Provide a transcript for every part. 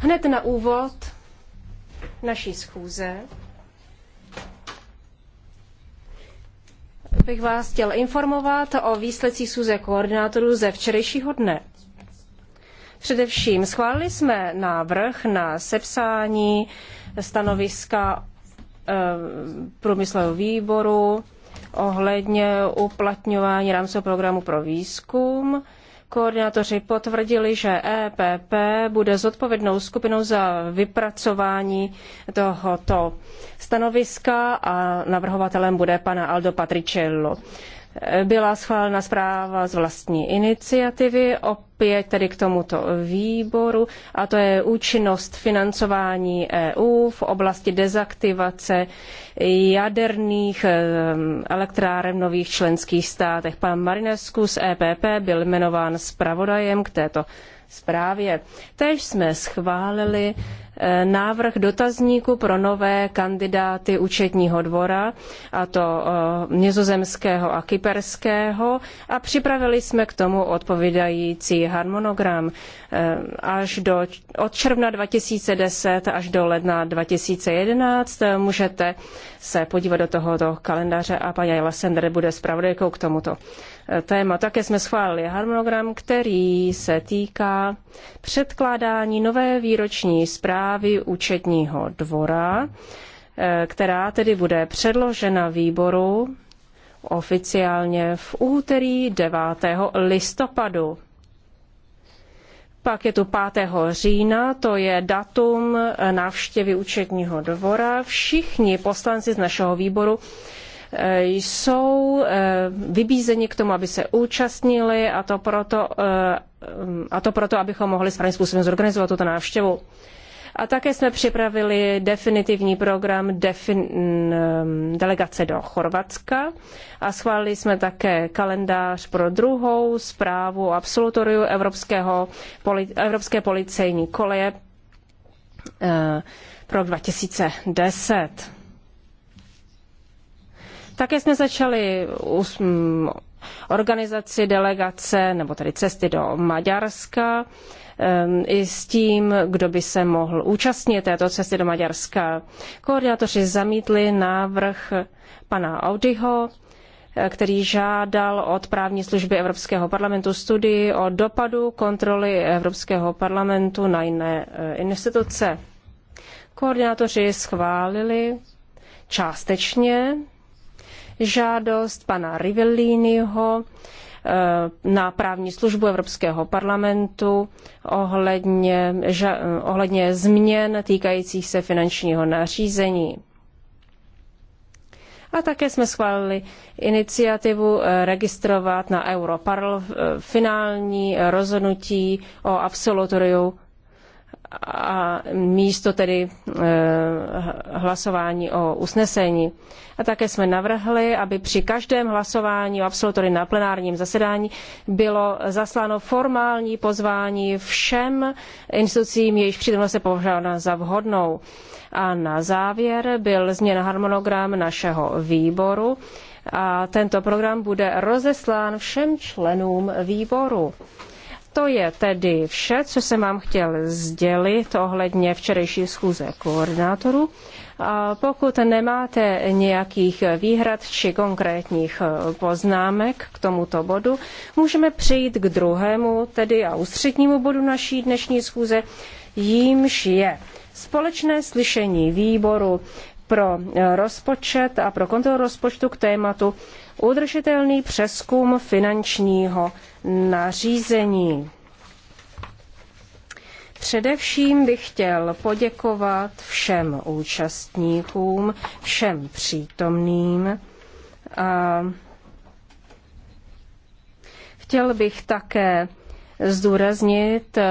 Hned na úvod naší schůze bych vás chtěl informovat o výsledcích schůze koordinátorů ze včerejšího dne. Především schválili jsme návrh na sepsání stanoviska eh, průmyslového výboru ohledně uplatňování rámcového programu pro výzkum Koordinátoři potvrdili, že EPP bude zodpovědnou skupinou za vypracování tohoto stanoviska a navrhovatelem bude pana Aldo Patricello byla schválena zpráva z vlastní iniciativy, opět tedy k tomuto výboru, a to je účinnost financování EU v oblasti dezaktivace jaderných eh, elektráren v nových členských státech. Pan Marinescu z EPP byl jmenován zpravodajem k této zprávě. Tež jsme schválili Eh, návrh dotazníku pro nové kandidáty účetního dvora, a to eh, nizozemského a kyperského, a připravili jsme k tomu odpovídající harmonogram eh, až do, od června 2010 až do ledna 2011. Můžete se podívat do tohoto kalendáře a paní Ayla Sender bude zpravodajkou k tomuto téma. Také jsme schválili harmonogram, který se týká předkládání nové výroční zprávy zprávy účetního dvora, eh, která tedy bude předložena výboru oficiálně v úterý 9. listopadu. Pak je tu 5. října, to je datum návštěvy účetního dvora. Všichni poslanci z našeho výboru eh, jsou eh, vybízeni k tomu, aby se účastnili a to proto, a to proto abychom mohli správným způsobem zorganizovat tuto návštěvu. A také jsme připravili definitivní program defin, delegace do Chorvatska a schválili jsme také kalendář pro druhou zprávu absolutoriu Evropského, Evropské policejní koleje eh, pro 2010. Také jsme začali organizaci delegace, nebo tedy cesty do Maďarska Ehm, i s tím, kdo by se mohl účastnit této cesty do Maďarska. Koordinátoři zamítli návrh pana Audiho, eh, který žádal od právní služby Evropského parlamentu studii o dopadu kontroly Evropského parlamentu na jiné eh, instituce. Koordinátoři schválili částečně žádost pana Rivellínyho Eh, na právní službu Evropského parlamentu ohledně, ohledně změn týkajících se finančního nařízení. A také jsme schválili iniciativu eh, registrovat na Europarl eh, finální rozhodnutí o absolutoriu a místo tedy hlasování o usnesení. A také jsme navrhli, aby při každém hlasování o absolutory na plenárním zasedání bylo zasláno formální pozvání všem institucím, jejichž přítomnost se považována za vhodnou. A na závěr byl změn harmonogram našeho výboru a tento program bude rozeslán všem členům výboru. To je tedy vše, co jsem vám chtěl sdělit ohledně včerejší schůze koordinátorů pokud nemáte nějakých výhrad či konkrétních eh, poznámek k tomuto bodu, můžeme přejít k druhému, tedy a ústřednímu bodu naší dnešní schůze, jímž je společné slyšení výboru pro eh, rozpočet a pro kontrolu rozpočtu k tématu udržitelný přeskum finančního nařízení. Především bych chtěl poděkovat všem účastníkům, všem přítomným. A chtěl bych také zdůraznit, eh,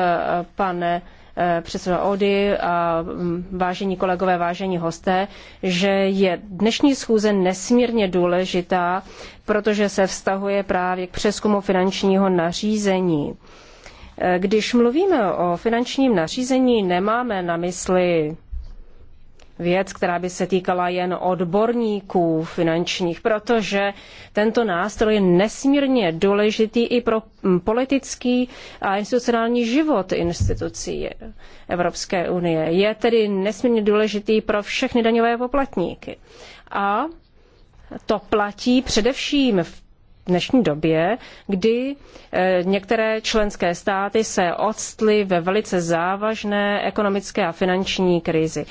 pane eh, předseda Ody a mm, vážení kolegové, vážení hosté, že je dnešní schůze nesmírně důležitá, protože se vztahuje právě k přeskumu finančního nařízení. Když mluvíme o finančním nařízení, nemáme na mysli věc, která by se týkala jen odborníků finančních, protože tento nástroj je nesmírně důležitý i pro mm, politický a institucionální život institucí Evropské unie. Je tedy nesmírně důležitý pro všechny daňové poplatníky. A to platí především v dnešní době, kdy eh, některé členské státy se odstly ve velice závažné ekonomické a finanční krizi.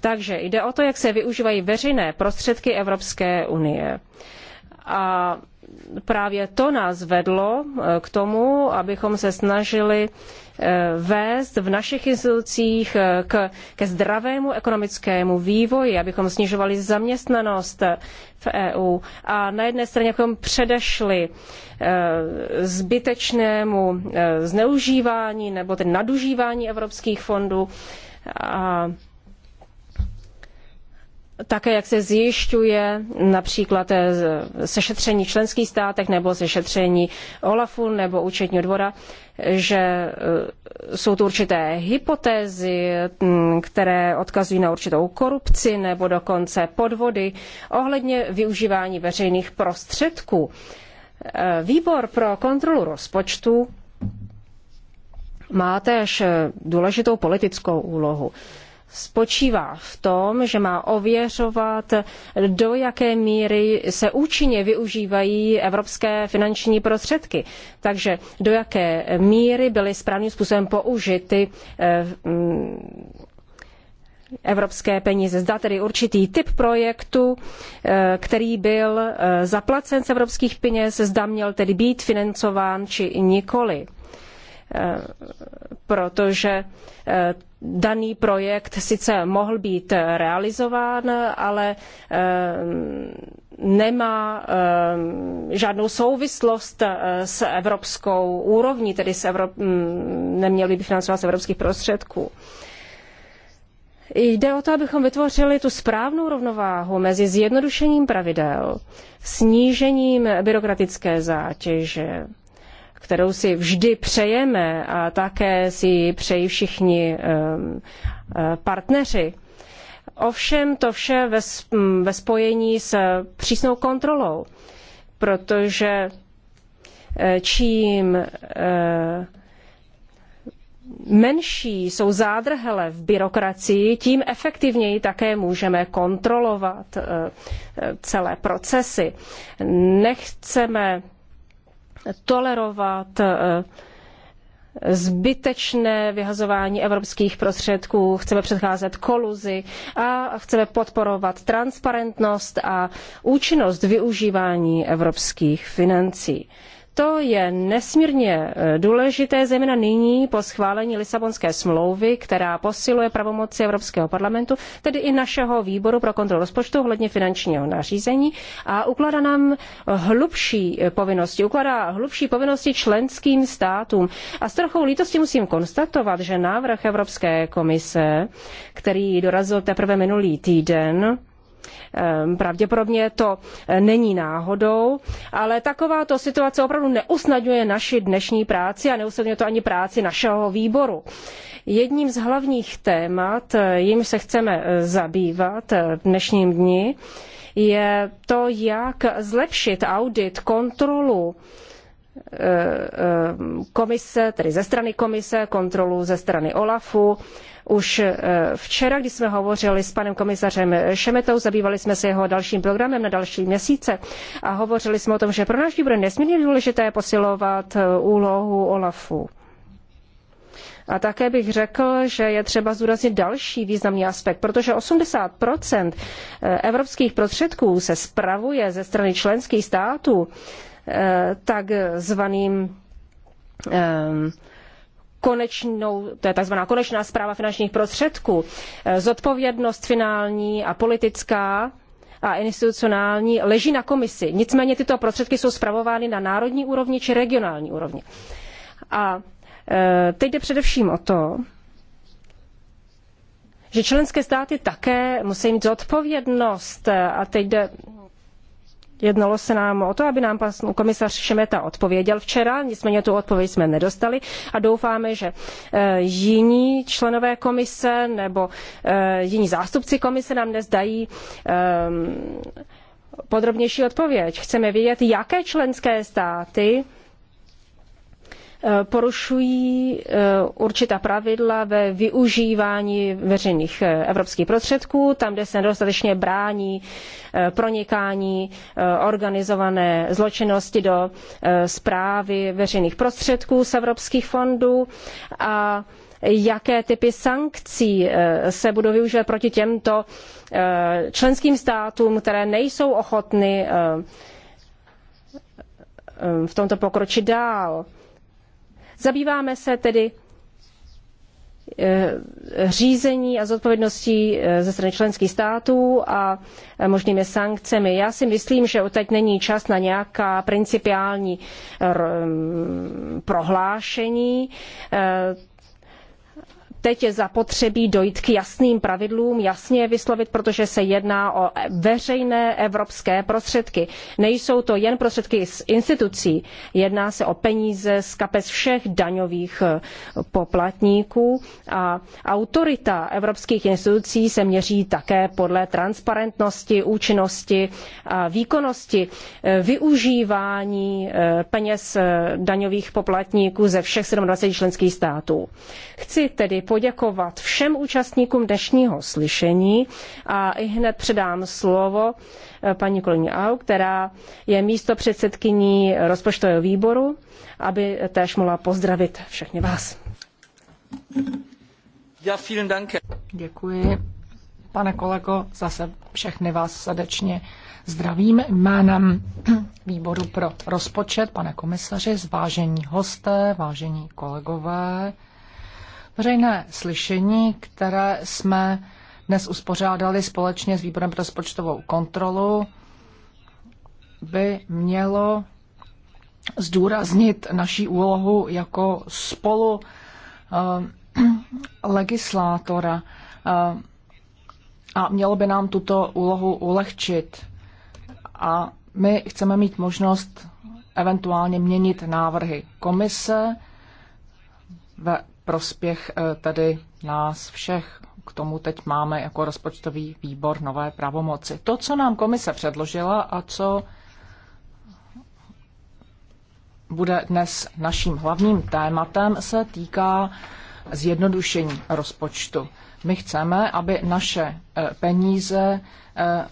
Takže jde o to, jak se využívají veřejné prostředky Evropské unie. A právě to nás vedlo eh, k tomu, abychom se snažili eh, vést v našich institucích eh, k, ke zdravému ekonomickému vývoji, abychom snižovali zaměstnanost v EU a na jedné straně abychom předešli zbytečnému zneužívání nebo ten nadužívání evropských fondů a také jak se zjišťuje například eh, sešetření v členských státech nebo sešetření OLAFu nebo účetního dvora, že eh, jsou tu určité hypotézy, mm, které odkazují na určitou korupci nebo dokonce podvody ohledně využívání veřejných prostředků. Eh, výbor pro kontrolu rozpočtu má též důležitou politickou úlohu spočívá v tom, že má ověřovat, do jaké míry se účinně využívají evropské finanční prostředky. Takže do jaké míry byly správným způsobem použity eh, mm, evropské peníze. Zda tedy určitý typ projektu, eh, který byl eh, zaplacen z evropských peněz, zda měl tedy být financován či nikoli. Protože daný projekt sice mohl být realizován, ale eh, nemá eh, žádnou souvislost eh, s evropskou úrovní, tedy s Evrop... Hm, neměli by financovat z evropských prostředků. Jde o to, abychom vytvořili tu správnou rovnováhu mezi zjednodušením pravidel, snížením byrokratické zátěže, kterou si vždy přejeme a také si ji přejí všichni eh, eh, partneři. Ovšem to vše mm, ve spojení s přísnou kontrolou, protože eh, čím menší jsou zádrhele v byrokracii, tím efektivněji také můžeme kontrolovat celé procesy. Nechceme tolerovat eh, zbytečné vyhazování evropských prostředků, chceme předcházet koluzi a chceme podporovat transparentnost a účinnost využívání evropských financí. To je nesmírně eh, důležité, zejména nyní po schválení Lisabonské smlouvy, která posiluje pravomoci Evropského parlamentu, tedy i našeho výboru pro kontrolu rozpočtu ohledně finančního nařízení a ukládá nám hlubší eh, povinnosti, ukládá hlubší povinnosti členským státům. A s trochou lítosti musím konstatovat, že návrh Evropské komise, který dorazil teprve minulý týden, Ehm, pravděpodobně to eh, není náhodou, ale takováto situace opravdu neusnadňuje naši dnešní práci a neusnadňuje to ani práci našeho výboru. Jedním z hlavních témat, eh, jim se chceme eh, zabývat v dnešním dni, je to, jak zlepšit audit, kontrolu komise, tedy ze strany komise, kontrolu ze strany OLAFu už eh, včera, když jsme hovořili s panem komisařem Šemetou, zabývali jsme se jeho dalším programem na další měsíce a hovořili jsme o tom, že pro nás bude nesmírně důležité posilovat eh, úlohu OLAFu. A také bych řekl, že je třeba zdůraznit další významný aspekt, protože 80 eh, evropských prostředků se spravuje ze strany členských států takzvaným konečnou, to je tzv. konečná zpráva finančních prostředků, eh, zodpovědnost finální a politická a institucionální leží na komisi. Nicméně tyto prostředky jsou spravovány na národní úrovni či regionální úrovni. A eh, teď jde především o to, že členské státy také musí mít zodpovědnost eh, a teď jde Jednalo se nám o to, aby nám pan komisař Šemeta odpověděl včera, nicméně tu odpověď jsme nedostali a doufáme, že eh, jiní členové komise nebo eh, jiní zástupci komise nám nezdají ehm, podrobnější odpověď. Chceme vědět, jaké členské státy Eh, porušují eh, určitá pravidla ve využívání veřejných eh, evropských prostředků, tam, kde se nedostatečně brání pronikání organizované zločinnosti do zprávy veřejných prostředků z evropských fondů a jaké typy sankcí se budou využívat proti těmto členským státům, které nejsou ochotny v tomto pokročit dál. Zabýváme se tedy eh, řízení a zodpovědností eh, ze strany členských států a eh, možnými sankcemi. Já si myslím, že teď není čas na nějaká principiální prohlášení teď je zapotřebí dojít k jasným pravidlům, jasně je vyslovit, protože se jedná o veřejné evropské prostředky. Nejsou to jen prostředky z institucí, jedná se o peníze z kapes všech daňových eh, poplatníků a autorita evropských institucí se měří také podle transparentnosti, účinnosti a výkonnosti eh, využívání eh, peněz daňových poplatníků ze všech 27 členských států. Chci tedy poděkovat všem účastníkům dnešního slyšení a i hned předám slovo eh, paní kolegyni Au, která je místo předsedkyní rozpočtového výboru, aby též mohla pozdravit všechny vás. Ja, vielen Dank. Děkuji, pane kolego, zase všechny vás srdečně zdravím jménem výboru pro rozpočet, pane komisaři, zvážení hosté, vážení kolegové. Veřejné slyšení, které jsme dnes uspořádali společně s výborem pro rozpočtovou kontrolu, by mělo zdůraznit naší úlohu jako spolu eh, legislátora eh, a mělo by nám tuto úlohu ulehčit. A my chceme mít možnost eventuálně měnit návrhy komise ve prospěch eh, tedy nás všech. K tomu teď máme jako rozpočtový výbor nové pravomoci. To, co nám komise předložila a co bude dnes naším hlavním tématem, se týká zjednodušení rozpočtu. My chceme, aby naše eh, peníze eh,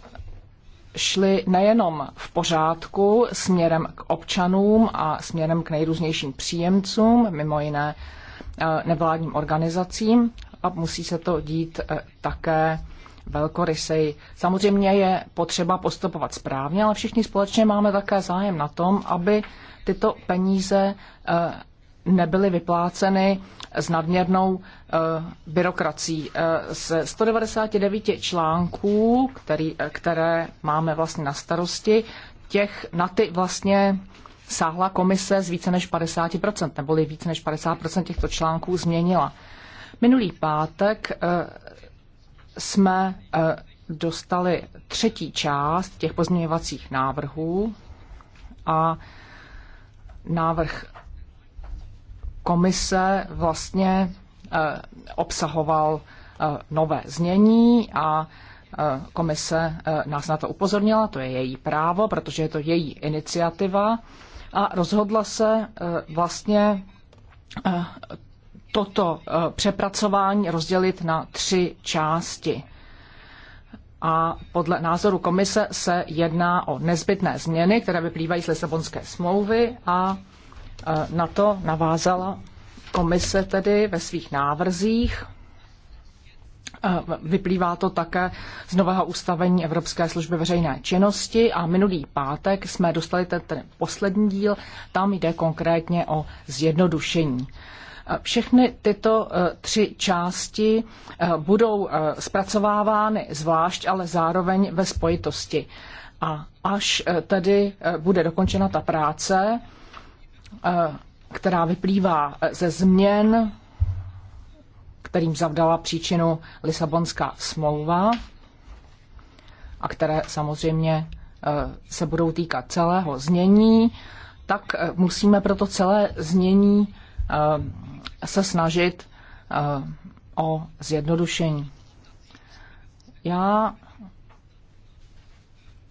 šly nejenom v pořádku směrem k občanům a směrem k nejrůznějším příjemcům, mimo jiné Eh, nevládním organizacím a musí se to dít eh, také velkorysej. Samozřejmě je potřeba postupovat správně, ale všichni společně máme také zájem na tom, aby tyto peníze eh, nebyly vypláceny s nadměrnou byrokrací. Ze 199 článků, který, které máme vlastně na starosti, těch na ty vlastně sáhla komise z více než 50%, neboli více než 50% těchto článků změnila. Minulý pátek eh, jsme eh, dostali třetí část těch pozměňovacích návrhů a návrh komise vlastně eh, obsahoval nové znění a komise nás na to upozornila, to je její právo, protože je to její iniciativa a rozhodla se eh, vlastně eh, toto eh, přepracování rozdělit na tři části. A podle názoru komise se jedná o nezbytné změny, které vyplývají z Lisabonské smlouvy a na to navázala komise tedy ve svých návrzích Vyplývá to také z nového ustavení Evropské služby veřejné činnosti a minulý pátek jsme dostali ten, ten poslední díl, tam jde konkrétně o zjednodušení. Všechny tyto e, tři části e, budou e, zpracovávány zvlášť, ale zároveň ve spojitosti. A až tedy bude dokončena ta práce, která vyplývá ze změn kterým zavdala příčinu Lisabonská smlouva a které samozřejmě eh, se budou týkat celého znění, tak eh, musíme proto celé znění eh, se snažit o zjednodušení. Já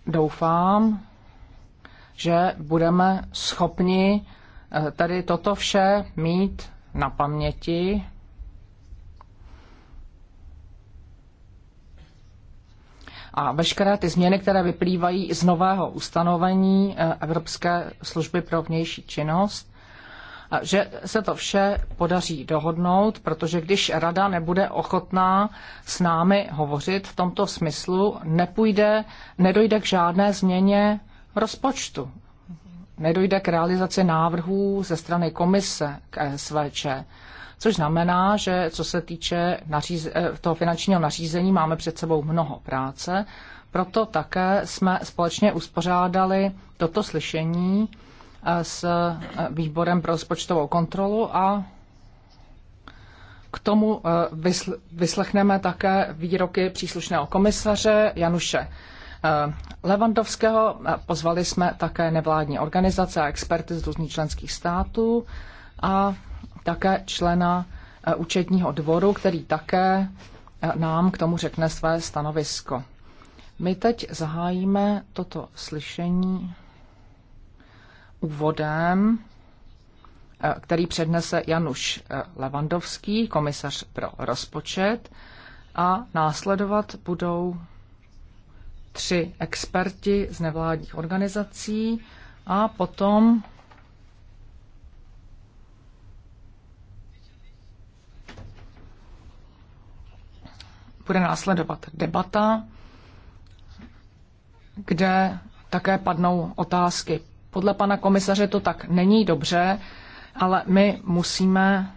doufám, že budeme schopni tady toto vše mít na paměti a veškeré ty změny, které vyplývají z nového ustanovení eh, Evropské služby pro vnější činnost, že se to vše podaří dohodnout, protože když rada nebude ochotná s námi hovořit v tomto smyslu, nepůjde, nedojde k žádné změně rozpočtu. Nedojde k realizaci návrhů ze strany komise k e SVČ. Což znamená, že co se týče naříz- eh, toho finančního nařízení, máme před sebou mnoho práce. Proto také jsme společně uspořádali toto slyšení eh, s eh, výborem pro rozpočtovou kontrolu a k tomu vyslechneme také výroky příslušného komisaře Januše Levandovského. Pozvali jsme také nevládní organizace a experty z různých členských států a také člena eh, účetního dvoru, který také eh, nám k tomu řekne své stanovisko. My teď zahájíme toto slyšení úvodem, eh, který přednese Januš Levandovský, komisař pro rozpočet, a následovat budou tři experti z nevládních organizací a potom bude následovat debata, kde také padnou otázky. Podle pana komisaře to tak není dobře, ale my musíme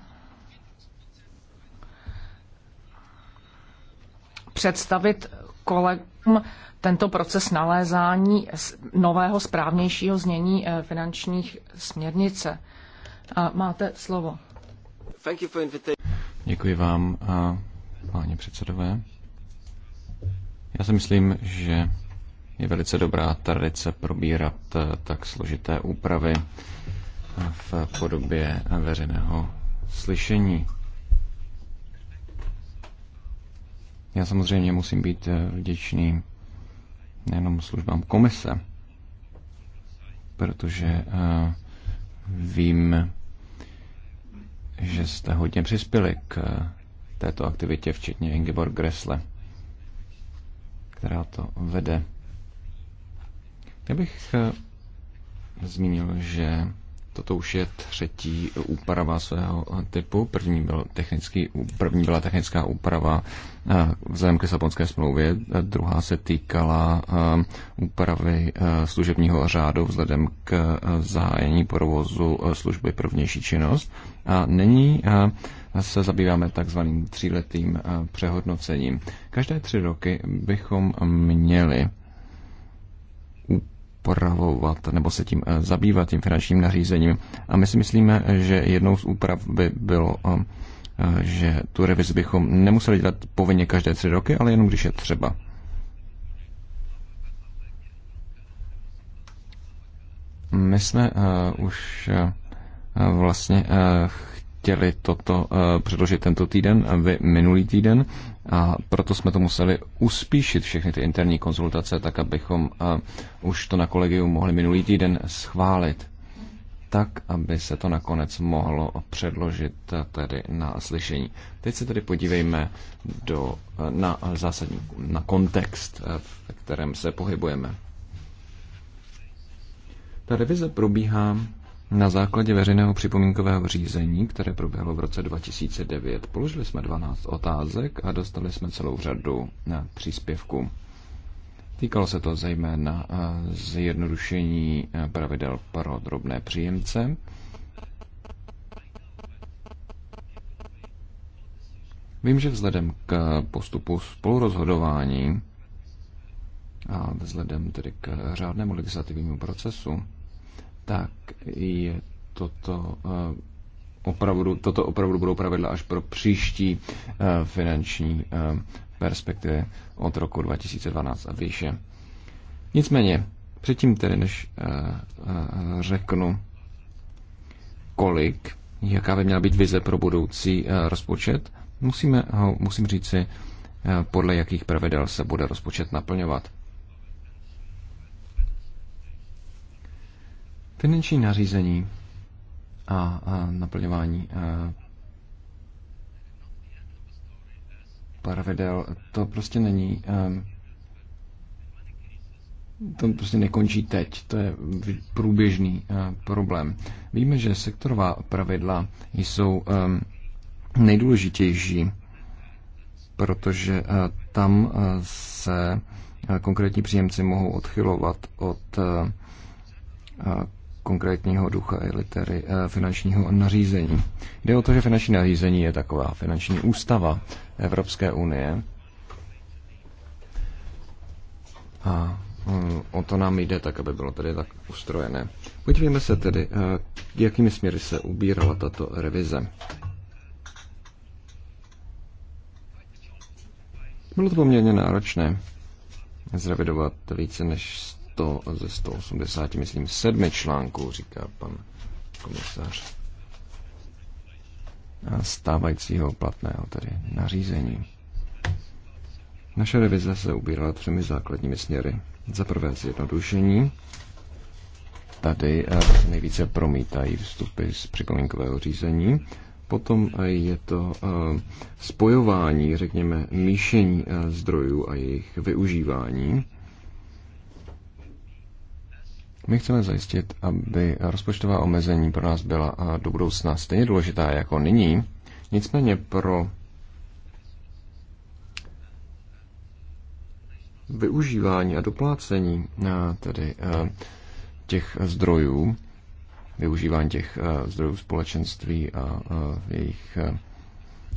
představit kolegům tento proces nalézání nového správnějšího znění eh, finančních směrnice. Máte slovo. Děkuji vám páni předsedové. Já si myslím, že je velice dobrá tradice probírat eh, tak složité úpravy eh, v podobě veřejného slyšení. Já samozřejmě musím být eh, vděčný nejenom službám komise, protože vím, že jste hodně přispěli k této aktivitě, včetně Ingeborg Gressle, která to vede. Já bych eh, zmínil, že toto už je třetí úprava svého typu. První, byl technický, první byla technická úprava eh, vzhledem k Lisabonské smlouvě, druhá se týkala eh, úpravy služebního řádu vzhledem k zahájení provozu služby pro vnější činnost. A nyní se zabýváme takzvaným tříletým eh, přehodnocením. Každé tři roky bychom měli upravovat nebo se tím eh, zabývat tím finančním nařízením. A my si myslíme, že jednou z úprav by bylo, eh, že tu revizi bychom nemuseli dělat povinně každé tři roky, ale jenom když je třeba. My jsme uh, už uh, vlastně uh, chtěli toto eh, předložit tento týden, eh, vy minulý týden, a proto jsme to museli uspíšit všechny ty interní konzultace, tak abychom eh, už to na kolegium mohli minulý týden schválit tak, aby se to nakonec mohlo předložit tedy na slyšení. Teď se tedy podívejme do, na zásadní, na kontext, v kterém se pohybujeme. Ta revize probíhá na základě veřejného připomínkového řízení, které proběhlo v roce 2009, položili jsme 12 otázek a dostali jsme celou řadu eh, příspěvků. Týkalo se to zejména eh, zjednodušení eh, pravidel pro drobné příjemce, Vím, že vzhledem k postupu spolurozhodování a vzhledem tedy k řádnému legislativnímu procesu tak je toto eh, opravdu, toto opravdu budou pravidla až pro příští eh, finanční eh, perspektivy od roku 2012 a výše. Nicméně, předtím tedy, než řeknu, kolik, jaká by měla být vize pro budoucí rozpočet, musíme ho, musím říci, podle jakých pravidel se bude rozpočet naplňovat. Finanční nařízení a, a naplňování a pravidel, to prostě není. A, um, to prostě nekončí teď, to je průběžný a, uh, problém. Víme, že sektorová pravidla jsou a, um, nejdůležitější, protože a, uh, tam a, uh, se konkrétní příjemci mohou odchylovat od konkrétního ducha i litery eh, finančního nařízení. Jde o to, že finanční nařízení je taková finanční ústava Evropské unie. A eh, o to nám jde, tak aby bylo tedy tak ustrojené. Podívejme se tedy, eh, jakými směry se ubírala tato revize. Bylo to poměrně náročné zrevidovat více než 100 ze 180, myslím, sedmi článků, říká pan komisař stávajícího platného tedy nařízení. Naše revize se ubírala třemi základními směry. Za prvé zjednodušení. Tady eh, nejvíce promítají vstupy z připomínkového řízení. Potom je to eh, spojování, řekněme, míšení eh, zdrojů a jejich využívání. My chceme zajistit, aby rozpočtová omezení pro nás byla eh, do budoucna stejně důležitá jako nyní. Nicméně pro využívání a doplácení eh, tedy eh, těch zdrojů, využívání těch zdrojů společenství a jejich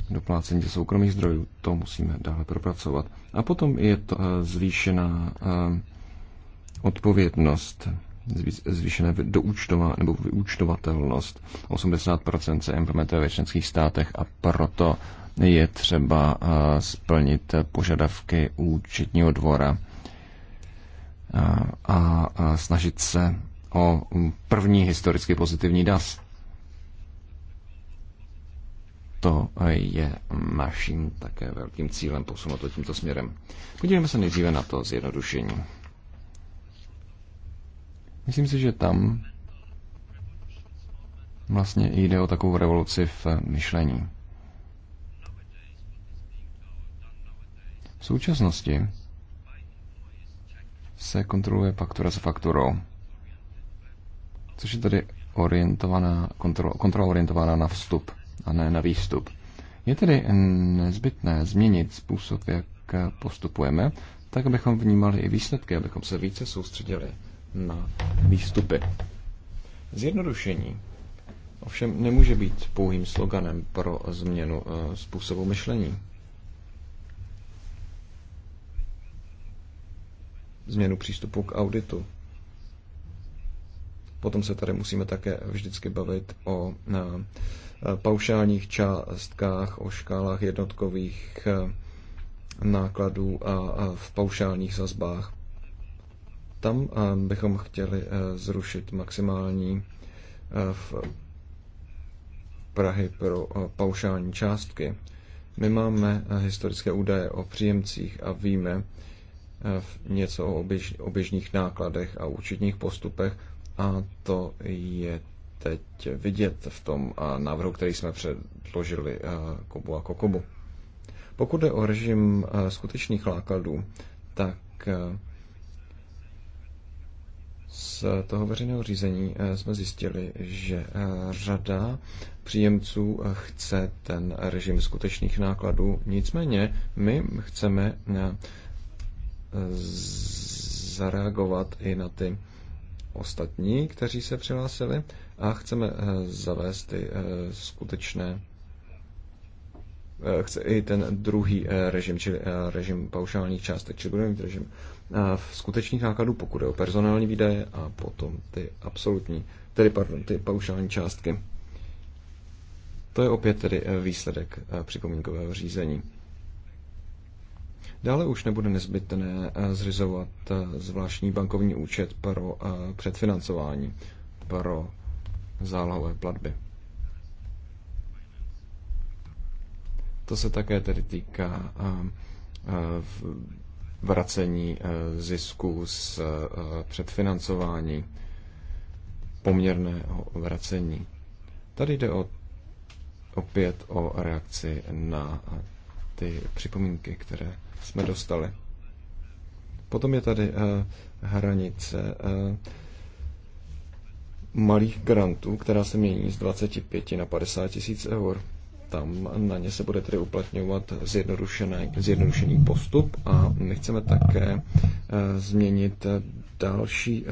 doplácení ze soukromých zdrojů, to musíme dále propracovat. A potom je to zvýšená odpovědnost zvýšené doučtova, nebo vyúčtovatelnost. 80% se implementuje ve členských státech a proto je třeba eh, splnit požadavky účetního dvora eh, a snažit se o mm, první historicky pozitivní DAS. To eh, je naším také velkým cílem posunout to tímto směrem. Podívejme se nejdříve na to zjednodušení. Myslím si, že tam vlastně jde o takovou revoluci v myšlení. V současnosti se kontroluje faktura za fakturou, což je tedy orientovaná, kontrola, kontrola orientovaná na vstup a ne na výstup. Je tedy nezbytné změnit způsob, jak postupujeme, tak abychom vnímali i výsledky, abychom se více soustředili na výstupy. Zjednodušení ovšem nemůže být pouhým sloganem pro změnu eh, způsobu myšlení. Změnu přístupu k auditu. Potom se tady musíme také vždycky bavit o eh, paušálních částkách, o škálách jednotkových eh, nákladů a v paušálních sazbách tam eh, bychom chtěli eh, zrušit maximální eh, v Prahy pro paušální částky. My máme historické údaje o příjemcích a víme něco o oběžných nákladech a účetních postupech a to je teď vidět v tom návrhu, který jsme předložili Kobu a Kokobu. Pokud jde o režim skutečných nákladů, tak z toho veřejného řízení eh, jsme zjistili, že eh, řada příjemců eh, chce ten režim skutečných nákladů. Nicméně my chceme zareagovat i na ty ostatní, kteří se přihlásili a chceme zavést ty skutečné chce i ten druhý režim, čili režim paušálních částek, čili budeme mít režim v eh, skutečných nákladů, pokud je o personální výdaje a potom ty absolutní, tedy pardon, ty paušální částky. To je opět tedy eh, výsledek eh, připomínkového řízení. Dále už nebude nezbytné zřizovat zvláštní bankovní účet pro předfinancování, pro zálohové platby. To se také tedy týká vracení eh, zisků z eh, předfinancování, poměrného vracení. Tady jde o, opět o reakci na eh, ty připomínky, které jsme dostali. Potom je tady hranice malých grantů, která se mění z 25 na 50 tisíc eur tam na ně se bude tedy uplatňovat zjednodušený, zjednodušený postup a my chceme také eh, změnit eh, další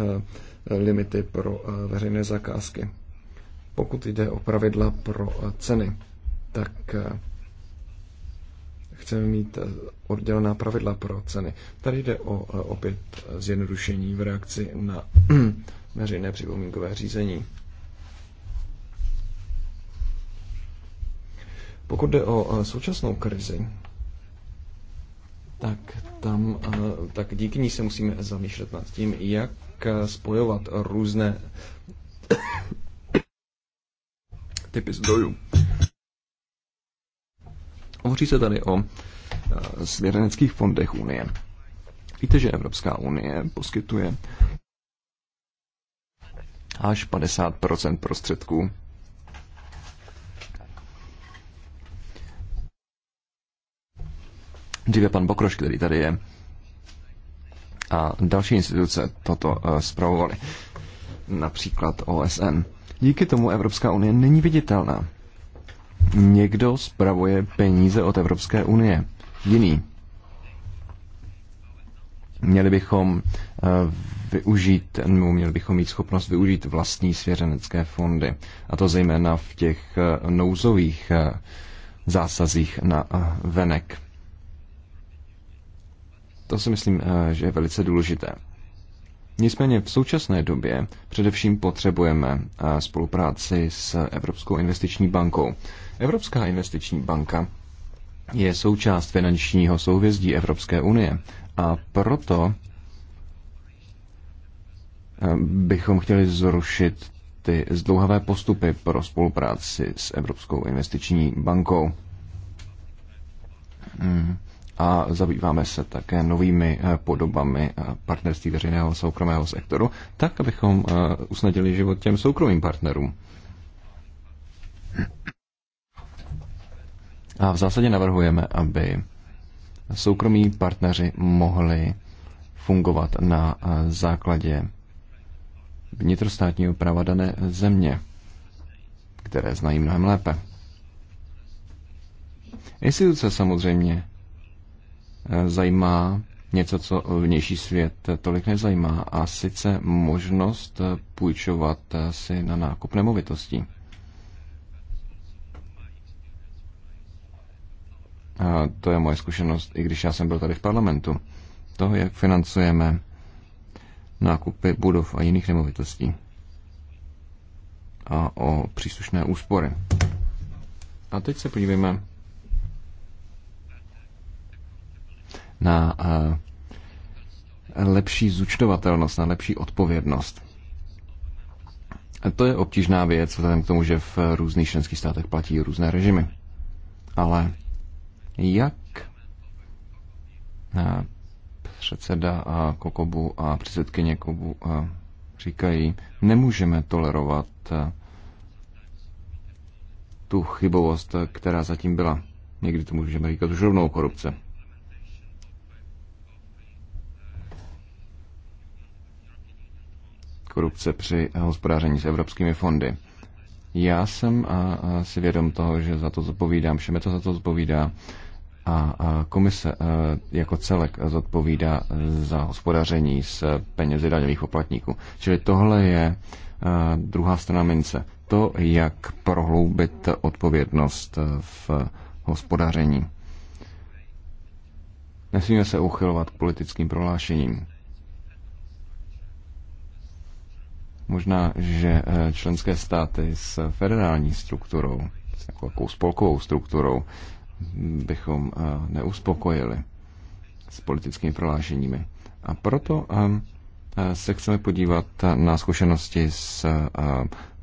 eh, limity pro veřejné zakázky. Pokud jde o pravidla pro ceny, tak chceme mít oddělená pravidla pro ceny. Tady jde o opět zjednodušení v reakci na veřejné připomínkové řízení. Pokud jde o eh, současnou krizi, tak, tam, eh, tak díky ní se musíme zamýšlet nad tím, jak eh, spojovat různé typy zdrojů. Hovoří se tady o svěřeneckých fondech Unie. Víte, že Evropská unie poskytuje až 50 prostředků Dříve pan Bokroš, který tady je, a další instituce toto eh, zpravovaly, například OSN. Díky tomu Evropská unie není viditelná. Někdo zpravuje peníze od Evropské unie. Jiný. Měli bychom eh, využít, nebo měli bychom mít schopnost využít vlastní svěřenecké fondy. A to zejména v těch eh, nouzových zásazích na venek to si myslím, eh, že je velice důležité. Nicméně v současné době především potřebujeme eh, spolupráci s Evropskou investiční bankou. Evropská investiční banka je součást finančního souvězdí Evropské unie a proto eh, bychom chtěli zrušit ty zdlouhavé postupy pro spolupráci s Evropskou investiční bankou. Hmm a zabýváme se také novými eh, podobami eh, partnerství veřejného a soukromého sektoru, tak abychom eh, usnadili život těm soukromým partnerům. A v zásadě navrhujeme, aby soukromí partneři mohli fungovat na základě vnitrostátního práva dané země, které znají mnohem lépe. Instituce samozřejmě zajímá něco, co vnější svět tolik nezajímá, a sice možnost půjčovat si na nákup nemovitostí. A to je moje zkušenost, i když já jsem byl tady v parlamentu. To, jak financujeme nákupy budov a jiných nemovitostí a o příslušné úspory. A teď se podívejme na eh, lepší zúčtovatelnost, na lepší odpovědnost. To je obtížná věc, vzhledem k tomu, že v různých členských státech platí různé režimy. Ale jak eh, předseda eh, Kokobu a předsedkyně Kobu říkají, nemůžeme tolerovat tu chybovost, která zatím byla. Někdy to můžeme říkat už rovnou korupce. korupce při hospodáření s evropskými fondy. Já jsem a, a si vědom toho, že za to zodpovídám, všeme to za to zodpovídá a, a komise a, e, jako celek zodpovídá za hospodaření s penězi daňových poplatníků. Čili tohle je a, e, druhá strana mince. To, jak prohloubit odpovědnost v hospodaření. Nesmíme se uchylovat k politickým prohlášením. Možná, že eh, členské státy s federální strukturou, s nějakou spolkovou strukturou, bychom eh, neuspokojili s politickými prohlášeními. A proto eh, se chceme podívat na zkušenosti s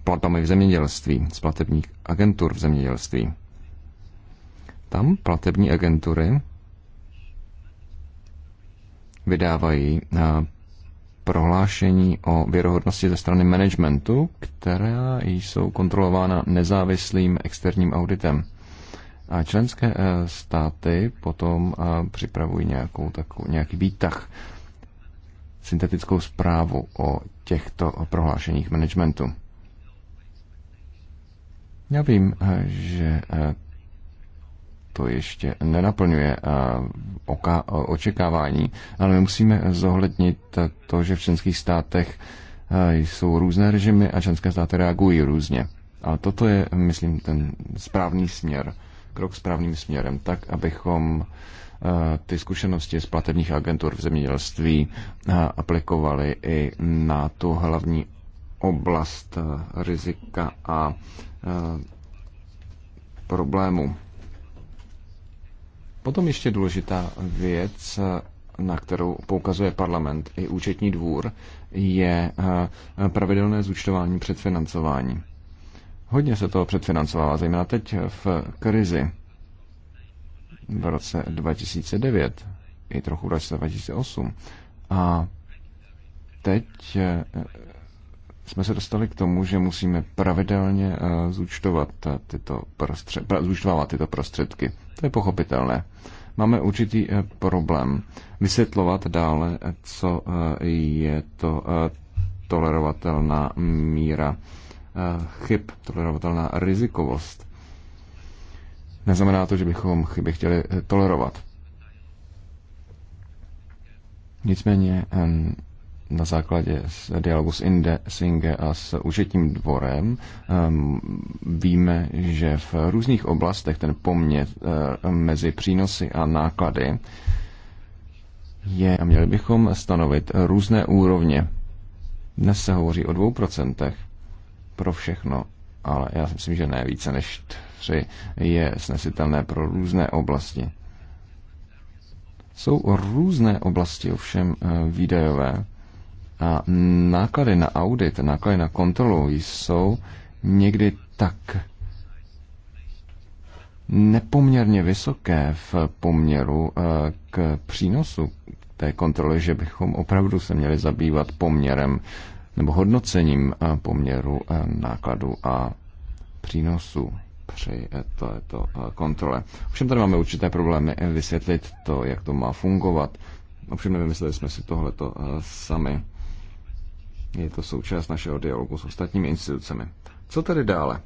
platbami v zemědělství, s platebních agentur v zemědělství. Tam platební agentury vydávají prohlášení o věrohodnosti ze strany managementu, která jsou kontrolována nezávislým externím auditem. A členské eh, státy potom eh, připravují nějakou, takovou, nějaký výtah, syntetickou zprávu o těchto prohlášeních managementu. Já vím, eh, že to ještě nenaplňuje eh, očekávání, ale my musíme zohlednit to, že v členských státech eh, jsou různé režimy a členské státy reagují různě. A toto je, myslím, ten správný směr, krok správným směrem, tak, abychom eh, ty zkušenosti z platebních agentur v zemědělství aplikovali i na tu hlavní oblast rizika a problému. Potom ještě důležitá věc, na kterou poukazuje parlament i účetní dvůr, je eh, pravidelné zúčtování předfinancování. Hodně se toho předfinancovává, zejména teď v krizi v roce 2009 i trochu v roce 2008. A teď eh, jsme se dostali k tomu, že musíme pravidelně eh, zúčtovat eh, tyto, prostřed, zúčtovávat tyto prostředky. To je pochopitelné. Máme určitý eh, problém vysvětlovat dále, co je to tolerovatelná míra chyb, tolerovatelná rizikovost. Neznamená to, že bychom chyby chtěli tolerovat. Nicméně na základě dialogu s Inde, s Inge a s užitím dvorem ehm, víme, že v různých oblastech ten poměr eh, mezi přínosy a náklady je a měli bychom stanovit různé úrovně. Dnes se hovoří o dvou procentech pro všechno, ale já si myslím, že ne více než tři je snesitelné pro různé oblasti. Jsou různé oblasti ovšem eh, výdajové, a náklady na audit, náklady na kontrolu jsou někdy tak nepoměrně vysoké v poměru eh, k přínosu té kontroly, že bychom opravdu se měli zabývat poměrem nebo hodnocením eh, poměru eh, nákladu a přínosu při této kontrole. Ovšem tady máme určité problémy vysvětlit to, jak to má fungovat. Ovšem nevymysleli jsme si tohleto sami. Je to součást našeho dialogu s ostatními institucemi. Co tedy dále?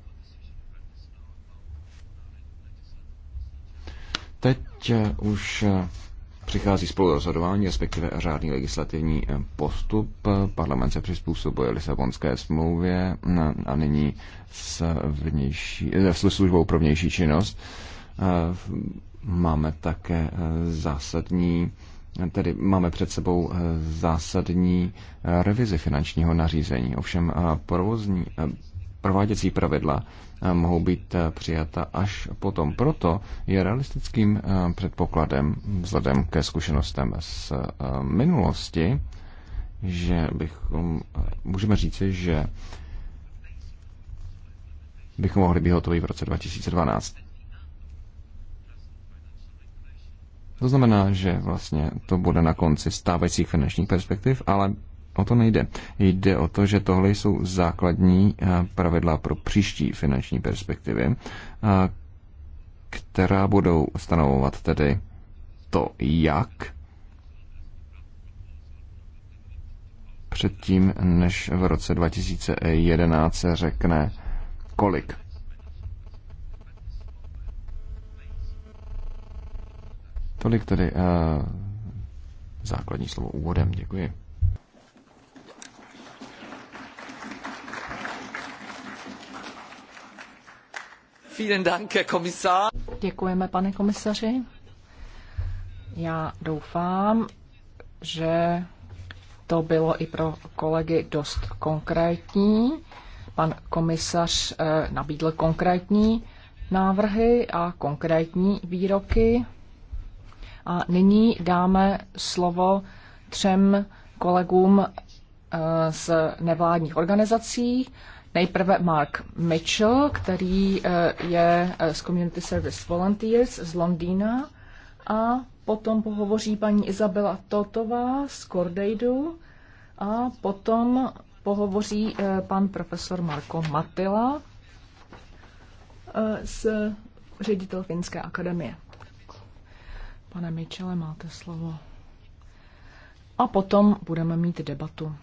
Teď eh, už eh, přichází rozhodování, respektive řádný legislativní eh, postup. Parlament se přizpůsobuje Lisabonské smlouvě a nyní s, vnější, s službou pro vnější činnost. Máme také zásadní Tedy máme před sebou eh, zásadní eh, revizi finančního nařízení. Ovšem eh, provozní, prováděcí pravidla mohou být přijata až potom. Proto je realistickým předpokladem, vzhledem ke zkušenostem z minulosti, že bychom, můžeme říci, že bychom mohli být hotoví v roce 2012. To znamená, že vlastně to bude na konci stávajících finančních perspektiv, ale o to nejde. Jde o to, že tohle jsou základní eh, pravidla pro příští finanční perspektivy, eh, která budou stanovovat tedy to, jak předtím, než v roce 2011 řekne, kolik Tolik tedy uh, základní slovo úvodem. Děkuji. Děkujeme, pane komisaři. Já doufám, že to bylo i pro kolegy dost konkrétní. Pan komisař eh, nabídl konkrétní návrhy a konkrétní výroky. A nyní dáme slovo třem kolegům eh, z nevládních organizací. Nejprve Mark Mitchell, který eh, je eh, z Community Service Volunteers z Londýna a potom pohovoří paní Izabela Totová z Cordaidu. a potom pohovoří pan profesor Marko Matila z ředitel Finské akademie. Pane Michele, máte slovo. A potom budeme mít debatu.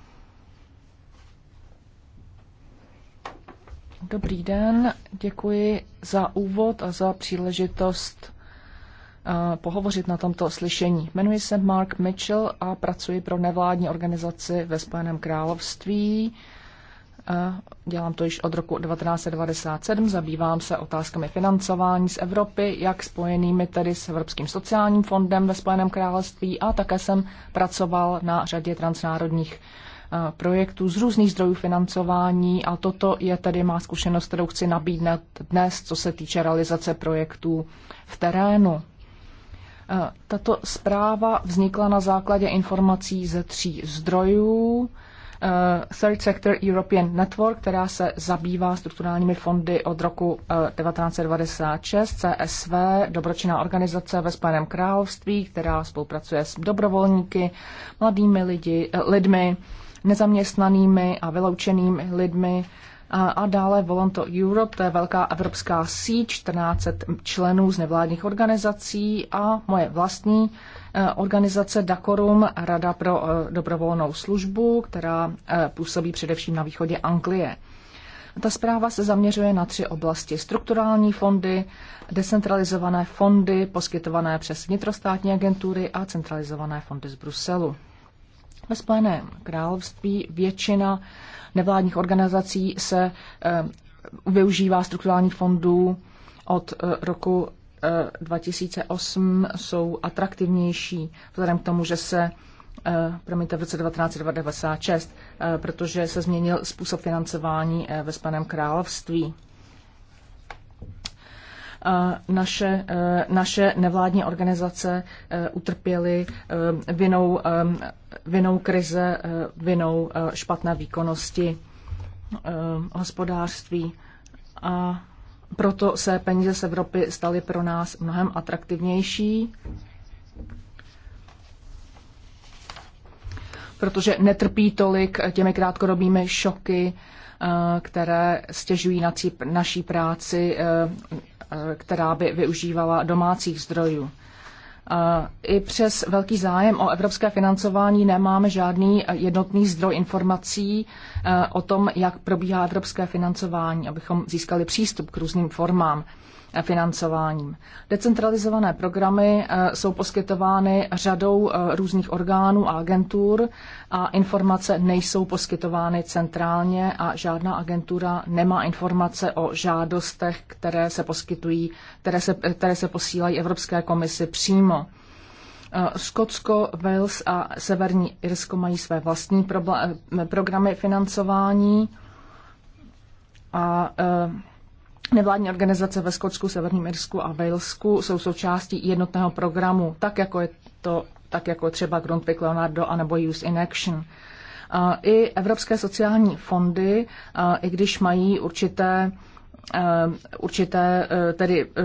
Dobrý den, děkuji za úvod a za příležitost eh, pohovořit na tomto slyšení. Jmenuji se Mark Mitchell a pracuji pro nevládní organizaci ve Spojeném království. Dělám to již od roku 1997, zabývám se otázkami financování z Evropy, jak spojenými tedy s Evropským sociálním fondem ve Spojeném království a také jsem pracoval na řadě transnárodních projektů z různých zdrojů financování a toto je tedy má zkušenost, kterou chci nabídnout dnes, co se týče realizace projektů v terénu. Tato zpráva vznikla na základě informací ze tří zdrojů Eh, Third Sector European Network, která se zabývá strukturálními fondy od roku 1996, eh, CSV, dobročinná organizace ve Spojeném království, která spolupracuje s dobrovolníky, mladými lidi, eh, lidmi, nezaměstnanými a vyloučenými lidmi. A, a dále Volonto Europe, to je velká evropská síť, 14 členů z nevládních organizací a moje vlastní Eh, organizace Dakorum, Rada pro eh, dobrovolnou službu, která eh, působí především na východě Anglie. Ta zpráva se zaměřuje na tři oblasti. Strukturální fondy, decentralizované fondy poskytované přes vnitrostátní agentury a centralizované fondy z Bruselu. Ve Spojeném království většina nevládních organizací se využívá strukturálních fondů od roku 2008 jsou atraktivnější vzhledem k tomu, že se eh, promiňte, v roce 1996, eh, protože se změnil způsob financování eh, ve Spaném království. Naše, naše nevládní organizace utrpěly vinou, vinou krize, vinou špatné výkonnosti hospodářství a proto se peníze z Evropy staly pro nás mnohem atraktivnější, protože netrpí tolik těmi krátkodobými šoky, eh, které stěžují na naší práci, eh, eh, která by využívala domácích zdrojů. Eh, I přes velký zájem o evropské financování nemáme žádný eh, jednotný zdroj informací eh, o tom, jak probíhá evropské financování, abychom získali přístup k různým formám financováním. Decentralizované programy eh, jsou poskytovány řadou eh, různých orgánů a agentur a informace nejsou poskytovány centrálně a žádná agentura nemá informace o žádostech, které se poskytují, které se, eh, které se posílají Evropské komisi přímo. Skotsko, Wales a Severní Irsko mají své vlastní programy financování a Nevládní organizace ve Skotsku, Severním Irsku a Walesku jsou součástí jednotného programu, tak jako je to tak jako třeba Grundtvig Leonardo anebo Use in Action. I evropské sociální fondy, i když mají určité určité e, tedy e,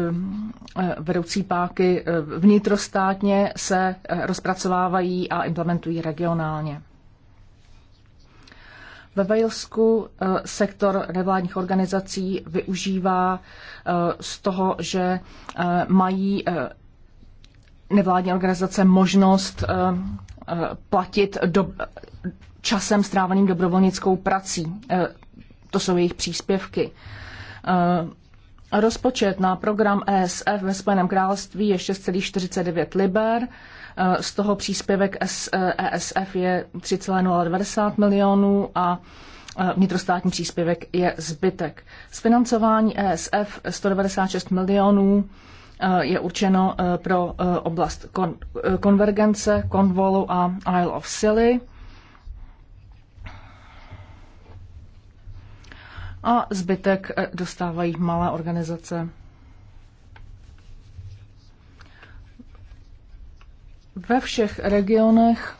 e, vedoucí páky vnitrostátně se rozpracovávají a implementují regionálně. Ve Walesku eh, sektor nevládních organizací využívá eh, z toho, že eh, mají nevládní organizace možnost platit do, časem stráveným dobrovolnickou prací. To jsou jejich příspěvky. Rozpočet na program ESF ve Spojeném království je 6,49 liber Eh, z toho příspěvek ESF eh, e je 3,090 milionů a eh, vnitrostátní příspěvek je zbytek. Z financování e ESF 196 milionů je určeno pro oblast konvergence, konvolu a Isle of Scilly. A zbytek dostávají malé organizace ve všech regionech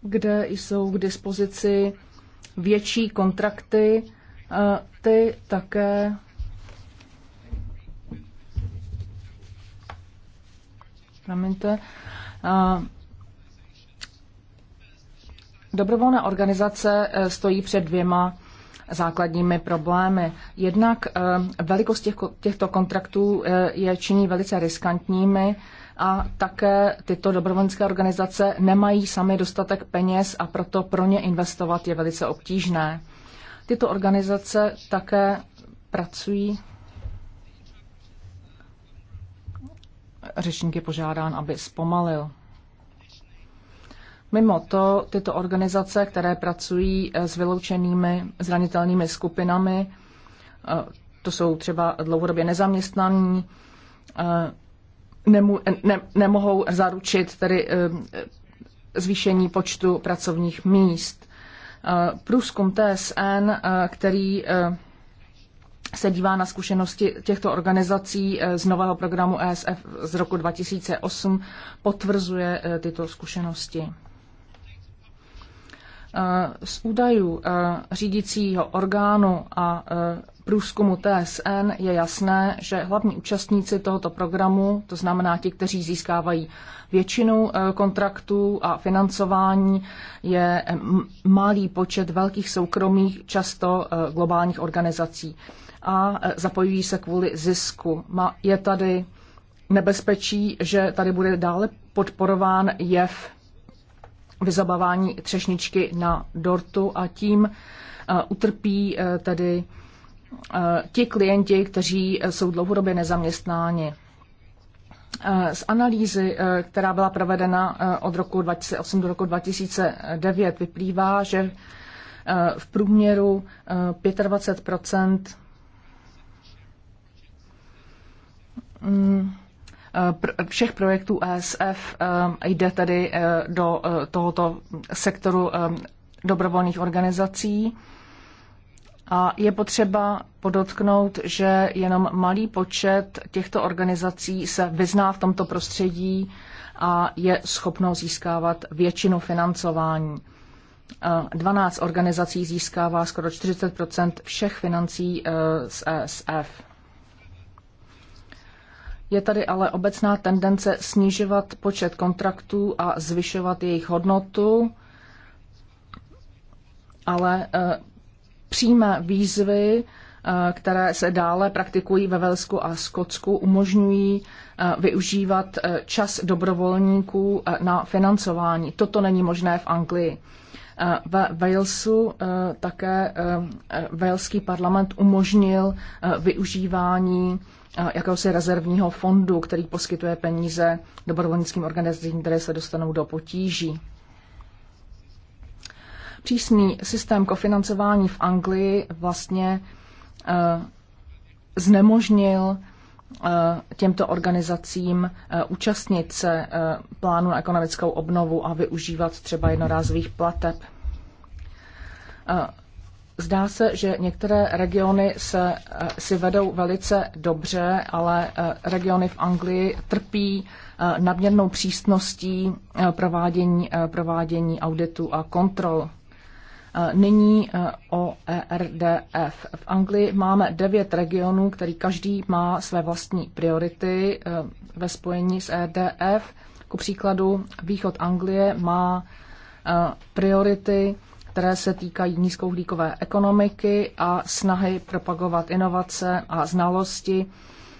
kde jsou k dispozici větší kontrakty, ty také promiňte, dobrovolné organizace e, stojí před dvěma základními problémy. Jednak eh, velikost těch, těchto kontraktů eh, je činí velice riskantními a také tyto dobrovolnické organizace nemají sami dostatek peněz a proto pro ně investovat je velice obtížné. Tyto organizace také pracují. Řečník je požádán, aby zpomalil. Mimo to tyto organizace, které pracují eh, s vyloučenými zranitelnými skupinami, eh, to jsou třeba dlouhodobě nezaměstnaní, eh, ne, nemohou zaručit tedy zvýšení počtu pracovních míst. Průzkum TSN, který se dívá na zkušenosti těchto organizací z nového programu ESF z roku 2008, potvrzuje tyto zkušenosti. Eh, z údajů eh, řídícího orgánu a eh, průzkumu TSN je jasné, že hlavní účastníci tohoto programu, to znamená ti, kteří získávají většinu kontraktů a financování, je malý počet velkých soukromých, často globálních organizací a zapojují se kvůli zisku. Je tady nebezpečí, že tady bude dále podporován jev vyzabavání třešničky na dortu a tím eh, utrpí eh, tedy eh, ti klienti, kteří jsou dlouhodobě nezaměstnáni. Z analýzy, která byla provedena od roku 2008 do roku 2009, vyplývá, že v průměru 25 všech projektů ESF eh, jde tedy eh, do eh, tohoto sektoru dobrovolných organizací. A je potřeba podotknout, že jenom malý počet těchto organizací se vyzná v tomto prostředí a je schopno získávat většinu financování. 12 organizací získává skoro 40 všech financí z ESF. Je tady ale obecná tendence snižovat počet kontraktů a zvyšovat jejich hodnotu, ale eh, přímé výzvy, eh, které se dále praktikují ve Velsku a Skotsku, umožňují eh, využívat čas dobrovolníků na financování. Toto není možné v Anglii. Ve Walesu také Waleský parlament umožnil využívání jakéhosi rezervního fondu, který poskytuje peníze dobrovolnickým organizacím, které se dostanou do potíží. Přísný systém kofinancování v Anglii vlastně eh, znemožnil eh, těmto organizacím eh, účastnit se plánu na ekonomickou obnovu a využívat třeba jednorázových plateb. Zdá se, že některé regiony se, eh, si vedou velice dobře, ale eh, regiony v Anglii trpí eh, nadměrnou přísností provádění, provádění auditu a kontrol. Nyní o ERDF. V Anglii máme devět regionů, který každý má své vlastní priority ve spojení s ERDF. Ku příkladu východ Anglie má priority které se týkají nízkouhlíkové ekonomiky a snahy propagovat inovace a znalosti,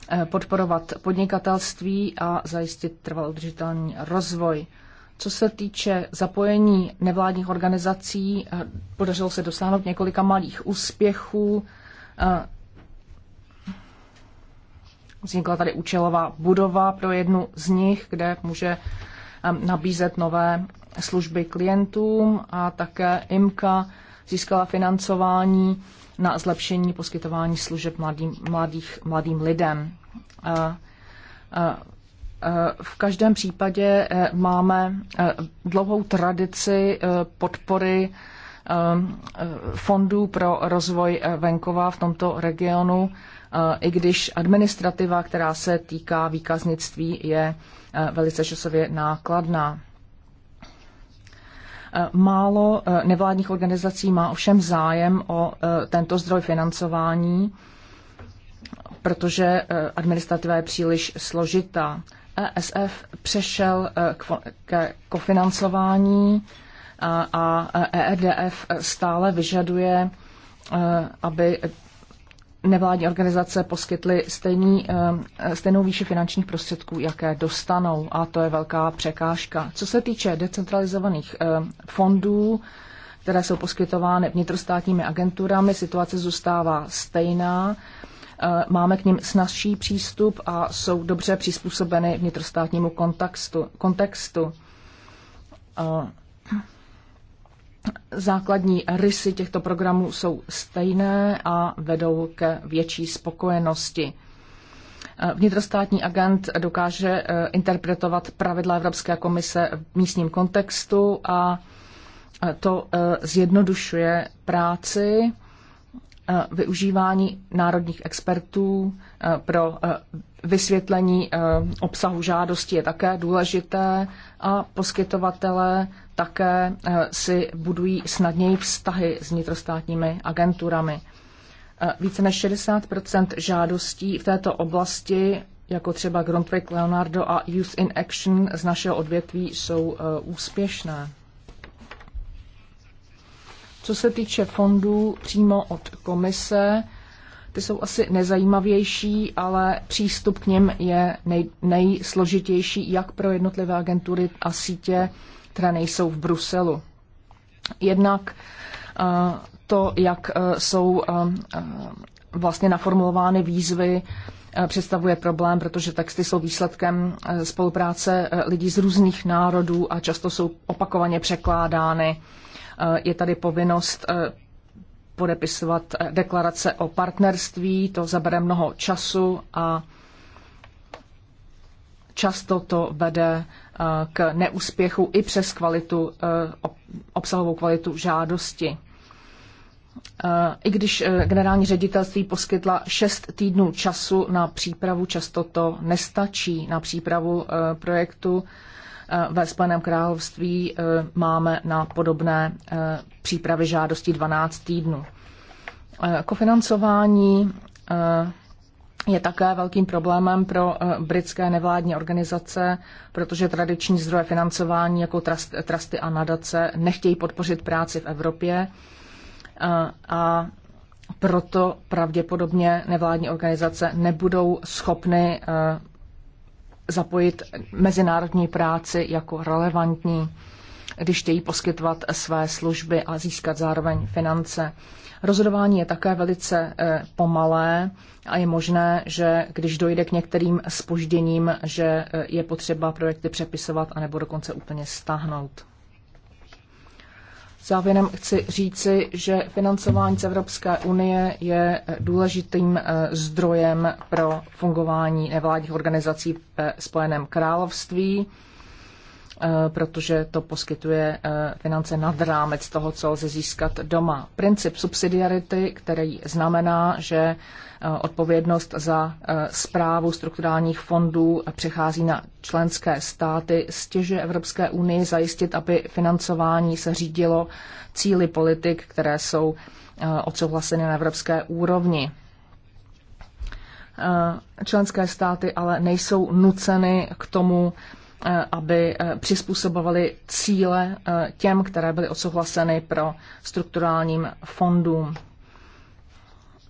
eh, podporovat podnikatelství a zajistit trvalý udržitelný rozvoj. Co se týče zapojení nevládních organizací, eh, podařilo se dosáhnout několika malých úspěchů. Eh, vznikla tady účelová budova pro jednu z nich, kde může nabízet nové služby klientům a také IMKA získala financování na zlepšení poskytování služeb mladým, mladých, mladým lidem. Eh, eh, eh, v každém případě máme dlouhou tradici podpory fondů pro rozvoj venkova v tomto regionu, i když administrativa, která se týká výkaznictví, je velice časově nákladná. Eh, málo eh, nevládních organizací má ovšem zájem o eh, tento zdroj financování, protože administrativa je příliš složitá. ESF přešel ke kofinancování a ERDF e stále vyžaduje aby nevládní organizace poskytly stejný, eh, stejnou výši finančních prostředků, jaké dostanou, a to je velká překážka. Co se týče decentralizovaných eh, fondů, které jsou poskytovány vnitrostátními agenturami, situace zůstává stejná. Eh, máme k ním snažší přístup a jsou dobře přizpůsobeny vnitrostátnímu kontextu. kontextu Základní rysy těchto programů jsou stejné a vedou ke větší spokojenosti. Vnitrostátní agent dokáže eh, interpretovat pravidla Evropské komise v místním kontextu a eh, to eh, zjednodušuje práci využívání národních expertů pro vysvětlení obsahu žádosti je také důležité a poskytovatelé také eh, si budují snadněji vztahy s vnitrostátními agenturami. Eh, více než 60 žádostí v této oblasti, jako třeba Grundtvig Leonardo a Youth in Action z našeho odvětví, jsou eh, úspěšné. Co se týče fondů přímo od komise, ty jsou asi nezajímavější, ale přístup k něm je nej, nejsložitější jak pro jednotlivé agentury a sítě, které nejsou v Bruselu. Jednak eh, to, jak eh, jsou eh, vlastně naformulovány výzvy, představuje problém, protože texty jsou výsledkem spolupráce lidí z různých národů a často jsou opakovaně překládány. Je tady povinnost podepisovat deklarace o partnerství, to zabere mnoho času a často to vede Eh, k neúspěchu i přes kvalitu, eh, obsahovou kvalitu žádosti. Eh, I když generální ředitelství poskytla šest týdnů času na přípravu, často to nestačí na přípravu projektu. Ve Spojeném království máme na podobné přípravy žádosti 12 týdnů. Kofinancování je také velkým problémem pro eh, britské nevládní organizace, protože tradiční zdroje financování jako trusty a nadace nechtějí podpořit práci v Evropě eh, a proto pravděpodobně nevládní organizace nebudou schopny eh, zapojit mezinárodní práci jako relevantní, když chtějí poskytovat své služby a získat zároveň finance. Rozhodování je také velice pomalé a je možné, že když dojde k některým spožděním, že eh, je potřeba projekty přepisovat anebo dokonce úplně stáhnout. Závěrem chci říci, že financování z Evropské unie je eh, důležitým eh, zdrojem pro fungování nevládních organizací ve Spojeném království. Eh, protože to poskytuje eh, finance nad rámec toho, co lze získat doma. Princip subsidiarity, který znamená, že eh, odpovědnost za zprávu strukturálních fondů přechází na členské státy, stěže Evropské unii zajistit, aby financování se řídilo cíly politik, které jsou odsouhlaseny na evropské úrovni. Členské státy ale nejsou nuceny k tomu, Eh, aby eh, přizpůsobovali cíle eh, těm, které byly odsouhlaseny pro strukturálním fondům.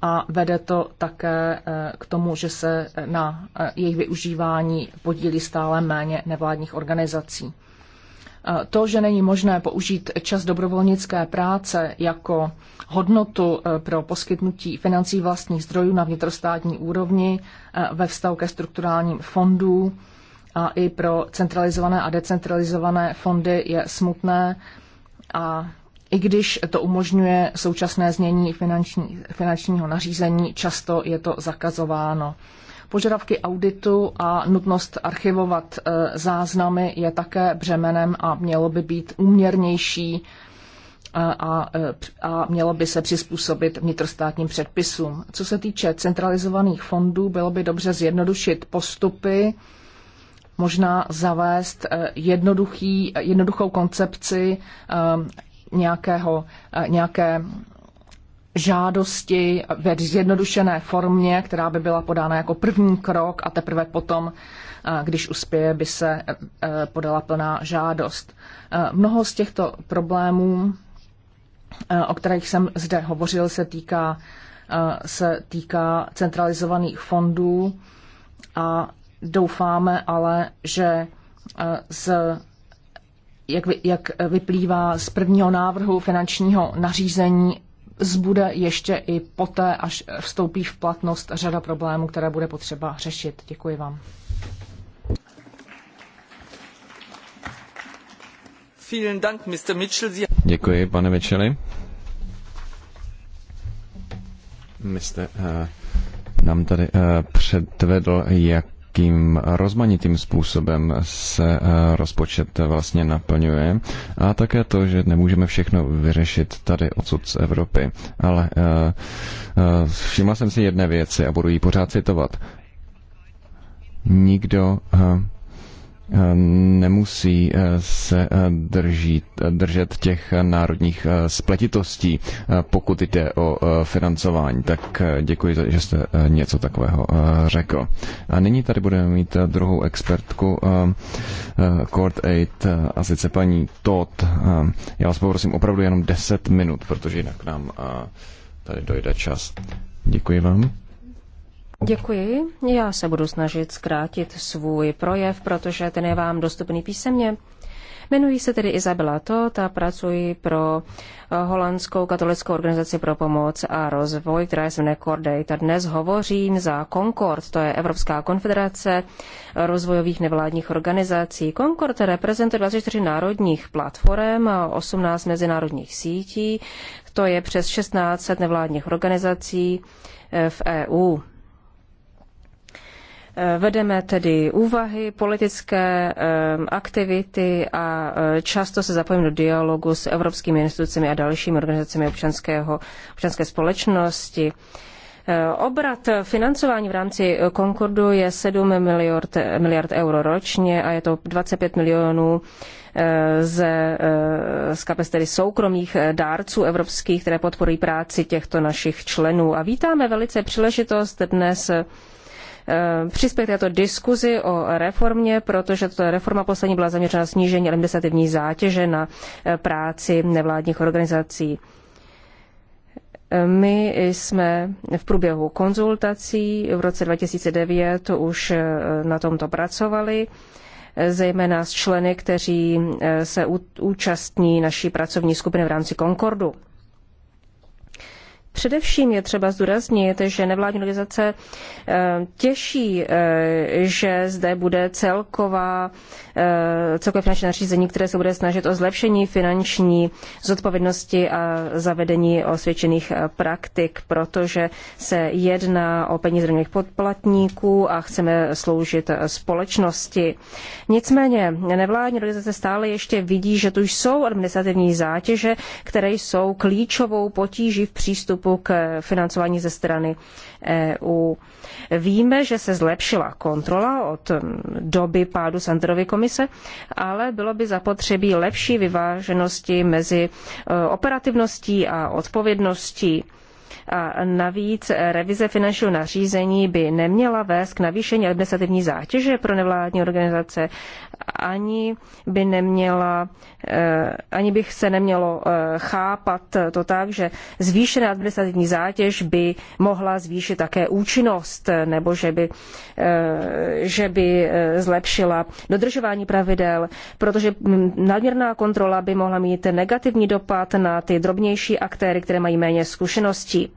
A vede to také k tomu, že se na jejich využívání podílí stále méně nevládních organizací. To, že není možné použít čas dobrovolnické práce jako hodnotu pro poskytnutí financí vlastních zdrojů na vnitrostátní úrovni ve vztahu ke strukturálním fondům, a i pro centralizované a decentralizované fondy je smutné a i když to umožňuje současné znění finanční, finančního nařízení, často je to zakazováno. Požadavky auditu a nutnost archivovat e, záznamy je také břemenem a mělo by být úměrnější e, a, e, a mělo by se přizpůsobit vnitrostátním předpisům. Co se týče centralizovaných fondů, bylo by dobře zjednodušit postupy, možná zavést eh, jednoduchý, eh, jednoduchou koncepci eh, nějakého, nějaké žádosti ve zjednodušené formě, která by byla podána jako první krok a teprve potom, když uspěje, by se podala plná žádost. Mnoho z těchto problémů, o kterých jsem zde hovořil, se týká, se týká centralizovaných fondů a Doufáme ale, že eh, z, jak, jak vyplývá z prvního návrhu finančního nařízení, zbude ještě i poté, až vstoupí v platnost řada problémů, které bude potřeba řešit. Děkuji vám. Děkuji, pane Mitchelli. Mr. Eh, nám tady eh, předvedl, jak jakým rozmanitým způsobem se eh, rozpočet vlastně naplňuje a také to, že nemůžeme všechno vyřešit tady odsud z Evropy. Ale eh, eh, všimla jsem si jedné věci a budu ji pořád citovat. Nikdo Ehm, nemusí eh, se eh, držít, eh, držet těch národních spletitostí, pokud jde o financování. Tak děkuji, že jste něco takového řekl. A nyní tady budeme mít druhou expertku Court Aid, a sice paní Todd. Já vás poprosím opravdu jenom 10 minut, protože jinak nám tady dojde čas. Děkuji vám. Děkuji. Já se budu snažit zkrátit svůj projev, protože ten je vám dostupný písemně. Jmenuji se tedy Izabela Toth a pracuji pro eh, holandskou katolickou organizaci pro pomoc a rozvoj, která je jmenuje Cordate. Dnes hovořím za Concord, to je Evropská konfederace rozvojových nevládních organizací. Concord reprezentuje 24 národních platform a 18 mezinárodních sítí, to je přes 1600 nevládních organizací eh, v EU. Eh, vedeme tedy úvahy, politické eh, aktivity a eh, často se zapojíme do dialogu s evropskými institucemi a dalšími organizacemi občanského, občanské společnosti. Obrat financování v rámci Concordu je 7 miliard, miliard euro ročně a je to 25 milionů z, z kapes tedy soukromých dárců evropských, které podporují práci těchto našich členů. A vítáme velice příležitost dnes Eh, přispět této diskuzi o reformě, protože tato reforma poslední byla zaměřena na snížení administrativní zátěže na eh, práci nevládních organizací. Eh, my jsme v průběhu konzultací v roce 2009 už na tomto pracovali zejména s členy, kteří se účastní naší pracovní skupiny v rámci Concordu. Především je třeba zdůraznit, že nevládní organizace eh, těší, eh, že zde bude celková, eh, celkové finanční nařízení, které se bude snažit o zlepšení finanční zodpovědnosti a zavedení osvědčených praktik, protože se jedná o peníze daňových podplatníků a chceme sloužit společnosti. Nicméně nevládní organizace stále ještě vidí, že tu jsou administrativní zátěže, které jsou klíčovou potíží v přístupu přístupu k financování ze strany EU. Víme, že se zlepšila kontrola od doby pádu Santerovy komise, ale bylo by zapotřebí lepší vyváženosti mezi e, operativností a odpovědností. A navíc revize finančního nařízení by neměla vést k navýšení administrativní zátěže pro nevládní organizace ani by neměla, eh, ani bych se nemělo eh, chápat to tak, že zvýšená administrativní zátěž by mohla zvýšit také účinnost, nebo že by, eh, že by zlepšila dodržování pravidel, protože nadměrná kontrola by mohla mít negativní dopad na ty drobnější aktéry, které mají méně zkušeností.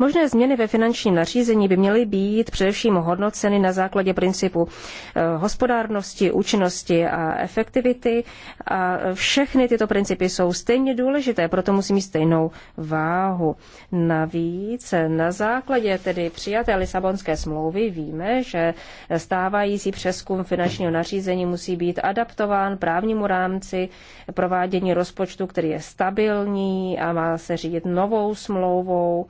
Možné změny ve finančním nařízení by měly být především hodnoceny na základě principu eh, hospodárnosti, účinnosti a efektivity. A všechny tyto principy jsou stejně důležité, proto musí mít stejnou váhu. Navíc na základě tedy přijaté Lisabonské smlouvy víme, že stávající přeskum finančního nařízení musí být adaptován právnímu rámci provádění rozpočtu, který je stabilní a má se řídit novou smlouvou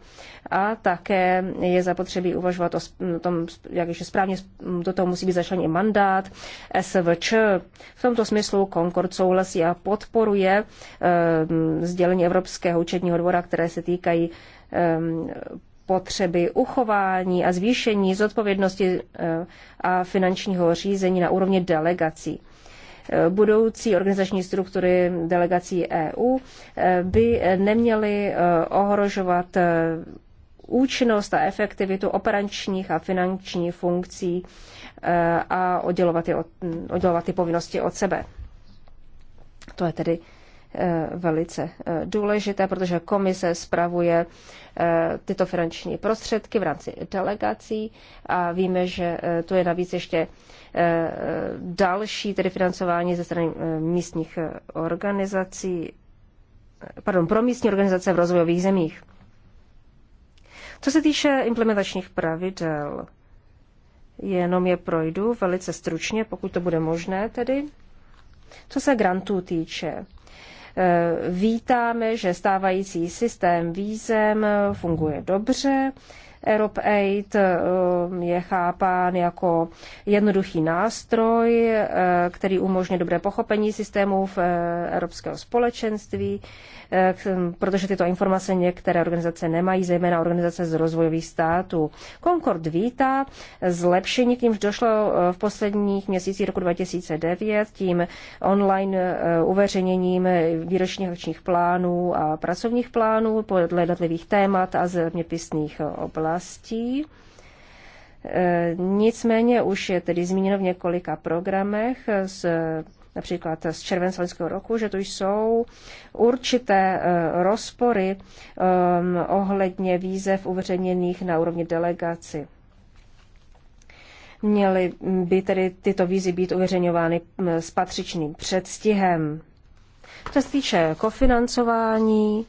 a také je zapotřebí uvažovat o tom, jak ještě správně do toho musí být začlen mandát SVČ. V tomto smyslu Concord souhlasí a podporuje ehm, sdělení Evropského účetního dvora, které se týkají ehm, potřeby uchování a zvýšení zodpovědnosti eh, a finančního řízení na úrovni delegací. Eh, budoucí organizační struktury delegací EU eh, by neměly ohrožovat účinnost a efektivitu operačních a finančních funkcí eh, a oddělovat ty, oddělovat ty povinnosti od sebe. To je tedy eh, velice eh, důležité, protože komise spravuje tyto finanční prostředky v rámci delegací a víme, že to je navíc ještě další tedy financování ze strany místních organizací, pardon, pro místní organizace v rozvojových zemích. Co se týče implementačních pravidel, jenom je projdu velice stručně, pokud to bude možné tedy. Co se grantů týče, eh, vítáme, že stávající systém vízem funguje dobře. Europe Aid eh, je chápán jako jednoduchý nástroj, eh, který umožňuje dobré pochopení systémů v Evropského společenství protože tyto informace některé organizace nemají, zejména organizace z rozvojových států. Concord vítá zlepšení, k nímž došlo eh, v posledních měsících roku 2009 tím online eh, uveřejněním výročních akčních plánů a pracovních plánů podle jednotlivých témat a zeměpisných eh, oblastí. Nicméně už je tedy zmíněno v několika programech z například z července roku, že tu jsou určité eh, rozpory ehm, ohledně výzev uveřejněných na úrovni delegaci. Měly by tedy tyto výzvy být uveřejňovány mm, s patřičným předstihem. Co se týče kofinancování,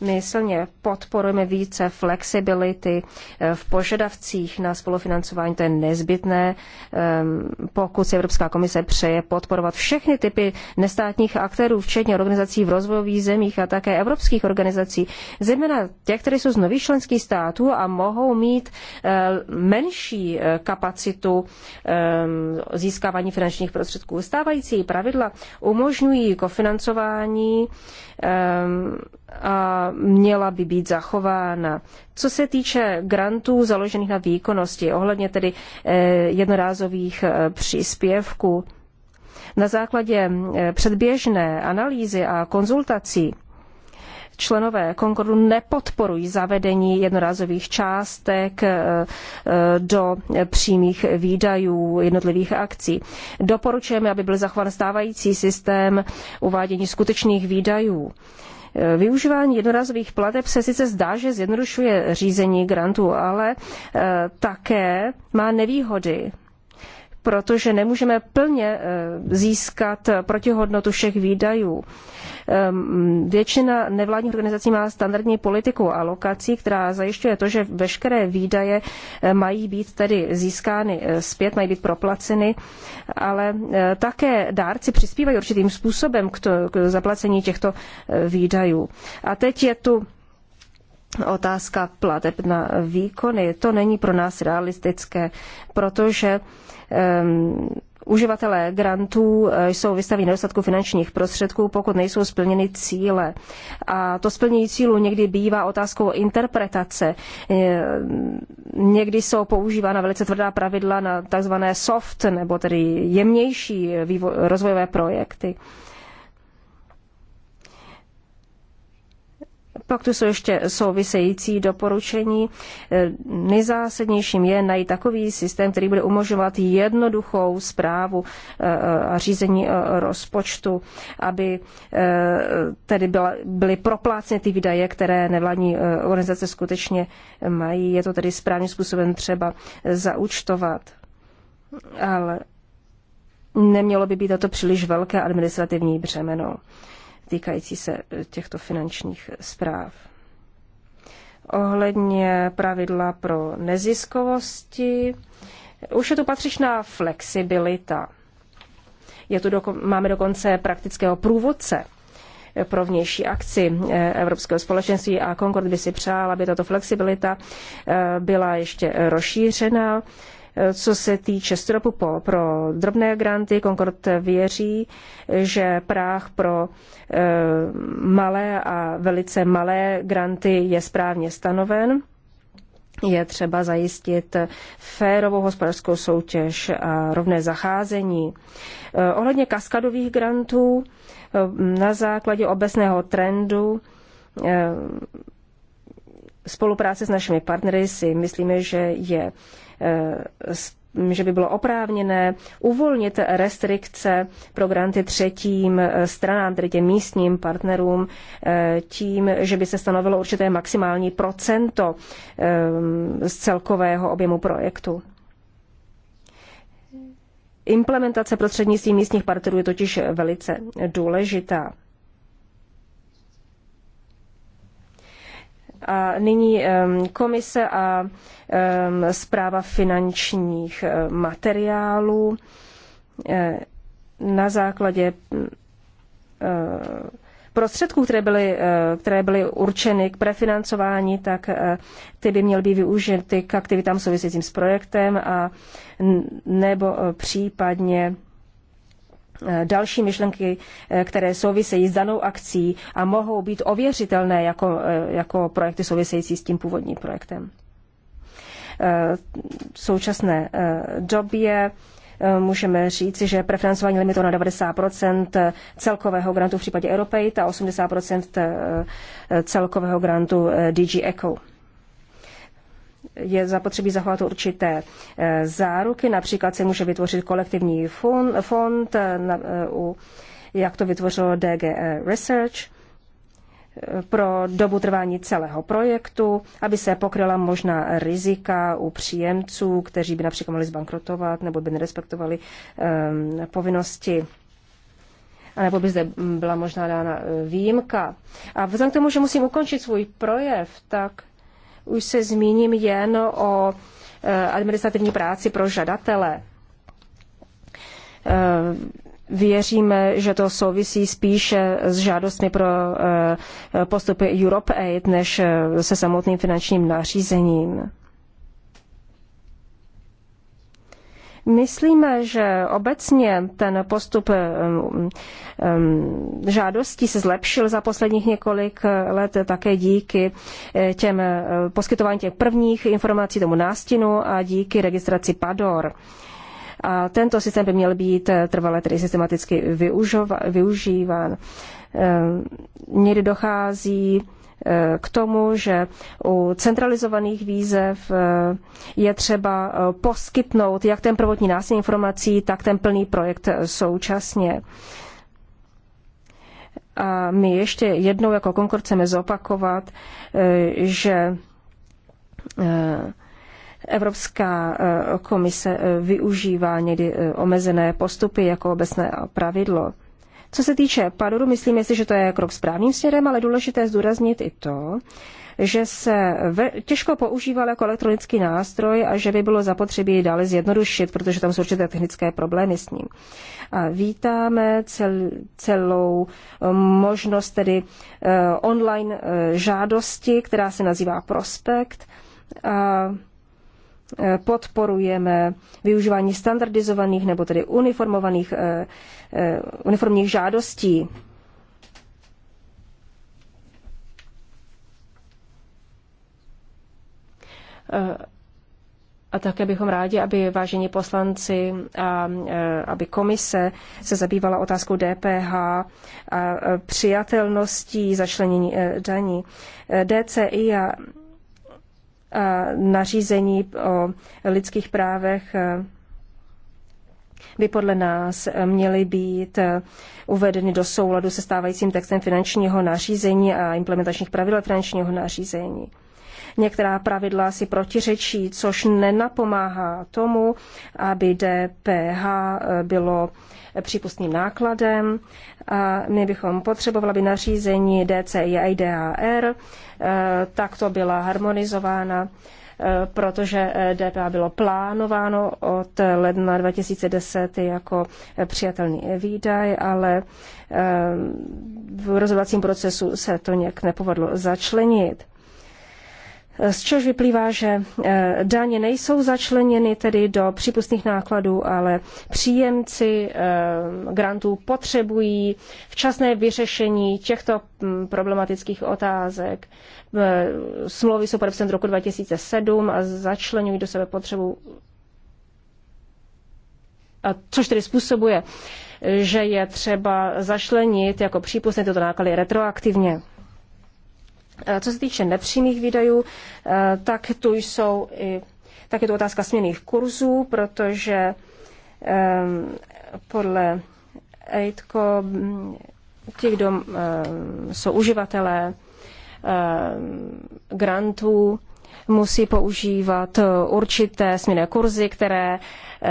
my silně podporujeme více flexibility eh, v požadavcích na spolufinancování. To je nezbytné, eh, pokud si Evropská komise přeje podporovat všechny typy nestátních aktérů, včetně organizací v rozvojových zemích a také evropských organizací, zejména těch, které jsou z nových členských států a mohou mít eh, menší kapacitu získávání finančních prostředků. Stávající pravidla umožňují kofinancování a měla by být zachována. Co se týče grantů založených na výkonnosti, ohledně tedy eh, jednorázových eh, příspěvků, na základě eh, předběžné analýzy a konzultací členové Concordu nepodporují zavedení jednorázových částek do přímých výdajů jednotlivých akcí. Doporučujeme, aby byl zachován stávající systém uvádění skutečných výdajů Využívání jednorázových plateb se sice zdá, že zjednodušuje řízení grantů, ale eh, také má nevýhody protože nemůžeme plně eh, získat protihodnotu všech výdajů. Ehm, většina nevládních organizací má standardní politiku alokací, která zajišťuje to, že veškeré výdaje eh, mají být tedy získány eh, zpět, mají být proplaceny, ale také dárci přispívají určitým způsobem k, to, k zaplacení těchto výdajů. A teď je tu otázka plateb na výkony, to není pro nás realistické, protože um, Uživatelé grantů eh, jsou vystaveni nedostatku finančních prostředků, pokud nejsou splněny cíle. A to splnění cílů někdy bývá otázkou interpretace. Eh, někdy jsou používána velice tvrdá pravidla na tzv. soft nebo tedy jemnější rozvojové projekty. Pak tu jsou ještě související doporučení. E, nejzásadnějším je najít takový systém, který bude umožňovat jednoduchou zprávu e, e, a řízení rozpočtu, aby tedy byla, byly propláceny ty výdaje, které nevládní organizace skutečně mají. Je to tedy správným způsobem třeba zaúčtovat. Ale nemělo by být to příliš velké administrativní břemeno týkající se eh, těchto finančních zpráv. Ohledně pravidla pro neziskovosti, už je tu patřičná flexibilita. Je tu doko- máme dokonce praktického průvodce pro vnější akci eh, Evropského společenství a Concord by si přál, aby tato flexibilita eh, byla ještě rozšířena co se týče stropu pro drobné granty, Concord věří, že práh pro eh, malé a velice malé granty je správně stanoven je třeba zajistit férovou hospodářskou soutěž a rovné zacházení. Eh, ohledně kaskadových grantů eh, na základě obecného trendu spolupráce s našimi partnery si myslíme, že je Eh, že by bylo oprávněné uvolnit restrikce pro granty třetím eh, stranám, tedy těm místním partnerům, eh, tím, že by se stanovilo určité maximální procento z celkového objemu projektu. Implementace prostřednictvím místních partnerů je totiž velice důležitá. A nyní komise a zpráva finančních eh, materiálů eh, na základě mm, eh, prostředků, které byly, které byly určeny k prefinancování, tak ty by měly být využity k aktivitám souvisejícím s projektem a nebo případně Eh, další myšlenky, eh, které souvisejí s danou akcí a mohou být ověřitelné jako, eh, jako projekty související s tím původním projektem. V současné době můžeme říci, že preferencování limitu na 90 celkového grantu v případě Europeit a 80 celkového grantu DG Echo je zapotřebí zachovat určité eh, záruky, například se může vytvořit kolektivní fond, eh, eh, jak to vytvořilo DG e Research, pro dobu trvání celého projektu, aby se pokryla možná rizika u příjemců, kteří by například mohli zbankrotovat nebo by nerespektovali um, povinnosti a nebo by zde byla možná dána výjimka. A vzhledem k tomu, že musím ukončit svůj projev, tak už se zmíním jen o eh, administrativní práci pro žadatele. Eh, věříme, že to souvisí spíše s žádostmi pro eh, postupy Europe Aid než se samotným finančním nařízením. Myslíme, že obecně ten postup eh, eh, eh, žádostí se zlepšil za posledních několik let také díky těm poskytování těch prvních informací tomu nástinu a díky registraci PADOR. A tento systém by měl být trvale tedy systematicky využíván. Někdy dochází k tomu, že u centralizovaných výzev eh, je třeba eh, poskytnout jak ten prvotní nástěn informací, tak ten plný projekt eh, současně. A my ještě jednou jako Konkord chceme zopakovat, že Evropská komise využívá někdy omezené postupy jako obecné pravidlo. Co se týče padoru, myslíme si, že to je krok správným směrem, ale důležité zdůraznit i to, že se ve, těžko používal jako elektronický nástroj a že by bylo zapotřebí dále zjednodušit, protože tam jsou určité technické problémy s ním. A vítáme cel, celou um, možnost tedy uh, online uh, žádosti, která se nazývá Prospekt. A uh, podporujeme využívání standardizovaných nebo tedy uniformovaných uh, Eh, uniformních žádostí. Eh, a také bychom rádi, aby vážení poslanci a eh, aby komise se zabývala otázkou DPH a přijatelností začlenění daní. DCI a nařízení o lidských právech by podle nás měly být uvedeny do souladu se stávajícím textem finančního nařízení a implementačních pravidel finančního nařízení. Některá pravidla si protiřečí, což nenapomáhá tomu, aby DPH bylo přípustným nákladem. A my bychom potřebovali, aby nařízení DCI a IDAR eh, takto byla harmonizována Eh, protože DPH eh, bylo plánováno od ledna 2010 jako eh, přijatelný výdaj, ale v rozhodovacím procesu se to nějak nepovedlo začlenit z čehož vyplývá, že eh, daně nejsou začleněny tedy do přípustných nákladů, ale příjemci eh, grantů potřebují včasné vyřešení těchto hm, problematických otázek. Smlouvy jsou podepsány v roku 2007 a začlenují do sebe potřebu a což tedy způsobuje, že je třeba začlenit jako přípustné tyto náklady retroaktivně. Eh, co se týče nepřímých výdajů, eh, tak tu jsou i, tak je to otázka směných kurzů, protože eh, podle EITCO mm, ti, kdo jsou uživatelé grantů, musí používat určité směné kurzy, které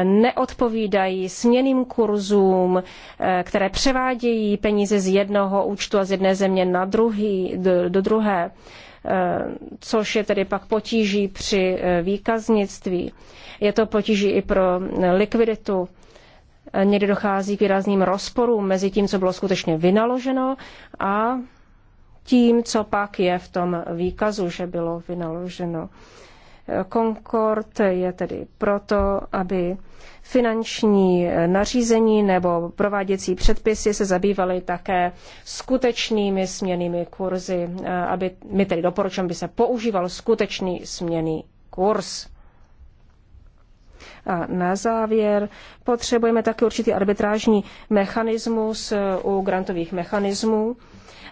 neodpovídají směným kurzům, eh, které převádějí peníze z jednoho účtu a z jedné země na druhý, do, do druhé eh, což je tedy pak potíží při eh, výkaznictví. Je to potíží i pro likviditu. Někdy dochází k výrazným rozporům mezi tím, co bylo skutečně vynaloženo a tím, co pak je v tom výkazu, že bylo vynaloženo. Concord je tedy proto, aby finanční nařízení nebo prováděcí předpisy se zabývaly také skutečnými směnými kurzy, eh, aby my tedy doporučujeme, aby se používal skutečný směný kurz. A na závěr potřebujeme také určitý arbitrážní mechanismus eh, u grantových mechanismů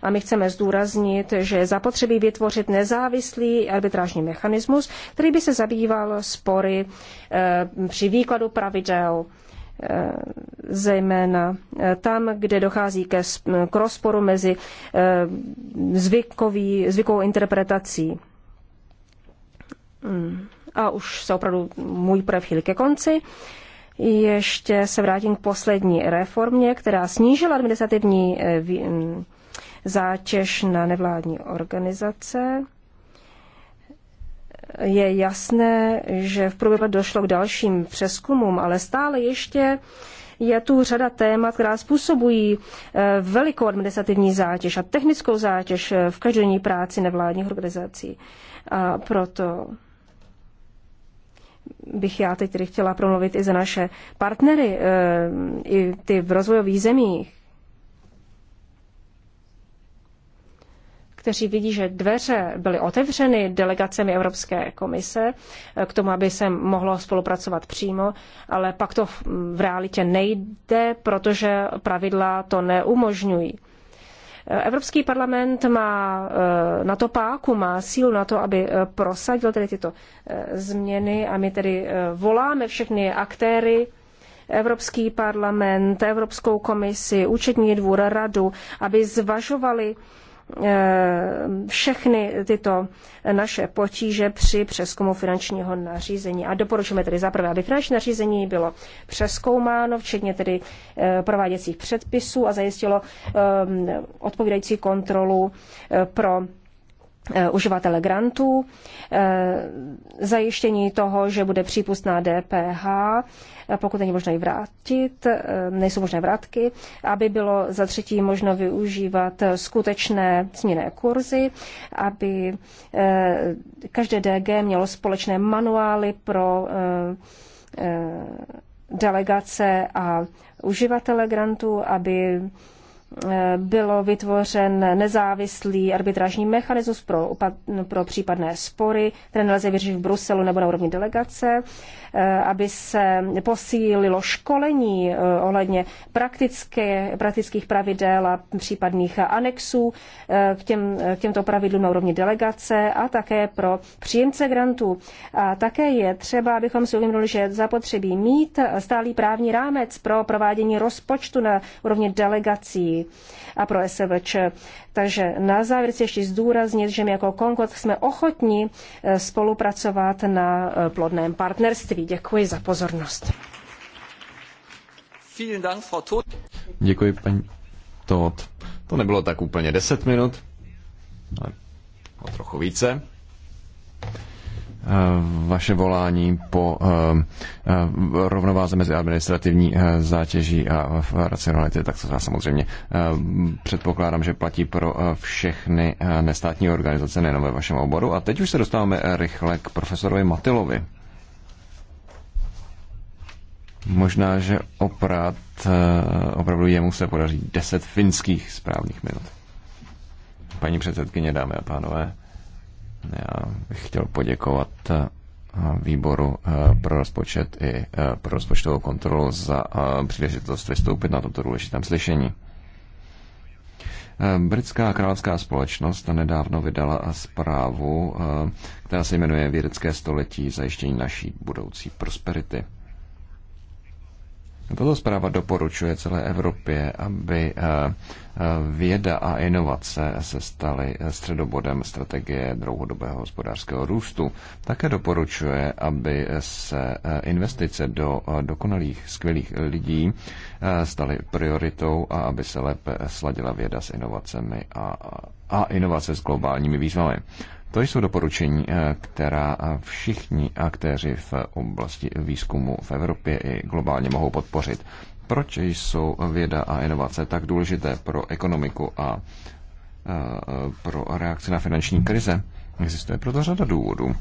a my chceme zdůraznit, že zapotřebí vytvořit nezávislý arbitrážní mechanismus, který by se zabýval spory eh, při výkladu pravidel eh, zejména eh, tam, kde dochází ke, k rozporu mezi zvykový, zvykovou interpretací. Hmm. A už se opravdu můj projev chvíli ke konci. Ještě se vrátím k poslední reformě, která snížila administrativní hm, zátěž na nevládní organizace. Je jasné, že v průběhu došlo k dalším přeskumům, ale stále ještě je tu řada témat, která způsobují eh, velikou administrativní zátěž a technickou zátěž eh, v každodenní práci nevládních organizací. A proto bych já teď tedy chtěla promluvit i za naše partnery, eh, i ty v rozvojových zemích, kteří vidí, že dveře byly otevřeny delegacemi Evropské komise eh, k tomu, aby se mohlo spolupracovat přímo, ale pak to v realitě nejde, protože pravidla to neumožňují. Eh, Evropský parlament má eh, na to páku, má sílu na to, aby prosadil tedy tyto změny a my tedy voláme všechny aktéry, Evropský parlament, Evropskou komisi, účetní dvůr, radu, aby zvažovali Eh, všechny tyto naše potíže při přeskumu finančního nařízení. A doporučujeme tedy zaprvé, aby finanční nařízení bylo přeskoumáno, včetně tedy eh, prováděcích předpisů a zajistilo eh, odpovídající kontrolu pro Eh, uživatele grantů, eh, zajištění toho, že bude přípustná DPH, eh, pokud není možné ji vrátit, nejsou možné vrátky, aby bylo za třetí možno využívat skutečné směné kurzy, aby každé DG mělo společné manuály pro delegace a uživatele grantů, aby Eh, bylo vytvořen nezávislý arbitrážní mechanismus pro, pro případné spory, které nelze vyřešit v Bruselu nebo na úrovni delegace, eh, aby se posílilo školení eh, ohledně praktické, praktických pravidel a případných anexů k, těm, k těmto pravidlům na úrovni delegace a také pro příjemce grantů. A také je třeba, abychom si uvědomili, že zapotřebí mít stálý právní rámec pro provádění rozpočtu na úrovni delegací a pro SVČ. Takže na závěr chci ještě zdůraznit, že my jako Konkord jsme ochotní eh, spolupracovat na eh, plodném partnerství. Děkuji za pozornost. Děkuji, paní Tod. To nebylo tak úplně 10 minut, ale o trochu více. Eh, vaše volání po eh, eh, rovnováze mezi administrativní zátěží a racionalitě, tak to já samozřejmě předpokládám, že platí pro všechny nestátní organizace, nejenom ve vašem oboru. A teď už se dostáváme rychle k profesorovi Matilovi. Možná, že oprat, opravdu jemu se podaří 10 finských správných minut. Paní předsedkyně, dámy a pánové, já bych chtěl poděkovat eh, výboru eh, pro rozpočet i eh, pro rozpočtovou kontrolu za příležitost vystoupit na toto důležitém slyšení. Britská královská společnost nedávno vydala zprávu, která se jmenuje Vědecké století zajištění naší budoucí prosperity. Tato zpráva doporučuje celé Evropě, aby eh, eh, věda a inovace se staly eh, středobodem strategie dlouhodobého hospodářského růstu. Také doporučuje, aby se investice do dokonalých, skvělých lidí staly prioritou a aby se lépe sladila věda s inovacemi a, a inovace s globálními výzvami. To jsou doporučení, eh, která eh, všichni aktéři v oblasti výzkumu v Evropě i globálně mohou podpořit. Proč jsou věda a inovace tak důležité pro ekonomiku a eh, pro reakci na finanční krize? Existuje proto řada důvodů.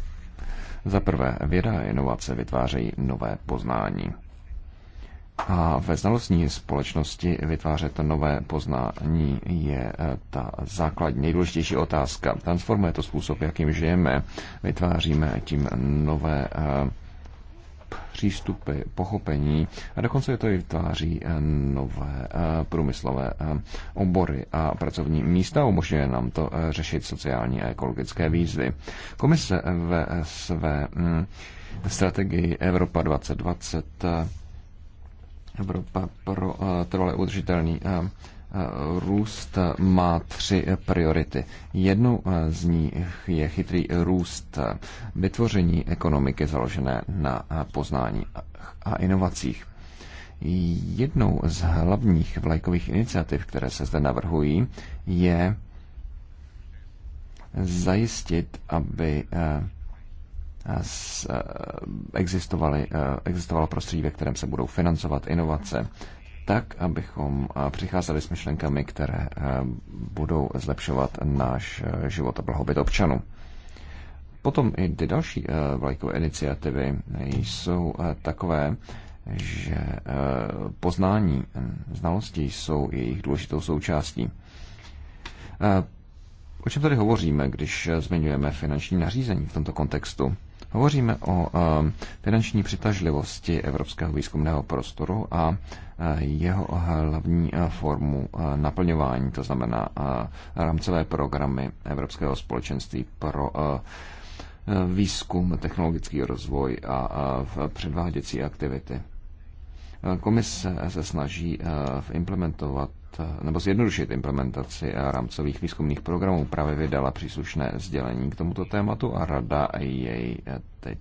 Za prvé, věda a inovace vytvářejí nové poznání. A ve znalostní společnosti vytvářet nové poznání je eh, ta základní, nejdůležitější otázka. Transformuje to způsob, jakým žijeme. Vytváříme tím nové eh, přístupy, pochopení a dokonce je to i vytváří eh, nové průmyslové obory a pracovní místa. Umožňuje nám to řešit sociální a ekologické výzvy. Komise ve své mm, strategii Evropa 2020 Evropa pro eh, trvalé udržitelný eh, eh, růst má tři priority. Jednou z nich je chytrý růst vytvoření ekonomiky založené na poznání a inovacích. Jednou z hlavních vlajkových iniciativ, které se zde navrhují, je zajistit, aby Eh, eh, existovalo prostředí, ve kterém se budou financovat inovace, tak, abychom eh, přicházeli s myšlenkami, které budou zlepšovat náš život a blahobyt občanů. Potom i ty další vlajkové iniciativy jsou takové, že poznání, hm, znalosti jsou jejich důležitou součástí. O čem tady hovoříme, když zmiňujeme finanční nařízení v tomto kontextu? Hovoříme o eh, finanční přitažlivosti evropského výzkumného prostoru a eh, jeho hlavní eh, formu naplňování, to znamená rámcové programy Evropského společenství pro výzkum, technologický rozvoj a předváděcí aktivity. Komise se snaží implementovat nebo zjednodušit implementaci rámcových výzkumných programů. Právě vydala příslušné sdělení k tomuto tématu a rada jej teď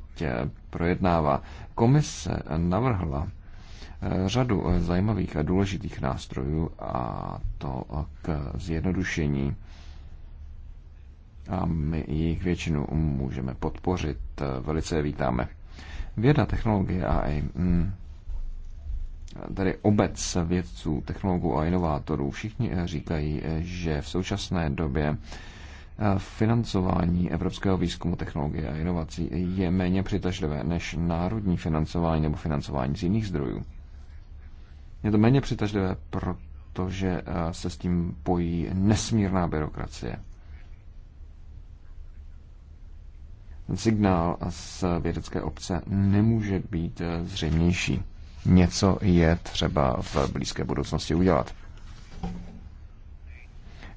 projednává. Komise navrhla eh, řadu zajímavých a důležitých nástrojů a to k zjednodušení a my jejich většinu můžeme podpořit. Velice vítáme. Věda, technologie a AI. Mm, tedy obec vědců, technologů a inovátorů, všichni eh, říkají, eh, že v současné době eh, financování evropského výzkumu, technologie a inovací je méně přitažlivé než národní financování nebo financování z jiných zdrojů. Je to méně přitažlivé, protože se s tím pojí nesmírná byrokracie. Ten signál z vědecké obce nemůže být zřejmější něco je třeba v blízké budoucnosti udělat.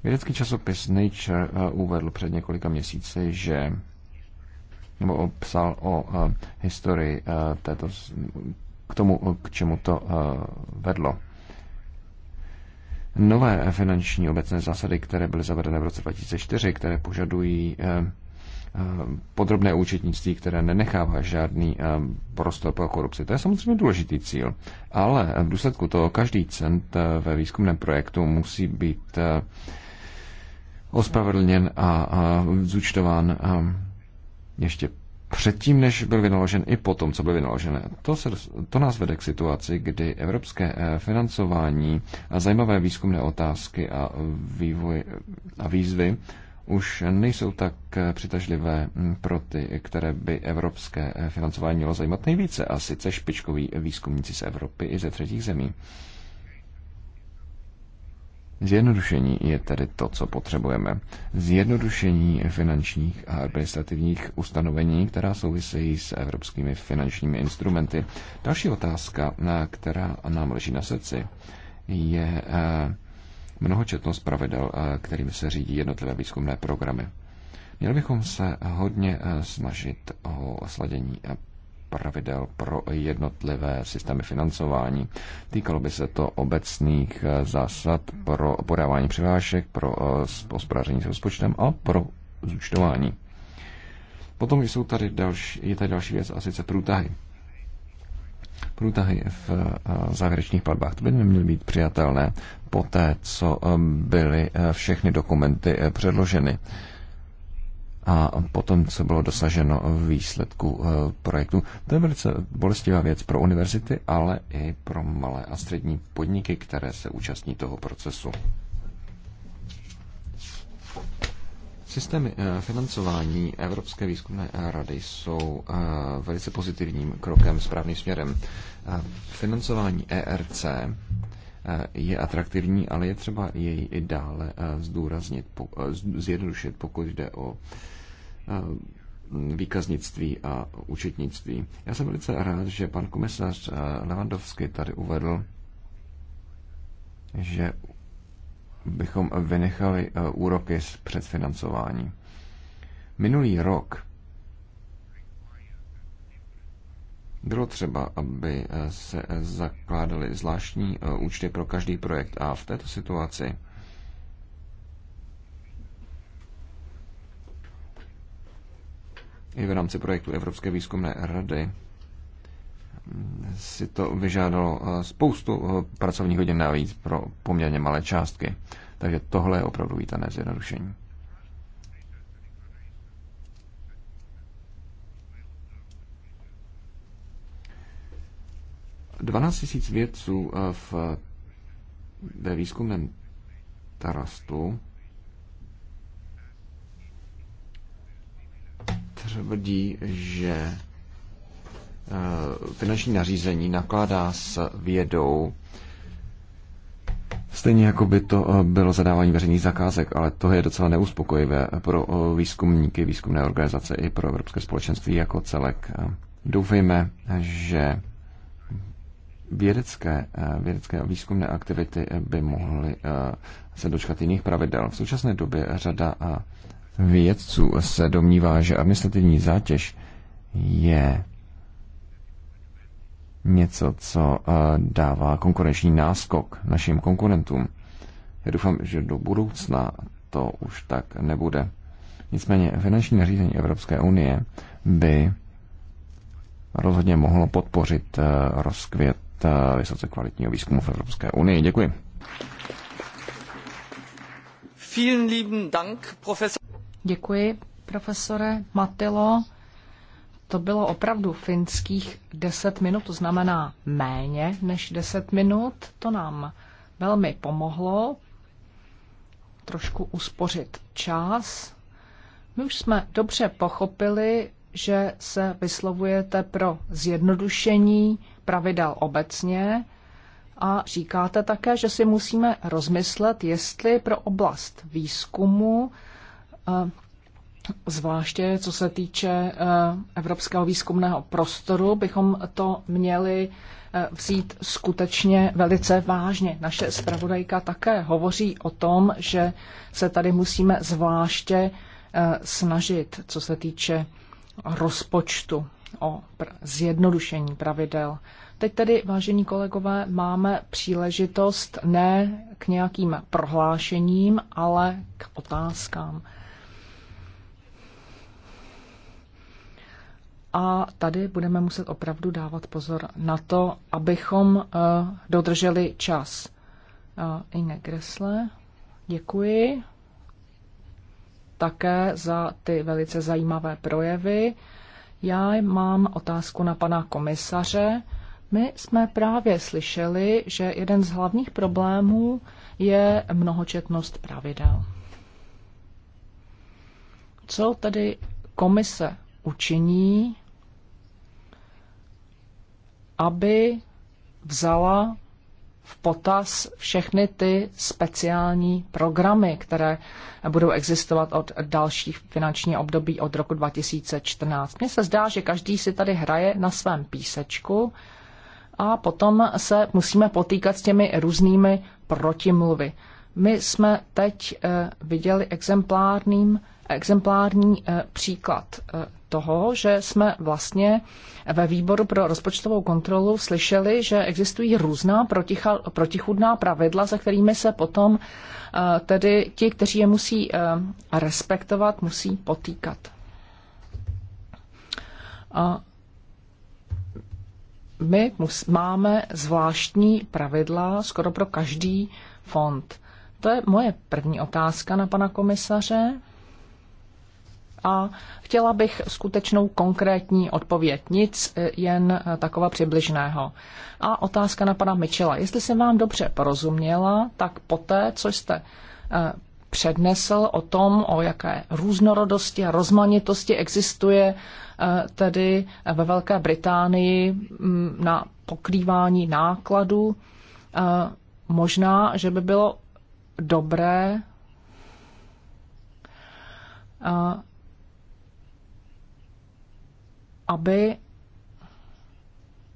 Vědecký časopis Nature eh, uvedl před několika měsíci, že nebo psal o eh, historii eh, této, k tomu, k čemu to vedlo. Nové finanční obecné zásady, které byly zavedeny v roce 2004, které požadují Eh, podrobné účetnictví, které nenechává žádný eh, prostor pro korupci. To je samozřejmě důležitý cíl, ale v důsledku toho každý cent eh, ve výzkumném projektu musí být ospravedlněn a zúčtován ještě předtím, než byl vynaložen i potom, co byl vynaložen. To, se, to nás vede k situaci, kdy evropské financování a zajímavé výzkumné otázky a, vývoj, a výzvy už nejsou tak přitažlivé pro ty, které by evropské financování mělo zajímat nejvíce, a sice špičkoví výzkumníci z Evropy i ze třetích zemí. Zjednodušení je tedy to, co potřebujeme. Zjednodušení finančních a administrativních ustanovení, která souvisejí s evropskými finančními instrumenty. Další otázka, která nám leží na srdci, je eh, mnohočetnost pravidel, eh, kterými se řídí jednotlivé výzkumné programy. Měli bychom se hodně eh, snažit o sladění eh, pravidel pro jednotlivé systémy financování. Týkalo by se to obecných zásad pro podávání přihlášek, pro hospodaření s rozpočtem a pro zúčtování. Potom jsou tady další, je tady další věc, a sice průtahy průtahy v eh, závěrečných platbách. To by neměly být přijatelné po té, co eh, byly eh, všechny dokumenty předloženy a potom, co bylo dosaženo výsledku projektu. To je velice bolestivá věc pro univerzity, ale i pro malé a střední podniky, které se účastní toho procesu. Systémy eh, financování Evropské výzkumné eh, rady jsou eh, velice pozitivním krokem správným směrem. Financování ERC je atraktivní, ale je třeba jej i dále zdůraznit, zjednodušit, pokud jde o výkaznictví a účetnictví. Já jsem velice rád, že pan komisař Levandovský tady uvedl, že bychom vynechali eh, úroky z předfinancování. Minulý rok bylo třeba, aby eh, se zakládaly zvláštní eh, účty pro každý projekt a v této situaci i v rámci projektu Evropské výzkumné rady si to vyžádalo eh, spoustu eh, pracovních hodin navíc pro poměrně malé částky. Takže tohle je opravdu vítané zjednodušení. Dvanáct tisíc vědců eh, v, ve výzkumném Tarastu tvrdí, že Eh, finanční nařízení nakládá s vědou Stejně jako by to eh, bylo zadávání veřejných zakázek, ale to je docela neuspokojivé pro eh, výzkumníky, výzkumné organizace i pro Evropské společenství jako celek. Doufejme, že vědecké, vědecké výzkumné aktivity by mohly se dočkat jiných pravidel. V současné době řada vědců se domnívá, že administrativní zátěž je něco, co eh, dává konkurenční náskok našim konkurentům. Já doufám, že do budoucna to už tak nebude. Nicméně finanční nařízení Evropské unie by rozhodně mohlo podpořit eh, rozkvět eh, vysoce kvalitního výzkumu v Evropské unii. Děkuji. Vielen lieben Dank, profesor. Děkuji, profesore Matilo to bylo opravdu finských 10 minut, to znamená méně než 10 minut. To nám velmi pomohlo trošku uspořit čas. My už jsme dobře pochopili, že se vyslovujete pro zjednodušení pravidel obecně a říkáte také, že si musíme rozmyslet, jestli pro oblast výzkumu eh, Zvláště co se týče eh, evropského výzkumného prostoru, bychom to měli eh, vzít skutečně velice vážně. Naše zpravodajka také hovoří o tom, že se tady musíme zvláště eh, snažit, co se týče rozpočtu, o zjednodušení pravidel. Teď tedy, vážení kolegové, máme příležitost ne k nějakým prohlášením, ale k otázkám. A tady budeme muset opravdu dávat pozor na to, abychom uh, dodrželi čas. Uh, Inge Gressle, děkuji také za ty velice zajímavé projevy. Já mám otázku na pana komisaře. My jsme právě slyšeli, že jeden z hlavních problémů je mnohočetnost pravidel. Co tedy komise učiní, aby vzala v potaz všechny ty speciální programy, které budou existovat od dalších finanční období od roku 2014. Mně se zdá, že každý si tady hraje na svém písečku a potom se musíme potýkat s těmi různými protimluvy. My jsme teď eh, viděli exemplárním, exemplární eh, příklad eh, toho, že jsme vlastně ve výboru pro rozpočtovou kontrolu slyšeli, že existují různá proticha, protichudná pravidla, za kterými se potom eh, tedy ti, kteří je musí eh, respektovat, musí potýkat. A my máme zvláštní pravidla skoro pro každý fond. To je moje první otázka na pana komisaře a chtěla bych skutečnou konkrétní odpověď, nic e, jen e, taková přibližného. A otázka na pana Michela. Jestli jsem vám dobře porozuměla, tak poté, co jste e, přednesl o tom, o jaké různorodosti a rozmanitosti existuje tedy ve Velké Británii na pokrývání nákladů. Možná, že by bylo dobré aby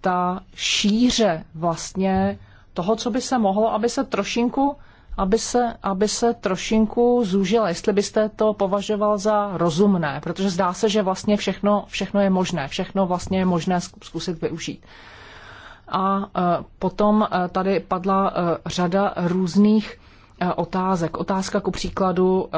ta šíře vlastně toho, co by se mohlo, aby se trošinku, aby se, aby se trošinku zúžila, jestli byste to považoval za rozumné, protože zdá se, že vlastně všechno, všechno je možné, všechno vlastně je možné zkusit využít. A e, potom e, tady padla e, řada různých otázek. Otázka ku příkladu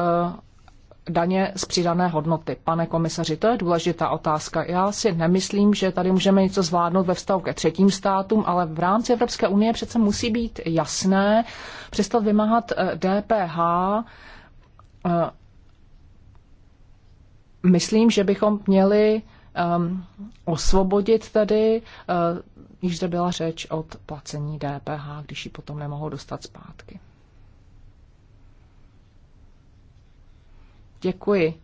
daně z přidané hodnoty. Pane komisaři, to je důležitá otázka. Já si nemyslím, že tady můžeme něco zvládnout ve vztahu ke třetím státům, ale v rámci Evropské unie přece musí být jasné přestat vymáhat DPH. Eh, eh, myslím, že bychom měli ehm, osvobodit tedy, eh, již zde byla řeč od placení DPH, když ji potom nemohou dostat zpátky. Děkuji.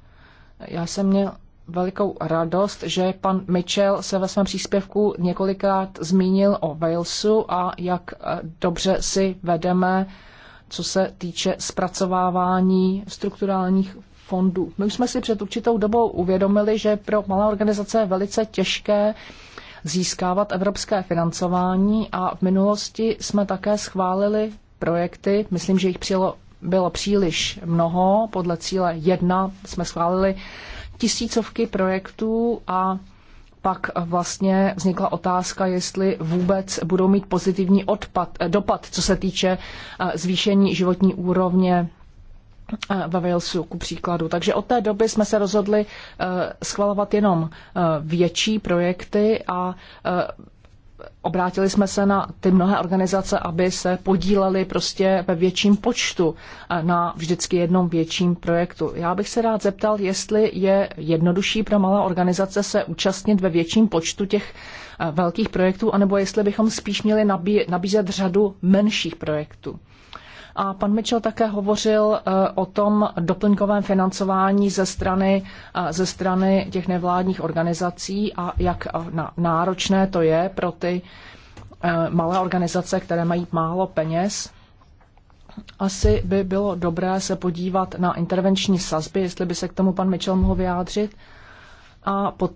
Já jsem měl velikou radost, že pan Mitchell se ve svém příspěvku několikrát zmínil o Walesu a jak eh, dobře si vedeme, co se týče zpracovávání strukturálních fondů. My už jsme si před určitou dobou uvědomili, že pro malé organizace je velice těžké získávat evropské financování a v minulosti jsme také schválili projekty, myslím, že jich přijelo bylo příliš mnoho. Podle cíle jedna. jsme schválili tisícovky projektů a pak vlastně vznikla otázka, jestli vůbec budou mít pozitivní odpad, dopad, co se týče eh, zvýšení životní úrovně eh, ve Walesu ku příkladu. Takže od té doby jsme se rozhodli eh, schvalovat jenom větší projekty a obrátili jsme se na ty mnohé organizace, aby se podíleli prostě ve větším počtu eh, na vždycky jednom větším projektu. Já bych se rád zeptal, jestli je jednodušší pro malé organizace se účastnit ve větším počtu těch eh, velkých projektů, anebo jestli bychom spíš měli nabízet řadu menších projektů. A pan Mitchell také hovořil eh, o tom doplňkovém financování ze strany, eh, ze strany těch nevládních organizací a jak eh, náročné to je pro ty malé organizace, které mají málo peněz. Asi by bylo dobré se podívat na intervenční sazby, jestli by se k tomu pan Mitchell mohl vyjádřit. A pod,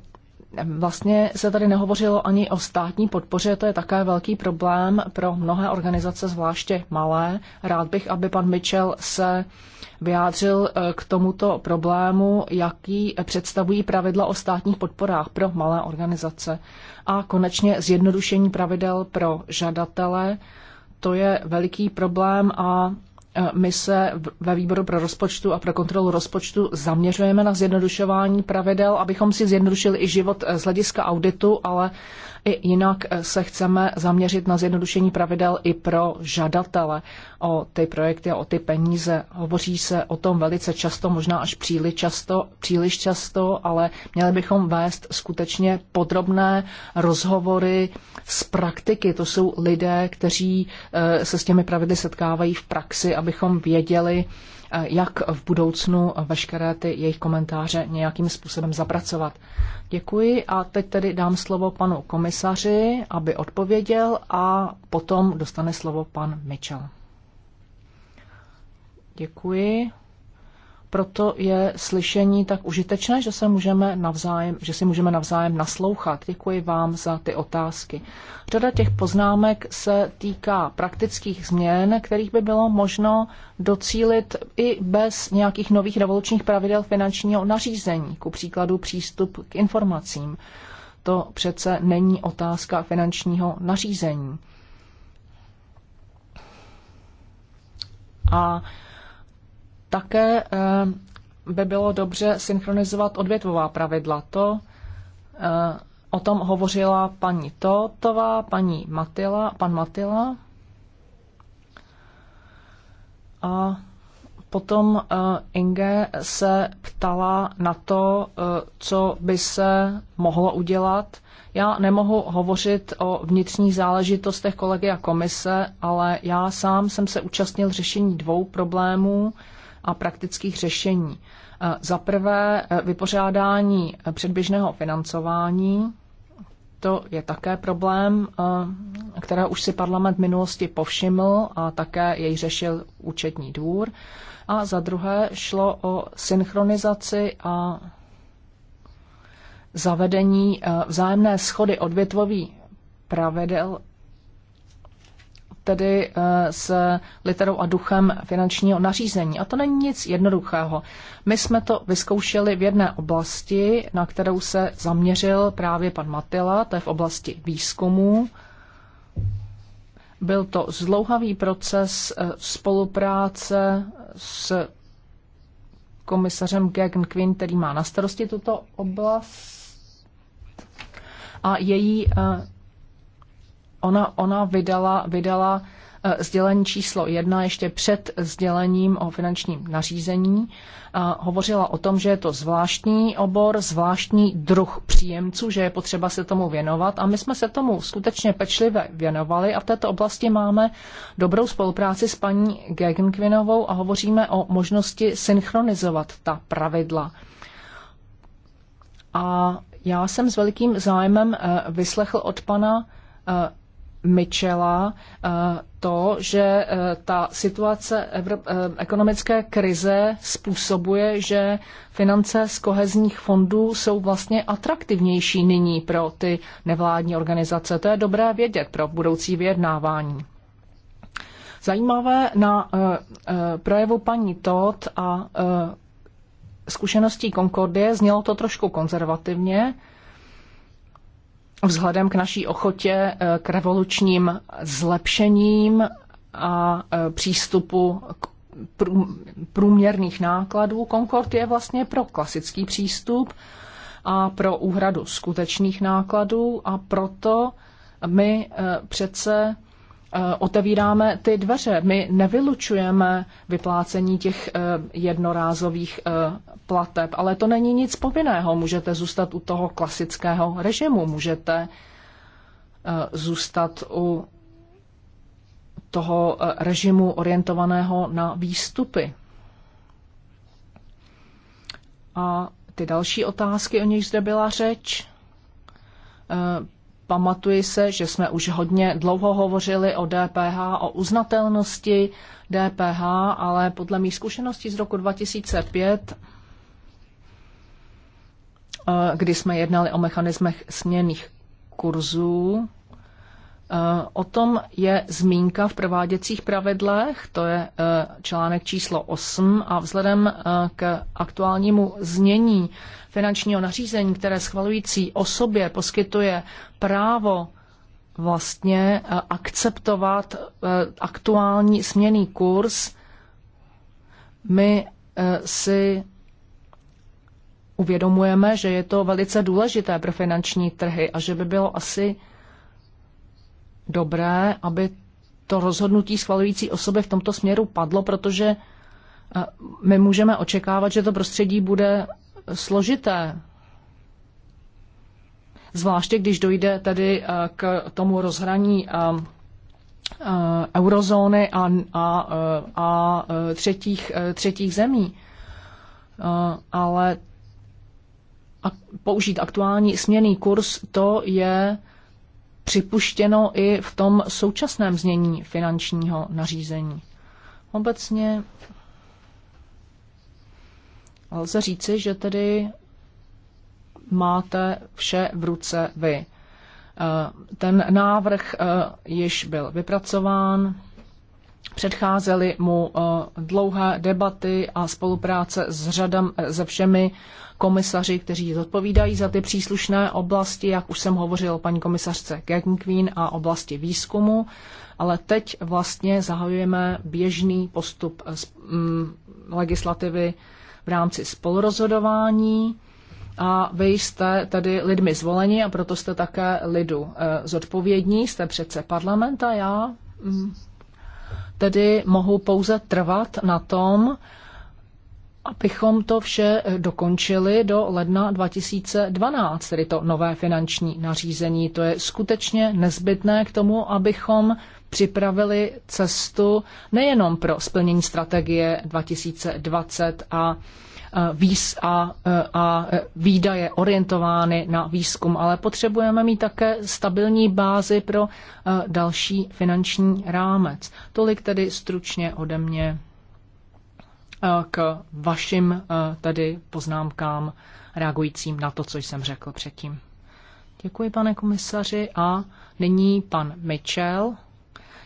Vlastně se tady nehovořilo ani o státní podpoře, to je také velký problém pro mnohé organizace, zvláště malé. Rád bych, aby pan Mitchell se vyjádřil eh, k tomuto problému, jaký představují pravidla o státních podporách pro malé organizace. A konečně zjednodušení pravidel pro žadatele. To je veliký problém a Eh, my se ve výboru pro rozpočtu a pro kontrolu rozpočtu zaměřujeme na zjednodušování pravidel, abychom si zjednodušili i život eh, z hlediska auditu, ale i jinak eh, se chceme zaměřit na zjednodušení pravidel i pro žadatele o ty projekty a o ty peníze. Hovoří se o tom velice často, možná až příliš často, příliš často, ale měli bychom vést skutečně podrobné rozhovory z praktiky. To jsou lidé, kteří eh, se s těmi pravidly setkávají v praxi, abychom věděli, jak v budoucnu veškeré ty jejich komentáře nějakým způsobem zapracovat. Děkuji a teď tedy dám slovo panu komisaři, aby odpověděl a potom dostane slovo pan Mitchell. Děkuji proto je slyšení tak užitečné, že, se můžeme navzájem, že si můžeme navzájem naslouchat. Děkuji vám za ty otázky. Řada těch poznámek se týká praktických změn, kterých by bylo možno docílit i bez nějakých nových revolučních pravidel finančního nařízení, ku příkladu přístup k informacím. To přece není otázka finančního nařízení. A také eh, by bylo dobře synchronizovat odvětvová pravidla. To eh, o tom hovořila paní Totová, paní Matila, pan Matila. A potom eh, Inge se ptala na to, co by se mohlo udělat. Já nemohu hovořit o vnitřních záležitostech kolegy a komise, ale já sám jsem se účastnil řešení dvou problémů a praktických řešení. Eh, za prvé eh, vypořádání eh, předběžného financování, to je také problém, které už si parlament minulosti povšiml a také jej řešil účetní dvůr. A za druhé šlo o synchronizaci a zavedení vzájemné schody odvětvový. pravidel tedy eh, s literou a duchem finančního nařízení. A to není nic jednoduchého. My jsme to vyzkoušeli v jedné oblasti, na kterou se zaměřil právě pan Matila, to je v oblasti výzkumu. Byl to zlouhavý proces eh, spolupráce s komisařem Gagn Quinn, který má na starosti tuto oblast a její eh, ona, ona vydala, vydala eh, sdělení číslo jedna ještě před sdělením o finančním nařízení. A hovořila o tom, že je to zvláštní obor, zvláštní druh příjemců, že je potřeba se tomu věnovat a my jsme se tomu skutečně pečlivě věnovali a v této oblasti máme dobrou spolupráci s paní Gegenkvinovou a hovoříme o možnosti synchronizovat ta pravidla. A já jsem s velikým zájmem eh, vyslechl od pana eh, Michela eh, to, že eh, ta situace eh, ekonomické krize způsobuje, že finance z kohezních fondů jsou vlastně atraktivnější nyní pro ty nevládní organizace. To je dobré vědět pro budoucí vyjednávání. Zajímavé na projevu paní Todd a zkušeností Concordie znělo to trošku konzervativně, vzhledem k naší ochotě eh, k revolučním zlepšením a eh, přístupu k průměrných nákladů. Concord je vlastně pro klasický přístup a pro úhradu skutečných nákladů a proto my eh, přece Eh, otevíráme ty dveře. My nevylučujeme vyplácení těch eh, jednorázových eh, plateb, ale to není nic povinného. Můžete zůstat u toho klasického režimu, můžete zůstat u toho režimu orientovaného na výstupy. A ty další otázky, o nich zde byla řeč, Pamatuji se, že jsme už hodně dlouho hovořili o DPH, o uznatelnosti DPH, ale podle mých zkušeností z roku 2005, eh, kdy jsme jednali o mechanismech směných kurzů, Eh, o tom je zmínka v prováděcích pravidlech, to je eh, článek číslo 8 a vzhledem eh, k aktuálnímu znění finančního nařízení, které schvalující osobě poskytuje právo vlastně akceptovat aktuální směný kurz, my si uvědomujeme, že je to velice důležité pro finanční trhy a že by bylo asi dobré, aby to rozhodnutí schvalující osoby v tomto směru padlo, protože eh, my můžeme očekávat, že to prostředí bude složité. Zvláště když dojde tedy eh, k tomu rozhraní eh, eurozóny a, a, a třetích, třetích zemí. Ale použít aktuální směný kurz, to je připuštěno i v tom současném znění finančního nařízení. Obecně lze říci, že tedy máte vše v ruce vy. Eh, ten návrh eh, již byl vypracován, Předcházely mu eh, dlouhé debaty a spolupráce s řadem, eh, se všemi komisaři, kteří zodpovídají za ty příslušné oblasti, jak už jsem hovořil paní komisařce Gagan a oblasti výzkumu, ale teď vlastně zahajujeme běžný postup eh, mm, legislativy v rámci spolurozhodování a vy jste tedy lidmi zvoleni a proto jste také lidu zodpovědní, jste přece parlament a já mm, tedy mohu pouze trvat na tom, abychom to vše eh, dokončili do ledna 2012, tedy to nové finanční nařízení. To je skutečně nezbytné k tomu, abychom připravili cestu nejenom pro splnění strategie 2020 a Eh, výs a, eh, a výdaje orientovány na výzkum, ale potřebujeme mít také stabilní bázi pro eh, další finanční rámec. Tolik tedy stručně ode mě k vašim tedy poznámkám reagujícím na to, co jsem řekl předtím. Děkuji, pane komisaři. A nyní pan Mitchell.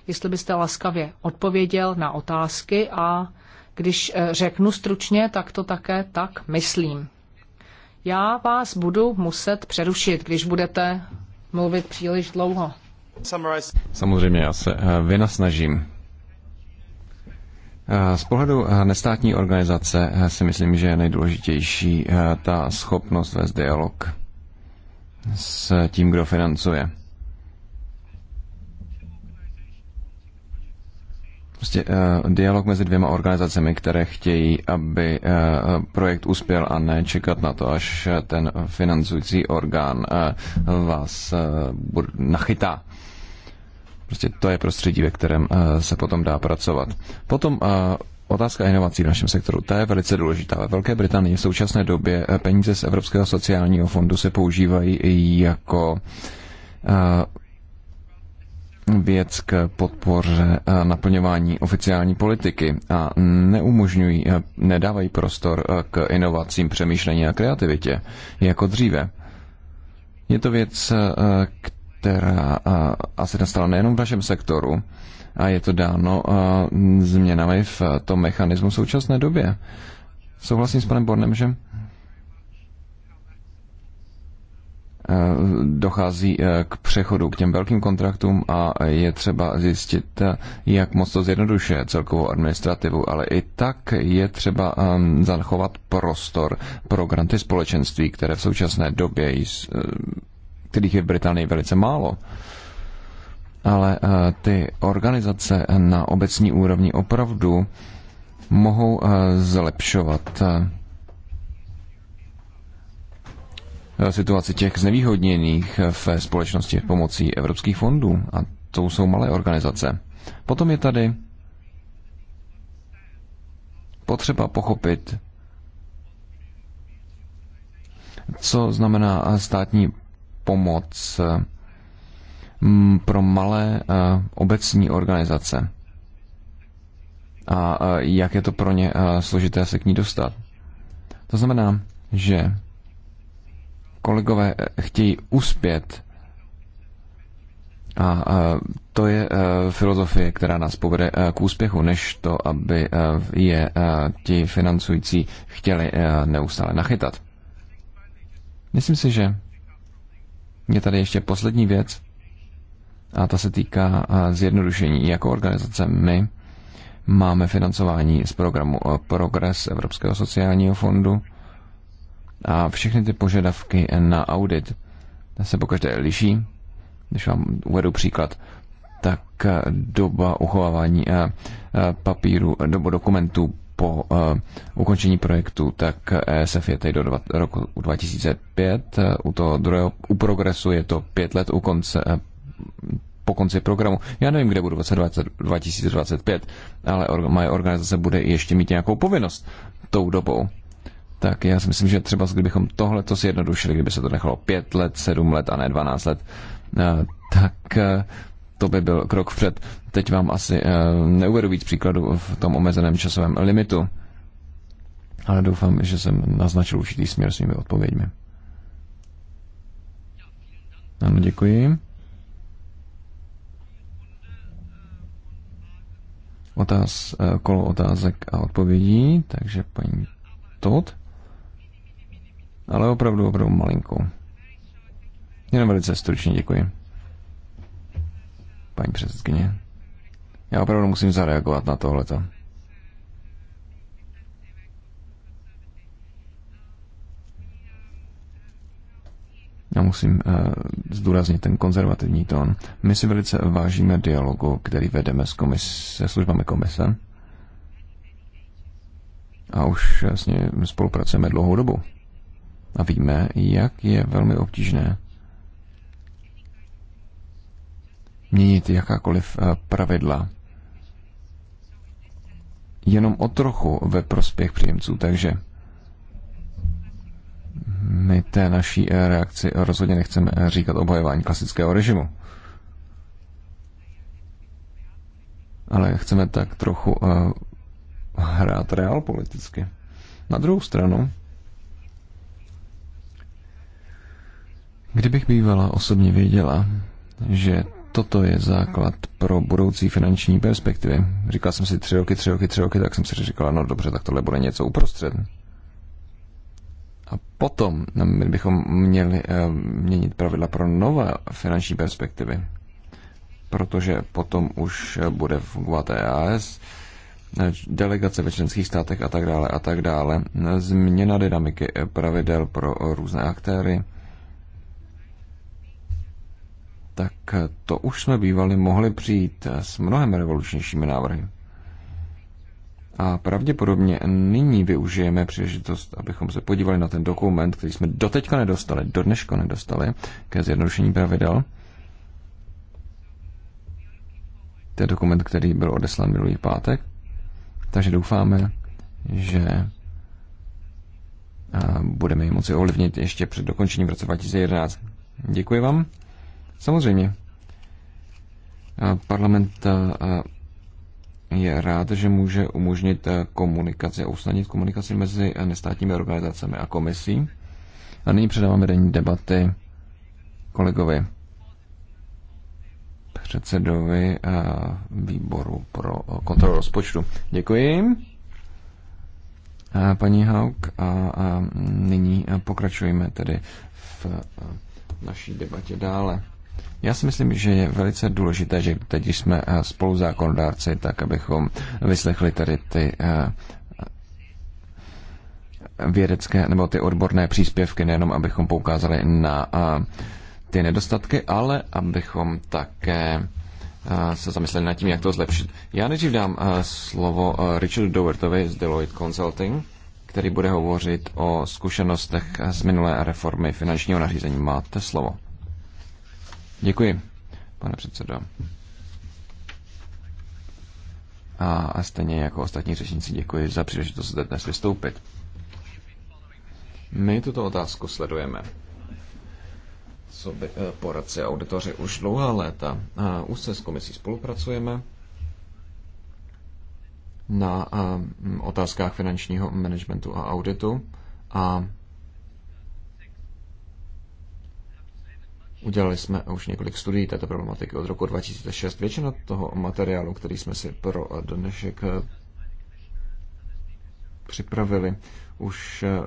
Jestli byste laskavě odpověděl na otázky a když eh, řeknu stručně, tak to také tak myslím. Já vás budu muset přerušit, když budete mluvit příliš dlouho. Samozřejmě, já se eh, vynasnažím. Eh, z pohledu nestátní organizace si myslím, že je nejdůležitější ta schopnost vést dialog s tím, kdo financuje. Prostě uh, dialog mezi dvěma organizacemi, které chtějí, aby uh, projekt uspěl a ne čekat na to, až eh, ten financující orgán uh, vás uh, nachytá. Prostě to je prostředí, ve kterém uh, se potom dá pracovat. Potom uh, Otázka inovací v našem sektoru, ta je velice důležitá. Ve Velké Británii v současné době peníze z Evropského sociálního fondu se používají jako uh, věc k podpoře eh, naplňování oficiální politiky a neumožňují, eh, nedávají prostor eh, k inovacím, přemýšlení a kreativitě, jako dříve. Je to věc, která asi nastala nejenom v našem sektoru, a je to dáno změnami v tom mechanismu v současné době. Souhlasím s panem Bornem, že Eh, dochází eh, k přechodu k těm velkým kontraktům a je třeba zjistit, eh, jak moc to zjednodušuje celkovou administrativu, ale i tak je třeba ehm, zachovat prostor pro granty společenství, které v současné době, kterých je v Británii velice málo. Ale ty organizace na obecní úrovni opravdu mohou zlepšovat Eh, situaci těch znevýhodněných eh, ve společnosti pomocí evropských fondů. A to jsou malé organizace. Potom je tady potřeba pochopit, co znamená eh, státní pomoc pro malé obecní organizace a jak je to pro ně složité se k ní dostat. To znamená, že kolegové eh, chtějí uspět, a eh, to je eh, filozofie, která nás povede k úspěchu, než to, aby je ti financující chtěli neustále nachytat. Myslím si, že je tady ještě poslední věc a ta se týká zjednodušení. Jako organizace my máme financování z programu Progress Evropského sociálního fondu a všechny ty požadavky na audit se pokaždé liší. Když vám uvedu příklad, tak eh, doba uchovávání eh, eh, papíru, doba dokumentů po ukončení projektu, tak ESF e je teď do roku 2005, u toho druhého, u progresu je to pět let u konce, po konci programu. Já nevím, kde budu v roce 2025, ale moje organizace bude ještě mít nějakou povinnost tou dobou tak já si myslím, že třeba kdybychom tohle to zjednodušili, kdyby se to nechalo pět let, sedm let a ne 12 let, eh, tak eh, to by byl krok vpřed. Teď vám asi eh, neuvedu víc příkladů v tom omezeném časovém limitu, ale doufám, že jsem naznačil určitý směr svými odpověďmi. Ano, děkuji. Otáz, kolo otázek a odpovědí, takže paní Todd ale opravdu, opravdu malinkou. Jenom velice stručně děkuji. Paní předsedkyně. Já opravdu musím zareagovat na tohleto. Já musím uh, zdůraznit ten konzervativní tón. My si velice vážíme dialogu, který vedeme s komis- se službami komise. A už jasně spolupracujeme dlouhou dobu. A víme, jak je velmi obtížné měnit jakákoliv eh, pravidla jenom o trochu ve prospěch příjemců. Takže my té naší eh, reakci rozhodně nechceme eh, říkat obhajování klasického režimu. Ale chceme tak trochu hrát reál politicky. Na druhou stranu, Kdybych bývala osobně věděla, že toto je základ pro budoucí finanční perspektivy. Říkal jsem si tři roky, tři roky, tři roky, tak jsem si říkala, no dobře, tak tohle bude něco uprostřed. A potom no, my bychom měli uh, měnit pravidla pro nové finanční perspektivy, protože potom už bude fungovat EAS, delegace ve členských státech a tak dále a tak dále. Změna dynamiky pravidel pro různé aktéry, tak to už jsme bývali mohli přijít s mnohem revolučnějšími návrhy. A pravděpodobně nyní využijeme příležitost, abychom se podívali na ten dokument, který jsme doteďka nedostali, do dneška nedostali, ke zjednodušení pravidel. To je dokument, který byl odeslán minulý pátek. Takže doufáme, že budeme ji moci ovlivnit ještě před dokončením v roce 2011. Děkuji vám. Samozřejmě. Parlament je rád, že může umožnit komunikaci, usnadnit komunikaci mezi nestátními organizacemi a komisí. A nyní předávám vedení debaty kolegovi předsedovi výboru pro kontrolu rozpočtu. Děkuji. Paní Hauk, a nyní pokračujeme tedy v naší debatě dále. Já si myslím, že je velice důležité, že teď když jsme eh, spolu tak abychom vyslechli tady ty eh, vědecké nebo ty odborné příspěvky, nejenom abychom poukázali na eh, ty nedostatky, ale abychom také se zamysleli nad tím, jak to zlepšit. Já nejdřív dám slovo Richardu Dovertovi z Deloitte Consulting, který bude hovořit o zkušenostech z minulé reformy finančního nařízení. Máte slovo. Děkuji, pane předsedo. A, a stejně jako ostatní řečníci děkuji za příležitost zde dnes vystoupit. My tuto otázku sledujeme. Co by, eh, poradci a auditoři už dlouhá léta. A eh, už se s komisí spolupracujeme na a, eh, otázkách finančního managementu a auditu a Udělali jsme už několik studií této problematiky od roku 2006. Většina toho materiálu, který jsme si pro dnešek eh, připravili, už eh,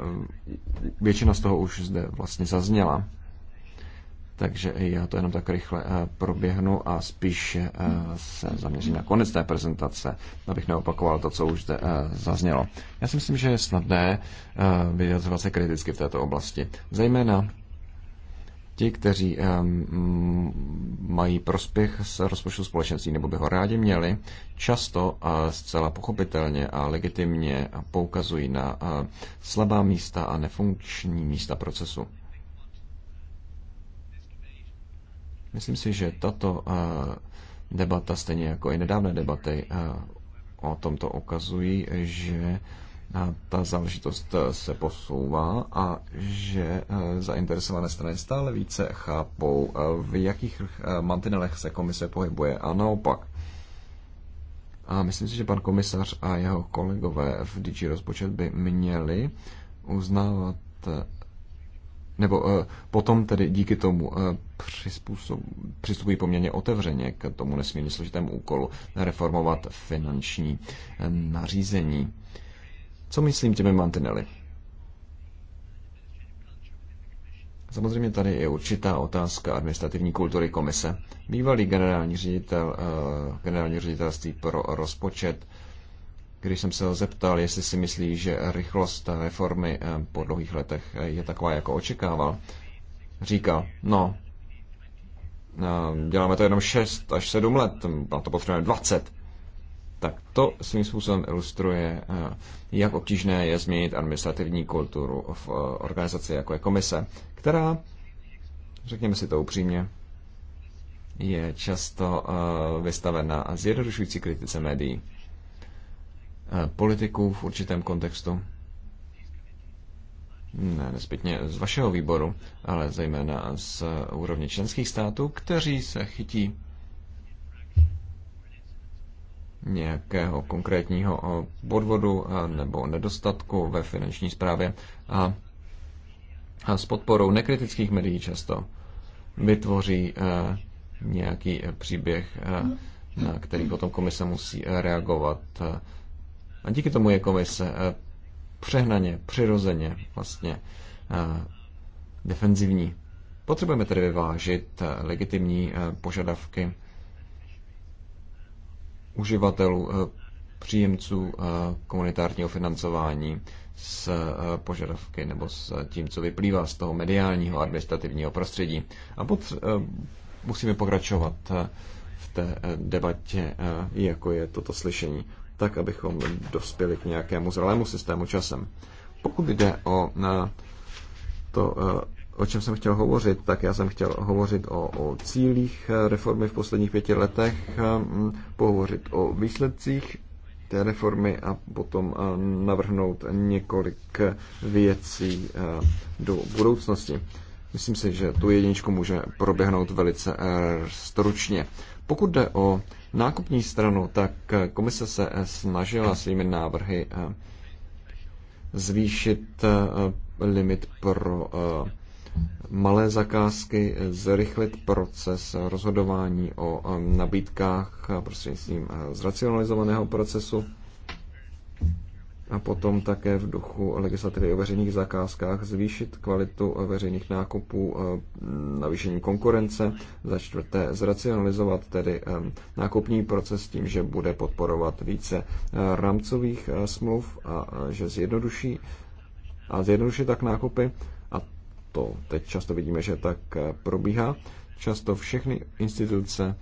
většina z toho už zde vlastně zazněla. Takže já to jenom tak rychle eh, proběhnu a spíš se zaměřím na konec té prezentace, abych neopakoval to, co už zde zaznělo. Já si myslím, že je snadné vyjadřovat se kriticky v této oblasti. Zejména Ti, kteří mají prospěch z rozpočtu společenství nebo by ho rádi měli, často a zcela pochopitelně a legitimně poukazují na slabá místa a nefunkční místa procesu. Myslím si, že tato debata, stejně jako i nedávné debaty o tomto ukazují, že ta záležitost eh, se posouvá a že eh, zainteresované strany stále více chápou, eh, v jakých mantinelech se komise pohybuje a naopak. A myslím si, že pan komisař a jeho kolegové v DG rozpočet by měli uznávat nebo potom tedy díky tomu přistupují poměrně otevřeně k tomu nesmírně složitému úkolu reformovat finanční nařízení. Co myslím těmi mantinely? Samozřejmě tady je určitá otázka administrativní kultury komise. Bývalý generální ředitel, eh, generální ředitelství pro rozpočet, když jsem se ho zeptal, jestli si myslí, že rychlost reformy eh, po dlouhých letech eh, je taková, jako očekával, říkal, no, děláme to jenom 6 až 7 let, na to potřebujeme 20 tak to svým způsobem ilustruje, eh, jak obtížné je změnit administrativní kulturu v eh, organizaci jako je komise, která, řekněme si to upřímně, je často eh, vystavena zjednodušující kritice médií, politiků v určitém kontextu, ne nezbytně z vašeho výboru, ale zejména z úrovně členských států, kteří se chytí nějakého konkrétního eh, podvodu eh, nebo nedostatku ve finanční správě a, a s podporou nekritických médií často vytvoří eh, nějaký příběh, na který potom komise musí reagovat. A díky tomu je komise přehnaně, přirozeně vlastně defenzivní. Potřebujeme tedy vyvážit legitimní požadavky uživatelů, eh, příjemců eh, komunitárního financování s eh, požadavky nebo s tím, co vyplývá z toho mediálního administrativního prostředí. A pot, musíme pokračovat v té debatě, jako je toto slyšení, tak, abychom dospěli k nějakému zralému systému časem. Pokud jde o to o čem jsem chtěl hovořit, tak já jsem chtěl hovořit o, o cílích reformy v posledních pěti letech, mm, pohovořit o výsledcích té reformy a potom eh, navrhnout několik věcí eh, do budoucnosti. Myslím si, že tu jedničku může proběhnout velice eh, stručně. Pokud jde o nákupní stranu, tak komise se snažila svými návrhy zvýšit limit pro malé zakázky, eh, zrychlit proces rozhodování o eh, nabídkách eh, prostřednictvím zracionalizovaného procesu a potom také v duchu legislativy o veřejných zakázkách zvýšit kvalitu veřejných nákupů navýšení konkurence, za čtvrté zracionalizovat tedy nákupní proces tím, že bude podporovat více rámcových smluv a že zjednoduší a zjednodušit tak nákupy to teď často vidíme, že tak eh, probíhá. Často všechny instituce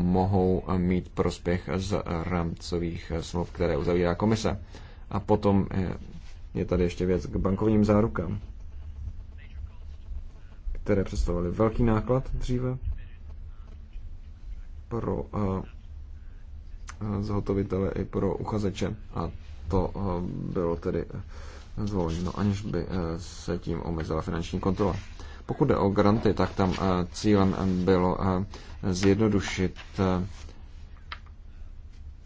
mohou eh, mít prospěch z rámcových eh, smluv, které uzavírá komise. A potom je tady ještě věc k bankovním zárukám, které představovaly velký náklad dříve pro zhotovitele i pro uchazeče. A to bylo tedy zvoleno, aniž by eh, se tím omezila finanční kontrola. Pokud jde o granty, tak tam eh, cílem bylo eh, zjednodušit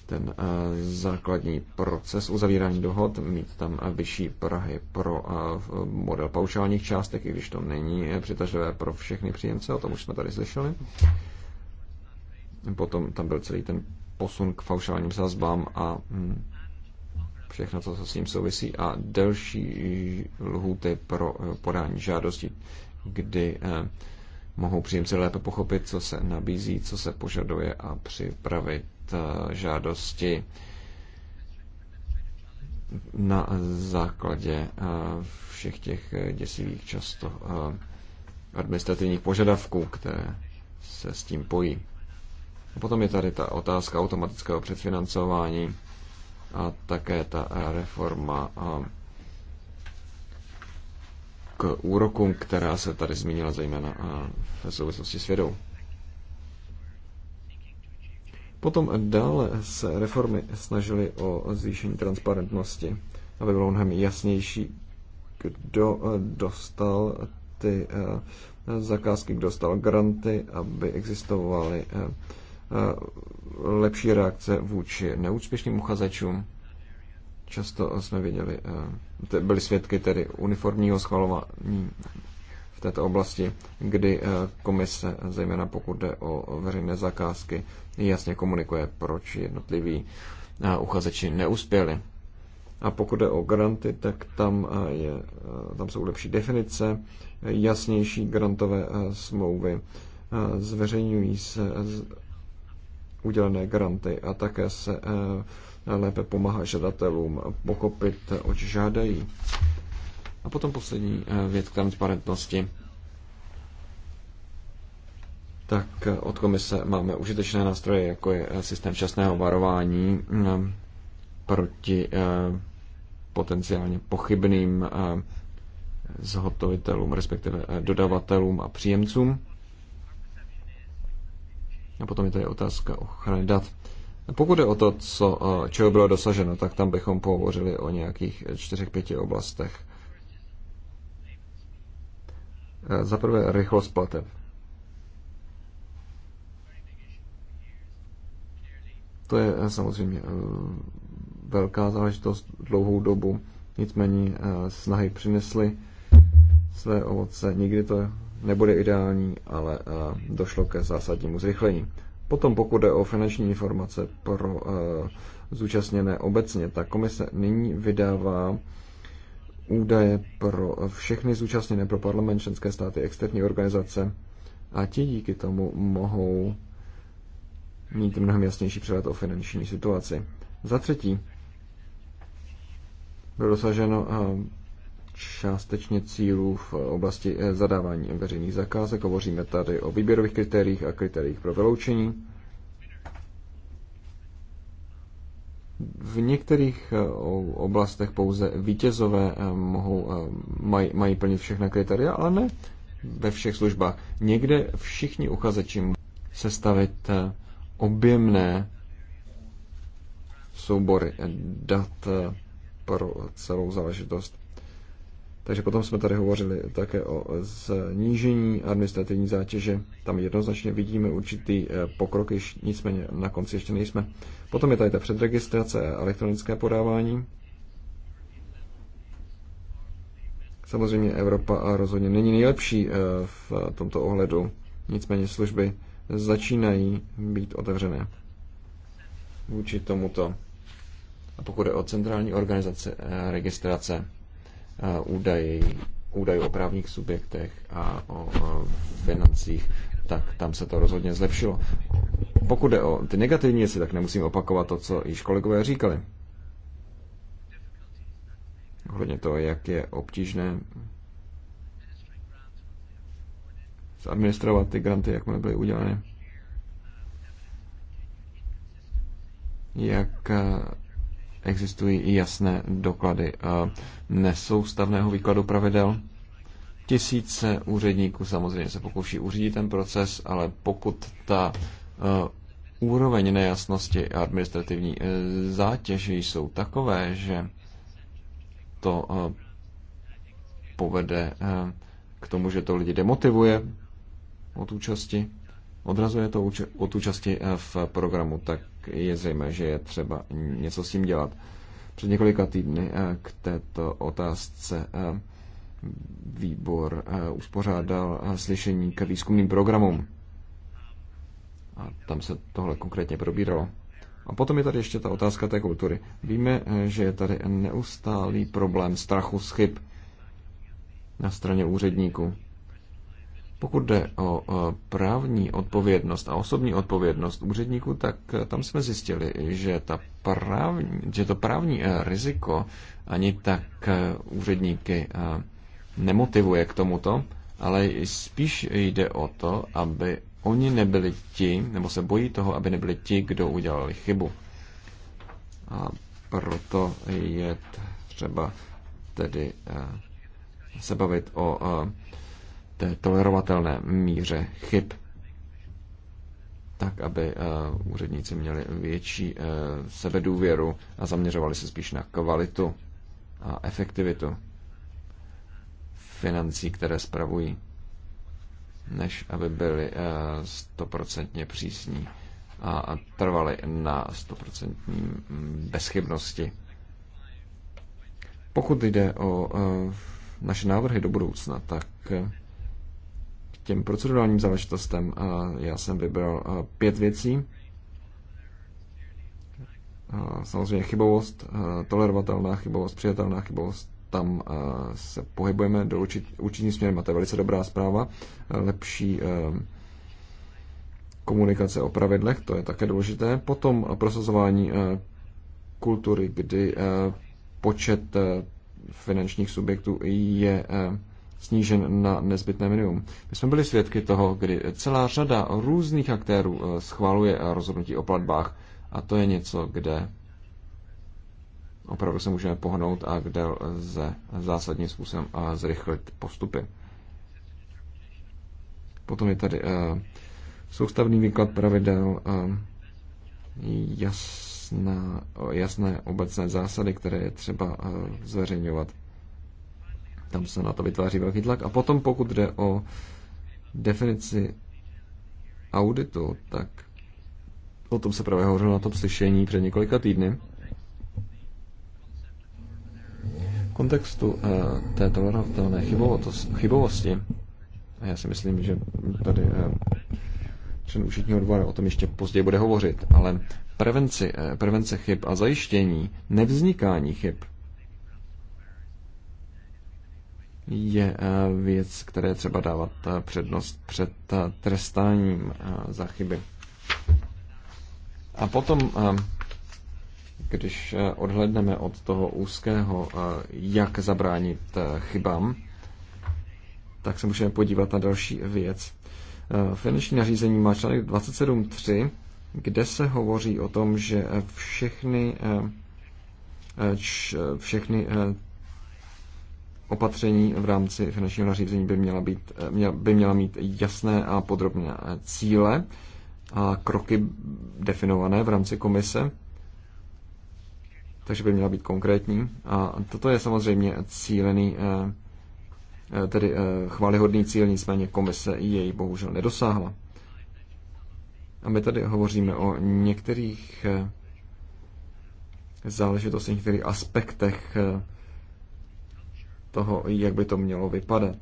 ten základní proces uzavírání dohod, mít tam vyšší prahy pro model paušálních částek, i když to není přitažlivé pro všechny příjemce, o tom už jsme tady slyšeli. Potom tam byl celý ten posun k paušálním sazbám a hm, všechno co co s ním souvisí a delší lhůty pro eh, podání žádosti, kdy eh, mohou příjemci lépe pochopit, co se nabízí, co se požaduje a připravit eh, žádosti na základě všech těch děsivých často administrativních požadavků, které se s tím pojí. A potom je tady ta otázka automatického předfinancování a také ta reforma k úrokům, která se tady zmínila zejména v souvislosti s vědou. Potom dále se reformy snažily o zvýšení transparentnosti, aby bylo mnohem jasnější, kdo dostal ty zakázky, kdo dostal granty, aby existovaly Eh, lepší reakce vůči neúspěšným uchazečům. Často jsme viděli, eh, byli svědky tedy uniformního schvalování v této oblasti, kdy eh, komise, zejména pokud jde o veřejné zakázky, jasně komunikuje, proč jednotliví uchazeči neuspěli. A pokud jde o granty, tak tam, je, tam jsou lepší definice, jasnější grantové smlouvy, zveřejňují se udělené granty a také se eh, lépe pomáhá žadatelům pochopit, eh, oč žádají. A potom poslední eh, věc k transparentnosti. Tak od komise máme užitečné nástroje, jako je systém časného varování mm, proti potenciálně pochybným zhotovitelům, respektive dodavatelům a příjemcům. A potom je tady otázka ochrany dat. Pokud je o to, co, eh, čeho bylo dosaženo, tak tam bychom pohovořili o nějakých eh, čtyřech, pěti oblastech. Eh, za prvé rychlost plateb. To je samozřejmě velká záležitost dlouhou dobu. Nicméně snahy přinesly své ovoce. Nikdy to nebude ideální, ale eh, došlo ke zásadnímu zrychlení. Potom pokud jde o finanční informace pro eh, zúčastněné obecně, ta komise nyní vydává údaje pro všechny zúčastněné pro parlament, členské státy, externí organizace a ti díky tomu mohou mít mnohem jasnější přehled o finanční situaci. Za třetí bylo dosaženo eh, částečně cílů v oblasti eh, zadávání veřejných zakázek. Hovoříme tady o výběrových kritériích a kritériích pro vyloučení. V některých eh, oblastech pouze vítězové eh, mohou, maj, mají plnit všechna kritéria, ale ne ve všech službách. Někde všichni uchazeči musí sestavit objemné soubory dat pro celou záležitost. Takže potom jsme tady hovořili také o znížení administrativní zátěže. Tam jednoznačně vidíme určitý eh, pokrok, již nicméně na konci ještě nejsme. Potom je tady ta předregistrace a elektronické podávání. Samozřejmě Evropa a rozhodně není nejlepší eh, v tomto ohledu, nicméně služby začínají být otevřené vůči tomuto. A pokud je o centrální organizaci eh, registrace, údaj, eh, údajů o právních subjektech a o financích, tak tam se to rozhodně zlepšilo. Pokud jde o ty negativní věci, tak nemusím opakovat to, co již kolegové říkali. Ohledně toho, jak je obtížné zadministrovat ty granty, jak byly udělané. Jak eh, existují i jasné doklady eh, nesoustavného výkladu pravidel. Tisíce úředníků samozřejmě se pokouší uřídit ten proces, ale pokud ta eh, úroveň nejasnosti a administrativní eh, zátěže jsou takové, že to povede k tomu, že to lidi demotivuje od účasti, odrazuje to od účasti eh, v programu, tak je zřejmé, že je třeba něco s tím dělat. Před několika týdny eh, k této otázce eh, výbor uspořádal slyšení k výzkumným programům. A tam se tohle konkrétně probíralo. A potom je tady ještě ta otázka té kultury. Víme, že je tady neustálý problém strachu z chyb na straně úředníků. Pokud jde o právní odpovědnost a osobní odpovědnost úředníků, tak eh, tam jsme zjistili, že, ta právní, že to právní eh, riziko ani tak eh, úředníky nemotivuje k tomuto, ale spíš jde o to, aby oni nebyli ti, nebo se bojí toho, aby nebyli ti, kdo udělali chybu. A proto je třeba tedy se bavit o té tolerovatelné míře chyb, tak aby eh, úředníci měli větší eh, sebedůvěru a zaměřovali se spíš na kvalitu a efektivitu financí, které spravují, než aby byli eh, stoprocentně přísní a trvali na stoprocentní mm, bezchybnosti. Pokud jde o naše návrhy do budoucna, tak těm procedurálním záležitostem já jsem vybral pět věcí. Samozřejmě chybovost, tolerovatelná chybovost, přijatelná chybovost, tam se pohybujeme do určitým směrem a to je velice dobrá zpráva. Lepší komunikace o pravidlech, to je také důležité. Potom prosazování kultury, kdy počet finančních subjektů je snížen na nezbytné minimum. My jsme byli svědky toho, kdy celá řada různých aktérů eh, schvaluje eh, rozhodnutí o platbách a to je něco, kde opravdu se můžeme pohnout a kde lze zásadním způsobem eh, zrychlit postupy. Potom je tady soustavný výklad pravidel, jasná, jasné obecné zásady, které je třeba zveřejňovat tam se na to vytváří velký tlak. A potom pokud jde o definici auditu, tak o tom se právě hovořilo na tom slyšení před několika týdny. V kontextu eh, té tolerovatelné chybovosti, a já si myslím, že tady eh, člen účetního dvora o tom ještě později bude hovořit, ale prevenci, eh, prevence chyb a zajištění nevznikání chyb je eh, věc, které třeba dávat eh, přednost před eh, trestáním za chyby. A potom, když odhledneme od toho úzkého, jak zabránit chybám, tak se můžeme podívat na další věc. Finanční nařízení má článek 27.3, kde se hovoří o tom, že všechny, všechny opatření v rámci finančního nařízení by měla, být, eh, by měla mít jasné a podrobné cíle a kroky definované v rámci komise, takže by měla být konkrétní. A toto je samozřejmě cílený, eh, eh, tedy chválihodný cíl, nicméně komise jej bohužel nedosáhla. A my tady hovoříme o některých záležitostech, některých aspektech toho, jak by to mělo vypadat.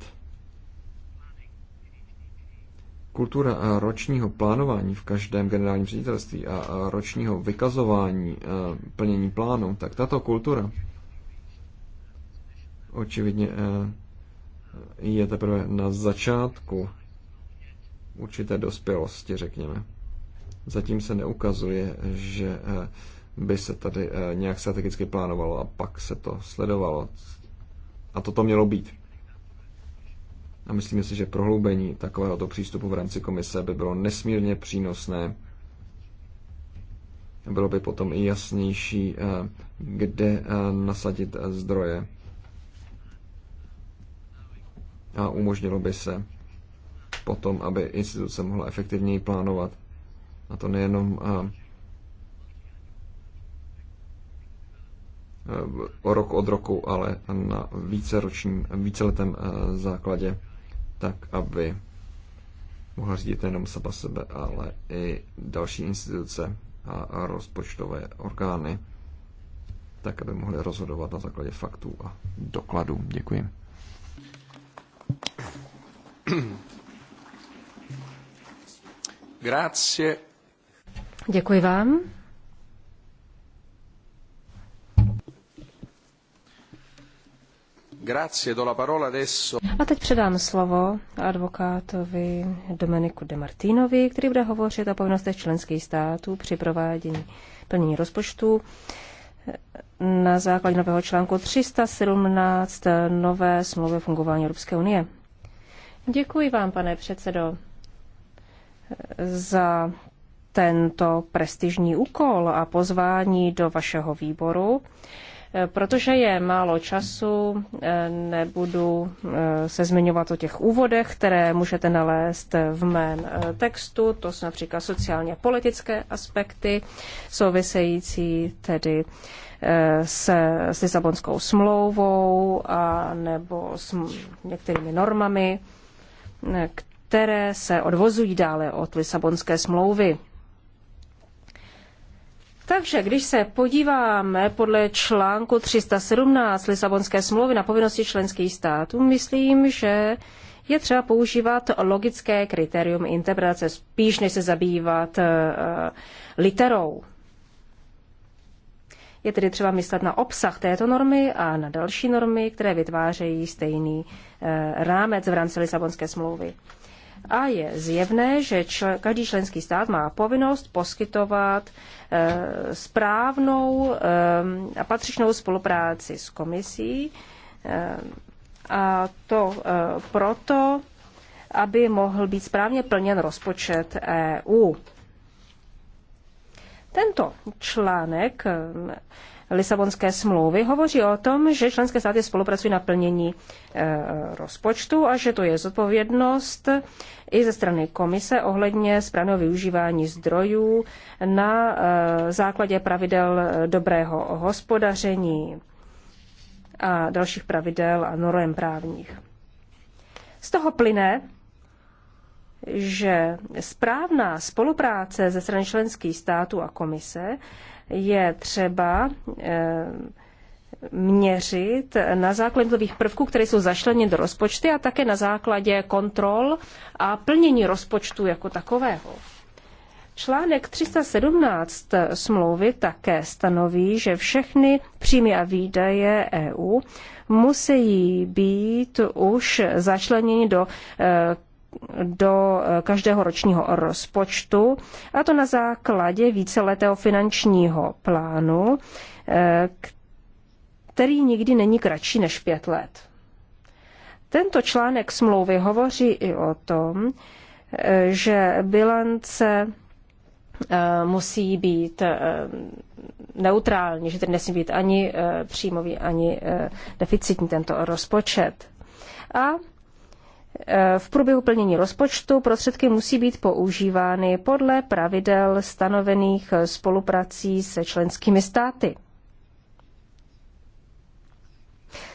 Kultura ročního plánování v každém generálním ředitelství a ročního vykazování plnění plánu, tak tato kultura očividně je teprve na začátku určité dospělosti, řekněme. Zatím se neukazuje, že by se tady nějak strategicky plánovalo a pak se to sledovalo, a toto mělo být. A myslíme si, že prohloubení takovéhoto přístupu v rámci komise by bylo nesmírně přínosné. Bylo by potom i jasnější, eh, kde eh, nasadit zdroje. A umožnilo by se potom, aby instituce mohla efektivněji plánovat. A to nejenom eh, Eh, rok od roku, ale na víceročním, víceletém eh, základě, tak aby mohla řídit jenom sama sebe, ale i další instituce a rozpočtové orgány, tak aby mohly rozhodovat na základě faktů a dokladů. Děkuji. Grazie. Děkuji vám. A teď předám slovo advokátovi Dominiku De Martinovi, který bude hovořit o povinnostech členských států při provádění plnění rozpočtu na základě nového článku 317 nové smlouvy o fungování Evropské unie. Děkuji vám, pane předsedo, za tento prestižní úkol a pozvání do vašeho výboru. Protože je málo času, eh, nebudu eh, se zmiňovat o těch úvodech, které můžete nalézt v mém eh, textu. To jsou například sociálně politické aspekty, související tedy se, s Lisabonskou smlouvou a nebo s některými normami, které se odvozují dále od Lisabonské smlouvy. Takže když se podíváme podle článku 317 Lisabonské smlouvy na povinnosti členských států, myslím, že je třeba používat logické kritérium integrace, spíš než se zabývat uh, literou. Je tedy třeba myslet na obsah této normy a na další normy, které vytvářejí stejný uh, rámec v rámci Lisabonské smlouvy. A je zjevné, že čl- každý členský stát má povinnost poskytovat e, správnou e, a patřičnou spolupráci s komisí. E, a to e, proto, aby mohl být správně plněn rozpočet EU. Tento článek Lisabonské smlouvy hovoří o tom, že členské státy spolupracují na plnění e, rozpočtu a že to je zodpovědnost i ze strany komise ohledně správného využívání zdrojů na e, základě pravidel dobrého hospodaření a dalších pravidel a norem právních. Z toho plyne, že správná spolupráce ze strany členských států a komise je třeba eh, měřit na základě těch prvků, které jsou zašleněny do rozpočty a také na základě kontrol a plnění rozpočtu jako takového. Článek 317 smlouvy také stanoví, že všechny příjmy a výdaje EU musí být už začleněny do eh, do eh, každého ročního rozpočtu, a to na základě víceletého finančního plánu, eh, který nikdy není kratší než pět let. Tento článek smlouvy hovoří i o tom, eh, že bilance musí být neutrální, že tedy nesmí být ani příjmový, ani deficitní tento rozpočet. A v průběhu plnění rozpočtu prostředky musí být používány podle pravidel stanovených spoluprací se členskými státy.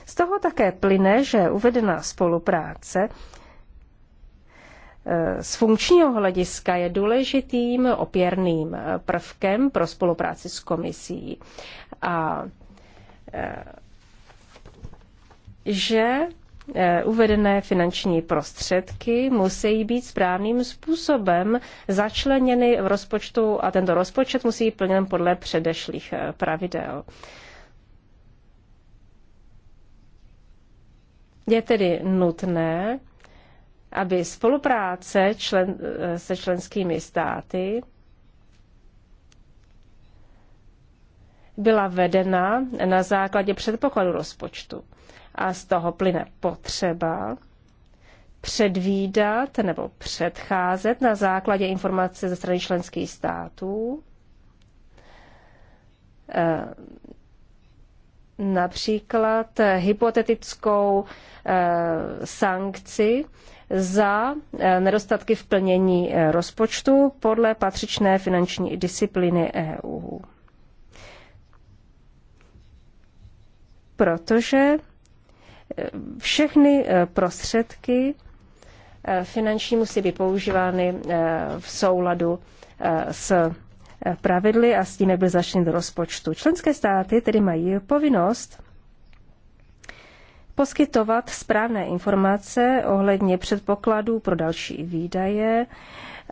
Z toho také plyne, že uvedená spolupráce e, z funkčního hlediska je důležitým opěrným prvkem pro spolupráci s komisí. A e, že Eh, uvedené finanční prostředky musí být správným způsobem začleněny v rozpočtu a tento rozpočet musí být plněn podle předešlých eh, pravidel. Je tedy nutné, aby spolupráce člen, eh, se členskými státy byla vedena na základě předpokladu rozpočtu. A z toho plyne potřeba předvídat nebo předcházet na základě informace ze strany členských států eh, například hypotetickou eh, sankci za eh, nedostatky v plnění rozpočtu podle patřičné finanční disciplíny EU. Protože všechny eh, prostředky eh, finanční musí být používány eh, v souladu s pravidly a s tím, jak byl začný do rozpočtu. Členské státy tedy mají povinnost poskytovat správné informace ohledně předpokladů pro další výdaje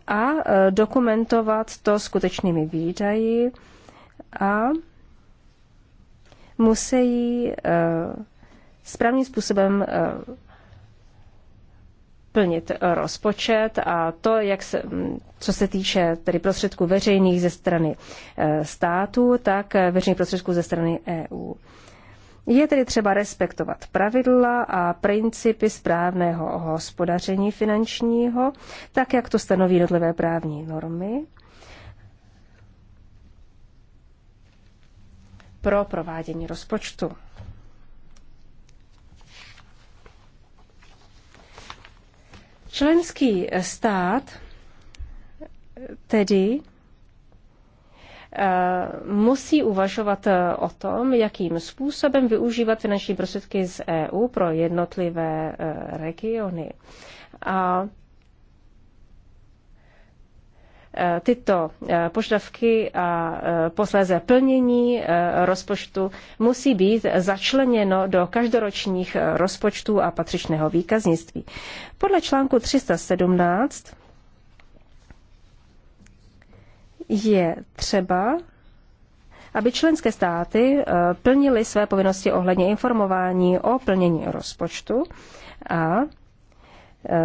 a dokumentovat to skutečnými výdaji a musí správným způsobem eh, plnit rozpočet a to, jak se, mm, co se týče tedy prostředků veřejných ze strany eh, států, tak eh, veřejných prostředků ze strany EU. Je tedy třeba respektovat pravidla a principy správného hospodaření finančního, tak jak to stanoví jednotlivé právní normy pro provádění rozpočtu. Členský stát tedy eh, musí uvažovat eh, o tom, jakým způsobem využívat finanční prostředky z EU pro jednotlivé eh, regiony. A Eh, tyto eh, požadavky a eh, posléze plnění rozpočtu musí být začleněno do každoročních rozpočtů a patřičného výkaznictví. Podle článku 317 je třeba aby členské státy plnily své povinnosti ohledně informování o plnění rozpočtu a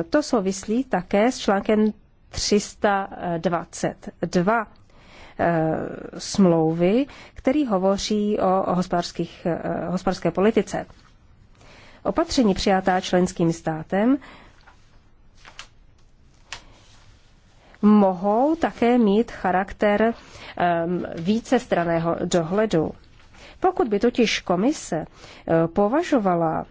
to souvislí také s článkem 322 eh, smlouvy, který hovoří o, o hospodářských, eh, hospodářské politice. Opatření přijatá členským státem mohou také mít charakter um, vícestraného dohledu. Pokud by totiž komise eh, považovala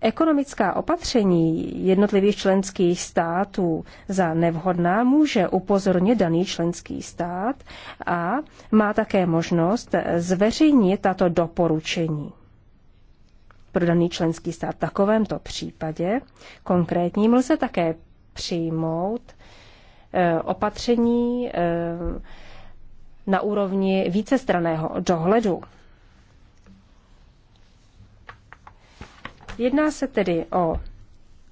ekonomická opatření jednotlivých členských států za nevhodná může upozornit daný členský stát a má také možnost zveřejnit tato doporučení pro daný členský stát. V takovémto případě konkrétním lze také přijmout e, opatření e, na úrovni vícestraného dohledu. Jedná se tedy o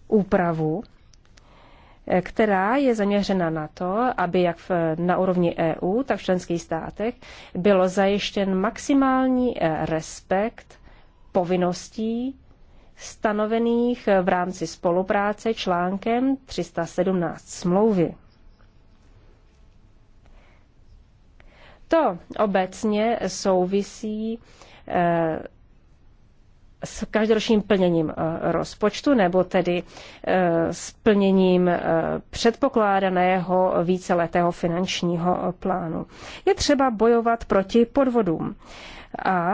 úpravu, eh, která je zaměřena na to, aby jak v, na úrovni EU, tak v členských státech bylo zajištěn maximální eh, respekt povinností stanovených eh, v rámci spolupráce článkem 317 smlouvy. To obecně souvisí s každoročním plněním eh, rozpočtu nebo tedy eh, s plněním eh, předpokládaného víceletého finančního plánu. Je třeba bojovat proti podvodům. A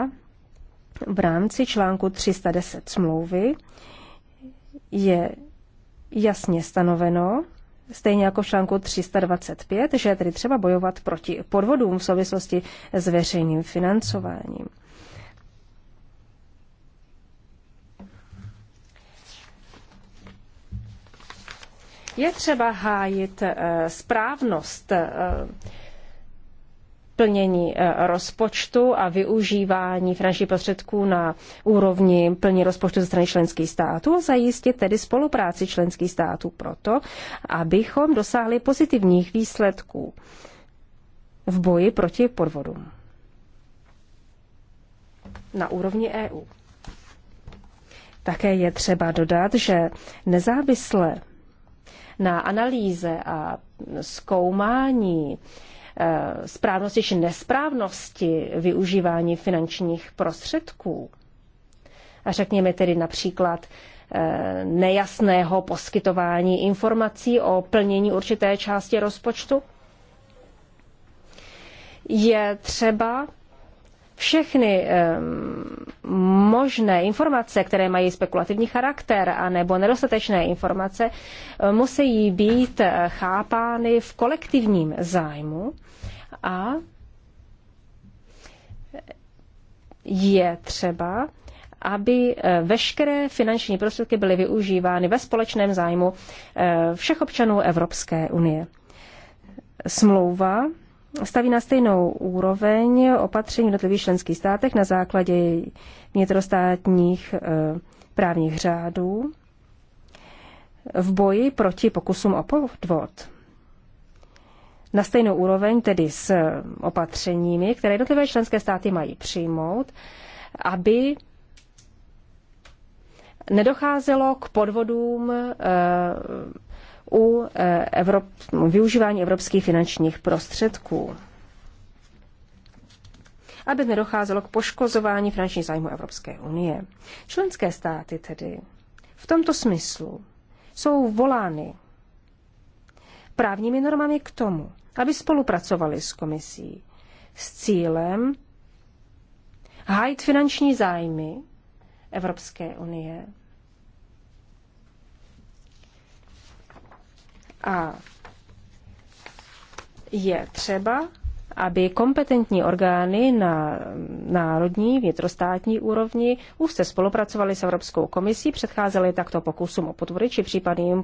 v rámci článku 310 smlouvy je jasně stanoveno, stejně jako v článku 325, že je tedy třeba bojovat proti podvodům v souvislosti s veřejným financováním. Je třeba hájit eh, správnost eh, plnění eh, rozpočtu a využívání finančních prostředků na úrovni plnění rozpočtu ze strany členských států a zajistit tedy spolupráci členských států proto, abychom dosáhli pozitivních výsledků v boji proti podvodům na úrovni EU. Také je třeba dodat, že nezávisle na analýze a zkoumání eh, správnosti či nesprávnosti využívání finančních prostředků. A řekněme tedy například eh, nejasného poskytování informací o plnění určité části rozpočtu, je třeba všechny možné informace, které mají spekulativní charakter a nebo nedostatečné informace, eh, musí být eh, chápány v kolektivním zájmu a je třeba, aby eh, veškeré finanční prostředky byly využívány ve společném zájmu všech občanů Evropské unie. Smlouva staví na stejnou úroveň opatření v jednotlivých členských státech na základě vnitrostátních eh, právních řádů v boji proti pokusům o podvod. Na stejnou úroveň tedy s opatřeními, které jednotlivé členské státy mají přijmout, aby nedocházelo k podvodům eh, u eh, Evrop, využívání evropských finančních prostředků, aby nedocházelo k poškozování finančních zájmu Evropské unie. Členské státy tedy v tomto smyslu jsou volány právními normami k tomu, aby spolupracovali s komisí s cílem hájit finanční zájmy Evropské unie A je třeba, aby kompetentní orgány na národní, vnitrostátní úrovni úzce spolupracovaly s Evropskou komisí, předcházely takto pokusům o podvody či případným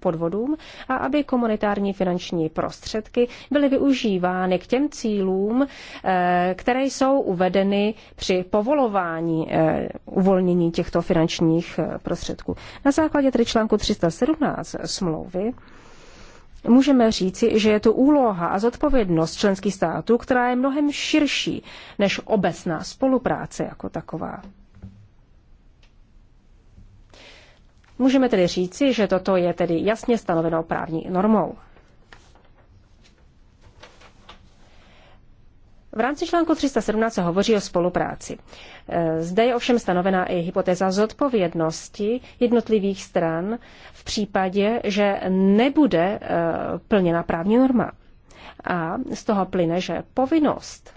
podvodům a aby komunitární finanční prostředky byly využívány k těm cílům, eh, které jsou uvedeny při povolování eh, uvolnění těchto finančních eh, prostředků. Na základě tedy článku 317 smlouvy můžeme říci, že je to úloha a zodpovědnost členských států, která je mnohem širší než obecná spolupráce jako taková. Můžeme tedy říci, že toto je tedy jasně stanovenou právní normou. V rámci článku 317 se hovoří o spolupráci. E, zde je ovšem stanovená i hypotéza zodpovědnosti jednotlivých stran v případě, že nebude e, plněna právní norma. A z toho plyne, že povinnost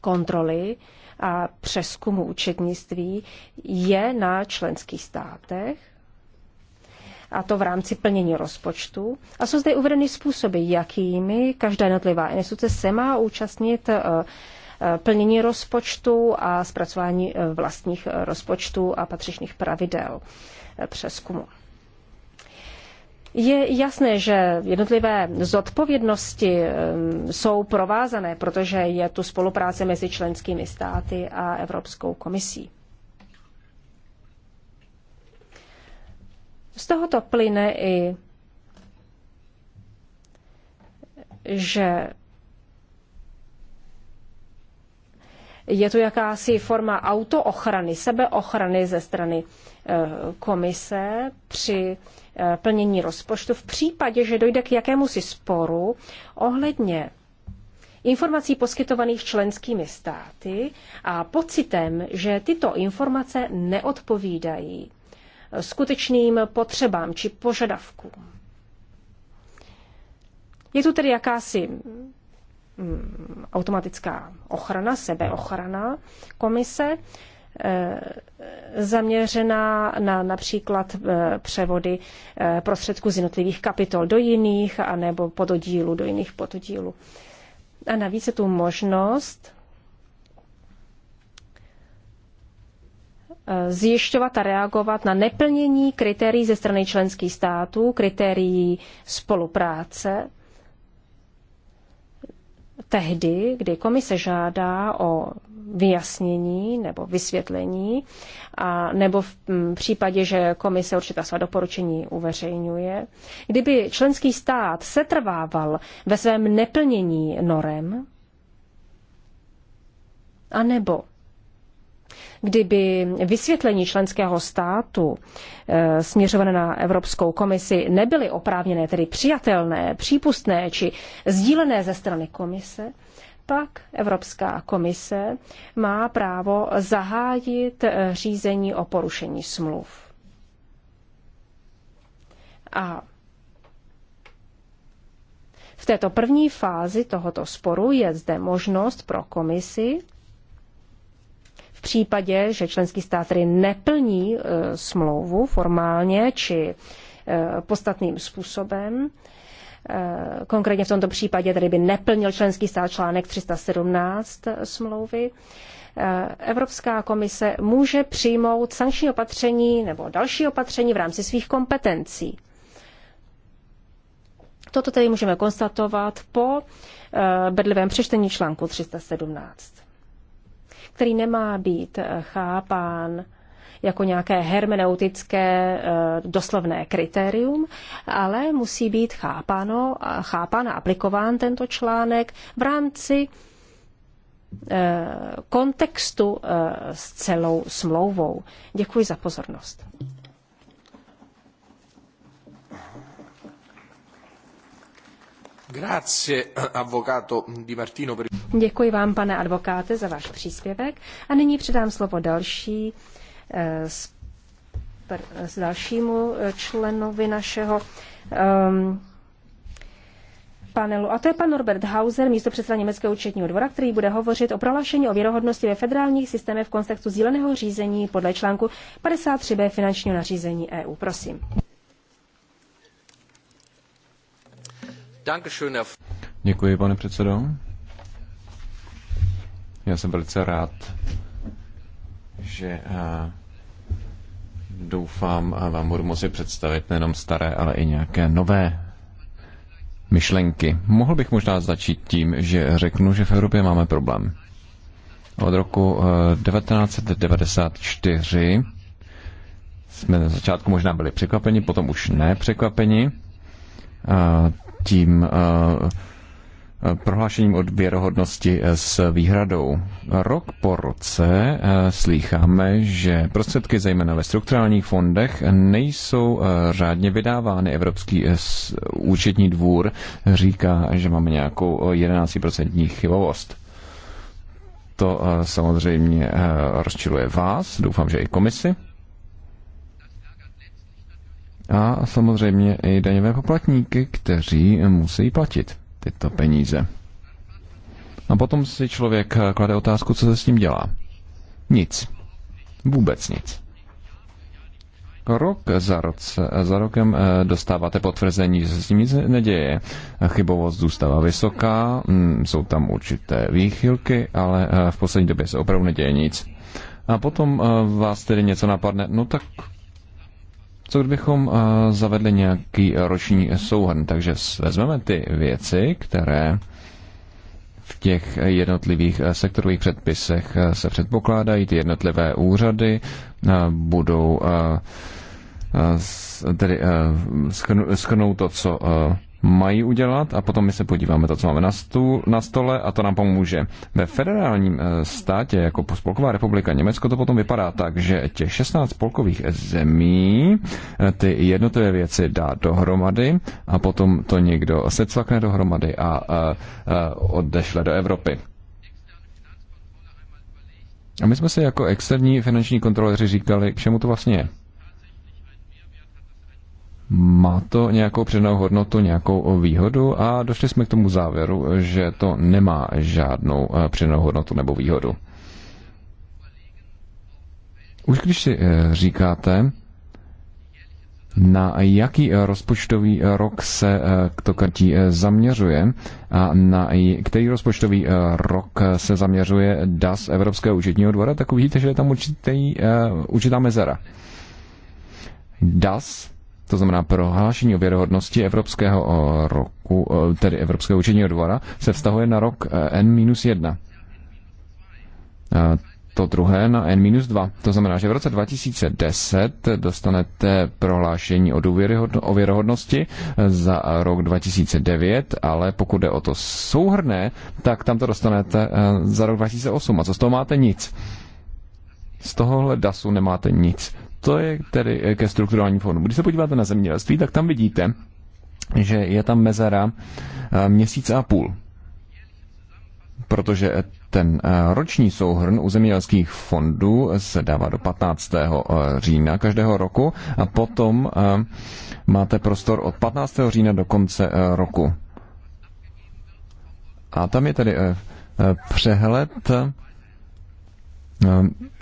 kontroly a přeskumu účetnictví je na členských státech a to v rámci plnění rozpočtu. A jsou zde uvedeny způsoby, jakými každá jednotlivá instituce se má účastnit eh, eh, plnění rozpočtu a zpracování eh, vlastních rozpočtů a patřičných pravidel přeskumu. Je jasné, že jednotlivé zodpovědnosti jsou provázané, protože je tu spolupráce mezi členskými státy a Evropskou komisí. Z tohoto plyne i, že je tu jakási forma autoochrany, sebeochrany ze strany e, komise při e, plnění rozpočtu v případě, že dojde k jakémusi sporu ohledně informací poskytovaných členskými státy a pocitem, že tyto informace neodpovídají skutečným potřebám či požadavkům. Je tu tedy jakási mm, automatická ochrana, sebeochrana komise, e, zaměřená na například e, převody e, prostředků z jednotlivých kapitol do jiných, anebo pododílu do jiných pododílů. A navíc je tu možnost Eh, zjišťovat a reagovat na neplnění kritérií ze strany členských států, kritérií spolupráce, tehdy, kdy komise žádá o vyjasnění nebo vysvětlení, a nebo v mm, případě, že komise určitá svá doporučení uveřejňuje, kdyby členský stát setrvával ve svém neplnění norem, anebo Kdyby vysvětlení členského státu eh, směřované na Evropskou komisi nebyly oprávněné, tedy přijatelné, přípustné či sdílené ze strany komise, pak Evropská komise má právo zahájit eh, řízení o porušení smluv. A v této první fázi tohoto sporu je zde možnost pro komisi případě, že členský stát tedy neplní e, smlouvu formálně či e, podstatným způsobem, e, konkrétně v tomto případě tedy by neplnil členský stát článek 317 smlouvy, Evropská komise může přijmout sankční opatření nebo další opatření v rámci svých kompetencí. Toto tedy můžeme konstatovat po bedlivém přečtení článku 317 který nemá být eh, chápán jako nějaké hermeneutické eh, doslovné kritérium, ale musí být chápáno, chápán a aplikován tento článek v rámci eh, kontextu s celou smlouvou. Děkuji za pozornost. Grazie, avvocato Di Martino. Per... Děkuji vám, pane advokáte, za váš příspěvek a nyní předám slovo další eh, s dalšímu eh, členovi našeho um, panelu. A to je pan Norbert Hauser, místo předseda Německého účetního dvora, který bude hovořit o prohlášení o věrohodnosti ve federálních systémech v kontextu zíleného řízení podle článku 53b finančního nařízení EU. Prosím. Děkuji, pane předsedo. Já jsem velice rád, že eh, doufám a vám budu moci představit nejenom staré, ale i nějaké nové myšlenky. Mohl bych možná začít tím, že řeknu, že v Evropě máme problém. Od roku 1994 eh, jsme na začátku možná byli překvapeni, potom už ne překvapeni tím eh, prohlášením od věrohodnosti s výhradou. Rok po roce eh, slýcháme, že prostředky zejména ve strukturálních fondech nejsou eh, řádně vydávány. Evropský eh, účetní dvůr říká, že máme nějakou 11% chybovost. To samozřejmě rozčiluje vás, doufám, že i komisi. A samozřejmě i daňové poplatníky, kteří musí platit tyto peníze. A potom si člověk eh, klade otázku, co se s tím dělá. Nic. Vůbec nic. Rok za, roce, eh, za rokem eh, dostáváte potvrzení, že se s tím nic neděje. Chybovost zůstává vysoká, mm, jsou tam určité výchylky, ale v poslední době se opravdu neděje nic. A potom vás tedy něco napadne, no tak co kdybychom eh, zavedli nějaký roční souhrn? Takže vezmeme ty věci, které v těch jednotlivých eh, sektorových předpisech eh, se předpokládají, ty jednotlivé úřady budou tedy schrnout to, co mají udělat a potom my se podíváme to, co máme na, stůl, na stole a to nám pomůže. Ve federálním eh, státě, jako Spolková republika Německo, to potom vypadá tak, že těch 16 spolkových zemí eh, ty jednotlivé věci dá dohromady a potom to někdo secvakne dohromady a, a, eh, a odešle do Evropy. A my jsme se jako externí finanční kontroleři říkali, k čemu to vlastně je. Má to nějakou přednou hodnotu, nějakou výhodu a došli jsme k tomu závěru, že to nemá žádnou eh, přednou hodnotu nebo výhodu. Už když si eh, říkáte, na jaký rozpočtový rok se eh, to kartí zaměřuje a na který rozpočtový rok se zaměřuje DAS Evropského účetního dvora, tak uvidíte, že je tam určitý, určitá mezera. DAS to znamená prohlášení o věrohodnosti Evropského eh, roku, eh, tedy Evropského učeního dvora, se vztahuje na rok eh, N-1. To druhé na N-2. To znamená, že v roce 2010 dostanete prohlášení o, důvěryhodno, o věrohodnosti za rok 2009, ale pokud jde o to souhrné, tak tam to dostanete za rok 2008. A co z toho máte? Nic. Z tohohle DASu nemáte nic to je tedy eh, ke strukturální fondům. Když se podíváte na zemědělství, tak tam vidíte, že je tam mezera eh, měsíc a půl. Protože eh, ten roční souhrn u zemědělských fondů se dává do 15. října každého roku a potom máte prostor od 15. října do konce roku. A tam je tedy přehled Eh,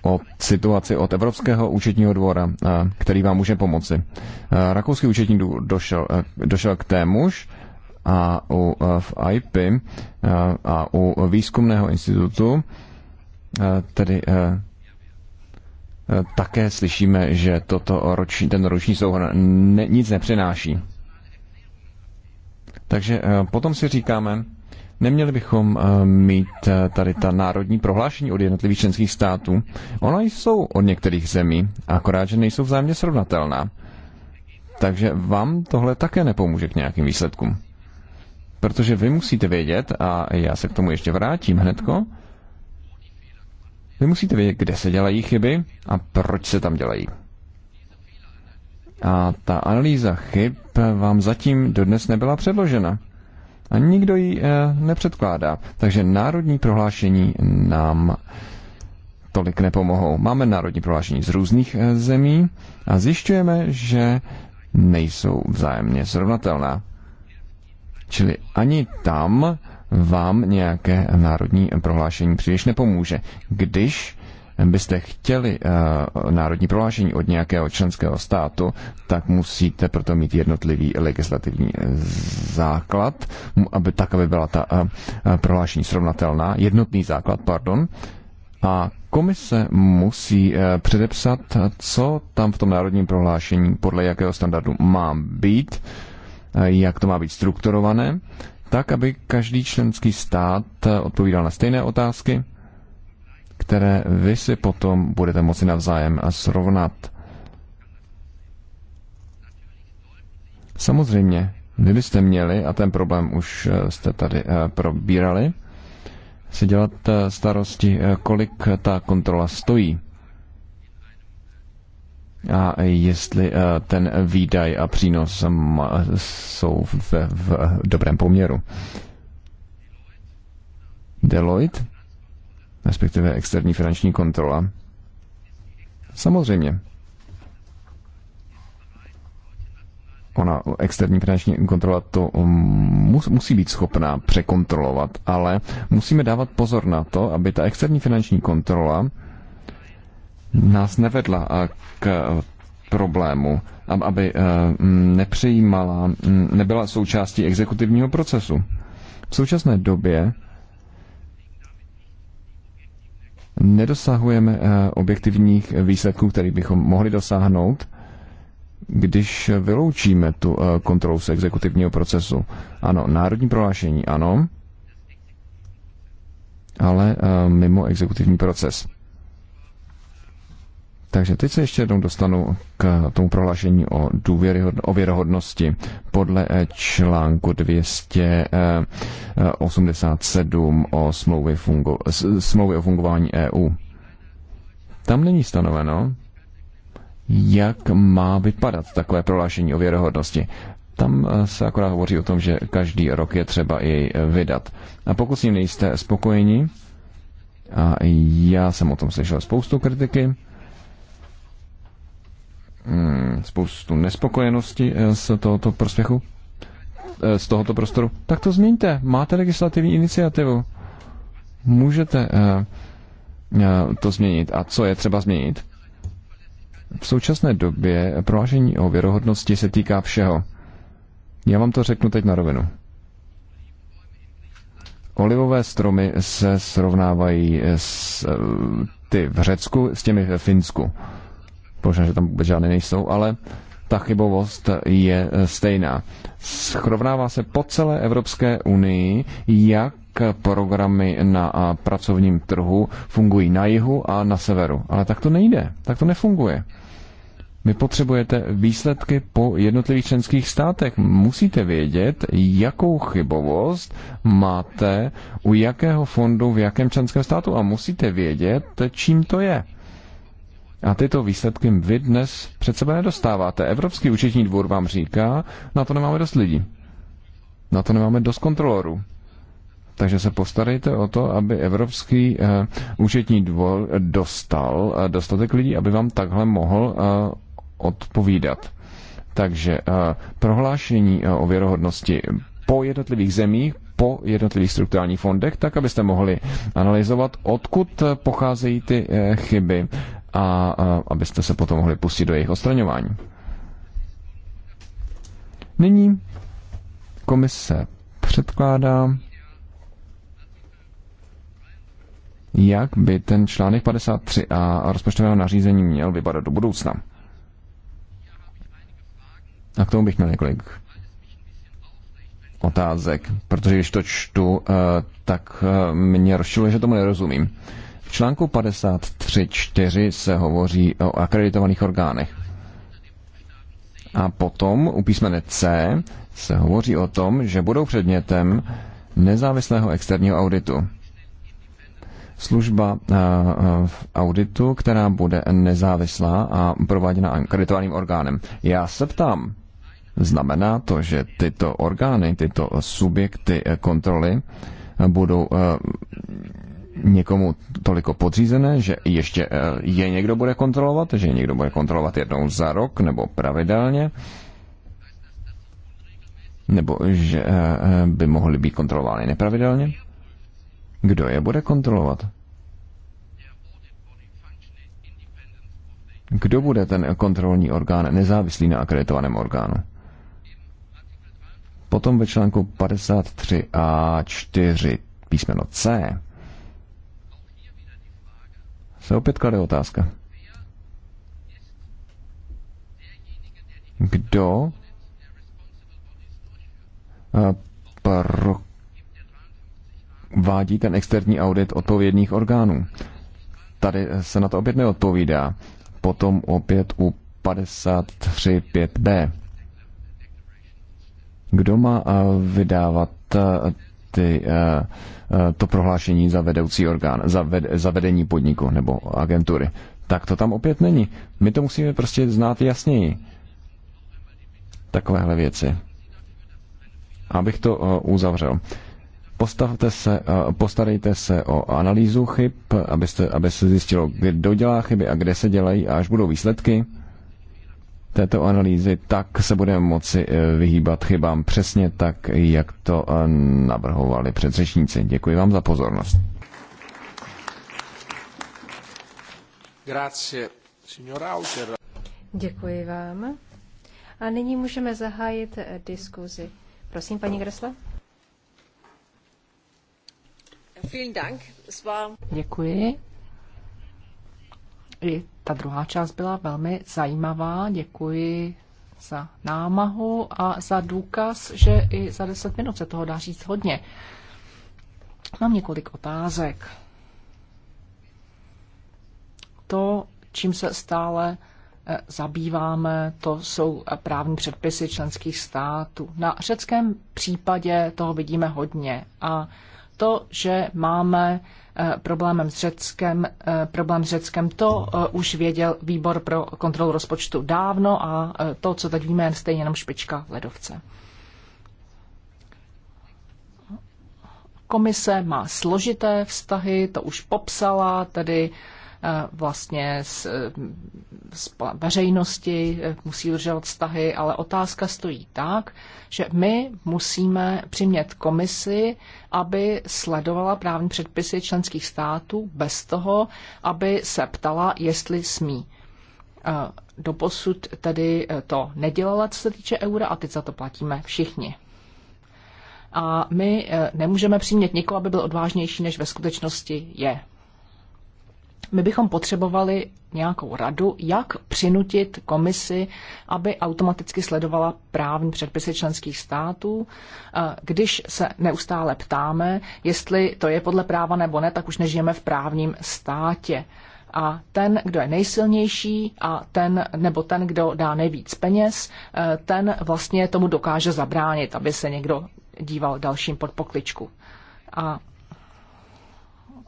o situaci od Evropského účetního dvora, eh, který vám může pomoci. Eh, rakouský účetní dvůr došel, došel k témuž a u, v IP a u výzkumného institutu, tedy také slyšíme, že toto roční, ten roční souhrn ne, nic nepřináší. Takže potom si říkáme, Neměli bychom eh, mít eh, tady ta národní prohlášení od jednotlivých členských států. Ona jsou od některých zemí, akorát, že nejsou vzájemně srovnatelná. Takže vám tohle také nepomůže k nějakým výsledkům. Protože vy musíte vědět, a já se k tomu ještě vrátím hnedko, vy musíte vědět, kde se dělají chyby a proč se tam dělají. A ta analýza chyb vám zatím dodnes nebyla předložena a nikdo ji eh, nepředkládá. Takže národní prohlášení nám tolik nepomohou. Máme národní prohlášení z různých eh, zemí a zjišťujeme, že nejsou vzájemně srovnatelná. Čili ani tam vám nějaké národní prohlášení příliš nepomůže, když byste chtěli eh, národní prohlášení od nějakého členského státu, tak musíte proto mít jednotlivý legislativní eh, základ, aby tak, aby byla ta eh, prohlášení srovnatelná, jednotný základ, pardon, a komise musí předepsat, co tam v tom národním prohlášení, podle jakého standardu má být, jak to má být strukturované, tak, aby každý členský stát odpovídal na stejné otázky které vy si potom budete moci navzájem srovnat. Samozřejmě, vy byste měli, a ten problém už eh, jste tady eh, probírali, si dělat eh, starosti, kolik ta kontrola stojí. A jestli ten výdaj a přínos jsou v, v dobrém poměru. Deloitte respektive externí finanční kontrola. Samozřejmě. Ona, externí finanční kontrola, to um, mus, musí být schopná překontrolovat, ale musíme dávat pozor na to, aby ta externí finanční kontrola nás nevedla k uh, problému, aby uh, nepřijímala, mm, nebyla součástí exekutivního procesu. V současné době nedosahujeme eh, objektivních eh, výsledků, který bychom mohli dosáhnout, když vyloučíme tu eh, kontrolu z exekutivního procesu. Ano, národní prohlášení, ano, ale mimo exekutivní proces. Takže teď se ještě jednou dostanu k tomu prohlášení o, o věrohodnosti podle eh, článku 287 eh, o smlouvě, fungo, smlouvě o fungování EU. Tam není stanoveno, jak má vypadat takové prohlášení o věrohodnosti. Tam eh, se akorát hovoří o tom, že každý rok je třeba jej vydat. A pokud s ním nejste spokojeni, a já jsem o tom slyšel spoustu kritiky, Hmm, spoustu nespokojenosti eh, z tohoto prospěchu, eh, z tohoto prostoru, tak to změňte. Máte legislativní iniciativu. Můžete eh, to změnit. A co je třeba změnit? V současné době prohlášení o věrohodnosti se týká všeho. Já vám to řeknu teď na rovinu. Olivové stromy se srovnávají s ty v Řecku s těmi v Finsku možná, že tam vůbec žádné nejsou, ale ta chybovost je eh, stejná. Schrovnává se po celé Evropské unii, jak programy na eh, pracovním trhu fungují na jihu a na severu. Ale tak to nejde, tak to nefunguje. Vy potřebujete výsledky po jednotlivých členských státech. Musíte vědět, jakou chybovost máte u jakého fondu v jakém členském státu a musíte vědět, čím to je. A tyto výsledky vy dnes před sebe nedostáváte. Evropský účetní dvůr vám říká, na to nemáme dost lidí. Na to nemáme dost kontrolorů. Takže se postarejte o to, aby Evropský uh, účetní dvor dostal uh, dostatek lidí, aby vám takhle mohl uh, odpovídat. Takže uh, prohlášení uh, o věrohodnosti po jednotlivých zemích, po jednotlivých strukturálních fondech, tak abyste mohli analyzovat, odkud pocházejí ty chyby, a, a abyste se potom mohli pustit do jejich odstraňování. Nyní komise předkládá, jak by ten článek 53 a rozpočtového nařízení měl vypadat do budoucna. A k tomu bych měl několik otázek, protože když to čtu, eh, tak eh, mě rozčiluje, že tomu nerozumím článku 53.4 se hovoří o akreditovaných orgánech. A potom u písmene C se hovoří o tom, že budou předmětem nezávislého externího auditu. Služba eh, eh, v auditu, která bude nezávislá a prováděna akreditovaným orgánem. Já se ptám, znamená to, že tyto orgány, tyto subjekty eh, kontroly budou někomu toliko podřízené, že ještě eh, je někdo bude kontrolovat, že někdo bude kontrolovat jednou za rok nebo pravidelně, nebo že eh, eh, by mohly být kontrolovány nepravidelně. Kdo je bude kontrolovat? Kdo bude ten kontrolní orgán nezávislý na akreditovaném orgánu? Potom ve článku 53a4 písmeno C se opět klade otázka. Kdo eh, provádí ten externí audit odpovědných orgánů? Tady se na to opět neodpovídá. Potom opět u 53.5b. Kdo má eh, vydávat eh, ty, eh, eh, to prohlášení za vedoucí orgán, za, ved, za vedení podniku nebo agentury. Tak to tam opět není. My to musíme prostě znát jasněji. Takovéhle věci. Abych to eh, uzavřel postavte se, postarejte se o analýzu chyb, abyste, aby se zjistilo, kdo dělá chyby a kde se dělají a až budou výsledky, této analýzy, tak se budeme moci eh, vyhýbat chybám přesně tak, jak to eh, navrhovali předřečníci. Děkuji vám za pozornost. Grazie, signor Děkuji vám. A nyní můžeme zahájit eh, diskuzi. Prosím, paní Gresla. Děkuji. I ta druhá část byla velmi zajímavá. Děkuji za námahu a za důkaz, že i za deset minut se toho dá říct hodně. Mám několik otázek. To, čím se stále eh, zabýváme, to jsou eh, právní předpisy členských států. Na řeckém případě toho vidíme hodně a to, že máme eh, problémem s Řeckem, eh, problém s Řeckem, to eh, už věděl výbor pro kontrolu rozpočtu dávno a to, co teď víme, je stejně jenom špička ledovce. Komise má složité vztahy, to už popsala, tedy Eh, vlastně z, z eh, veřejnosti, eh, musí udržovat vztahy, ale otázka stojí tak, že my musíme přimět komisi, aby sledovala právní předpisy členských států bez toho, aby se ptala, jestli smí. Doposud tedy to nedělala, co se týče eura, a teď za to platíme všichni a my nemůžeme přimět někoho, aby byl odvážnější, než ve skutečnosti je my bychom potřebovali nějakou radu, jak přinutit komisi, aby automaticky sledovala právní předpisy členských států. Eh, když se neustále ptáme, jestli to je podle práva nebo ne, tak už nežijeme v právním státě. A ten, kdo je nejsilnější a ten, nebo ten, kdo dá nejvíc peněz, eh, ten vlastně tomu dokáže zabránit, aby se někdo díval dalším pod pokličku. A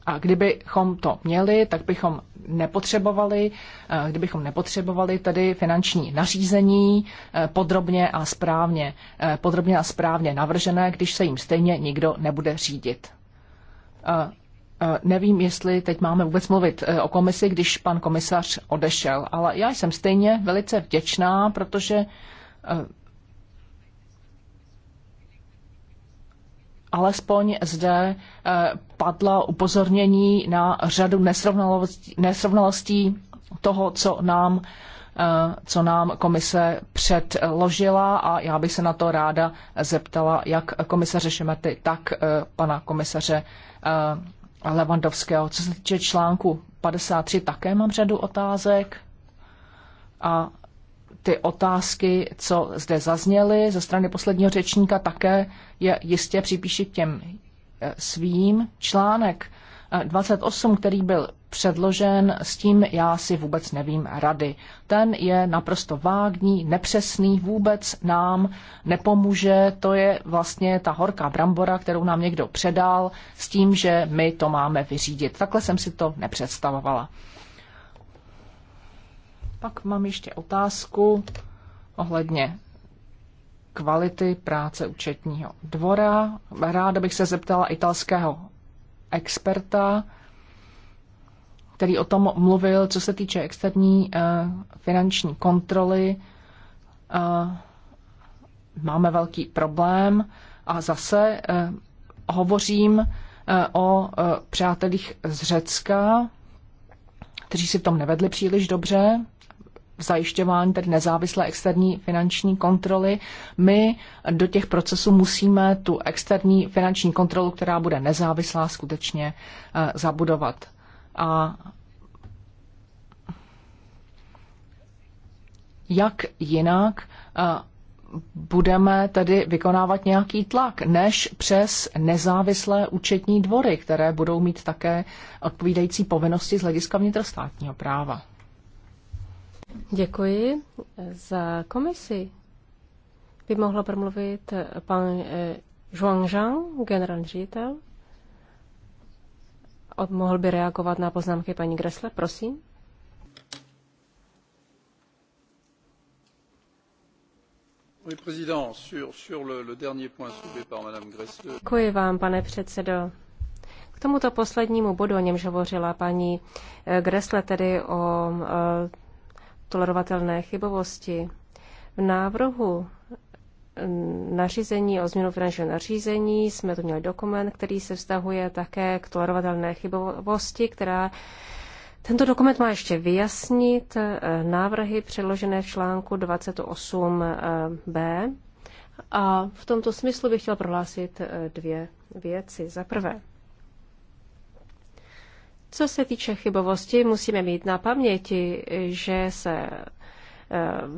a kdybychom to měli, tak bychom nepotřebovali, eh, kdybychom nepotřebovali tedy finanční nařízení eh, podrobně a správně, eh, podrobně a správně navržené, když se jim stejně nikdo nebude řídit. Nevím, jestli teď máme vůbec mluvit o komisi, když pan komisař odešel, ale já jsem stejně velice vděčná, protože alespoň zde eh, padla upozornění na řadu nesrovnalostí, nesrovnalostí toho, co nám, eh, co nám komise předložila a já bych se na to ráda zeptala, jak komisaře Šemety, tak eh, pana komisaře Levandovského. Co se týče článku 53, také mám řadu otázek a ty otázky, co zde zazněly ze strany posledního řečníka, také je jistě připíši těm eh, svým článek 28, eh, který byl předložen, s tím já si vůbec nevím rady. Ten je naprosto vágní, nepřesný, vůbec nám nepomůže. To je vlastně ta horká brambora, kterou nám někdo předal s tím, že my to máme vyřídit. Takhle jsem si to nepředstavovala. Pak mám ještě otázku ohledně kvality práce účetního dvora. Ráda bych se zeptala italského experta, který o tom mluvil, co se týče externí eh, finanční kontroly. Eh, máme velký problém a zase eh, hovořím o přátelích z Řecka, kteří si v tom nevedli příliš dobře zajišťování tedy nezávislé externí finanční kontroly. My do těch procesů musíme tu externí finanční kontrolu, která bude nezávislá, skutečně eh, zabudovat. A jak jinak eh, budeme tedy vykonávat nějaký tlak, než přes nezávislé účetní dvory, které budou mít také odpovídající povinnosti z hlediska vnitrostátního práva. Děkuji za komisi. By mohla promluvit pan eh, Zhuang Zhang, generální ředitel. mohl by reagovat na poznámky paní Gresle, prosím. Děkuji vám, pane předsedo. K tomuto poslednímu bodu, o němž hovořila paní eh, Gresle, tedy o eh, tolerovatelné chybovosti. V návrhu mm, nařízení o změnu finančního nařízení jsme tu měli dokument, který se vztahuje také k tolerovatelné chybovosti, která tento dokument má ještě vyjasnit eh, návrhy předložené v článku 28b. Eh, A v tomto smyslu bych chtěla prohlásit eh, dvě věci. Za prvé, co se týče chybovosti, musíme mít na paměti, že se e,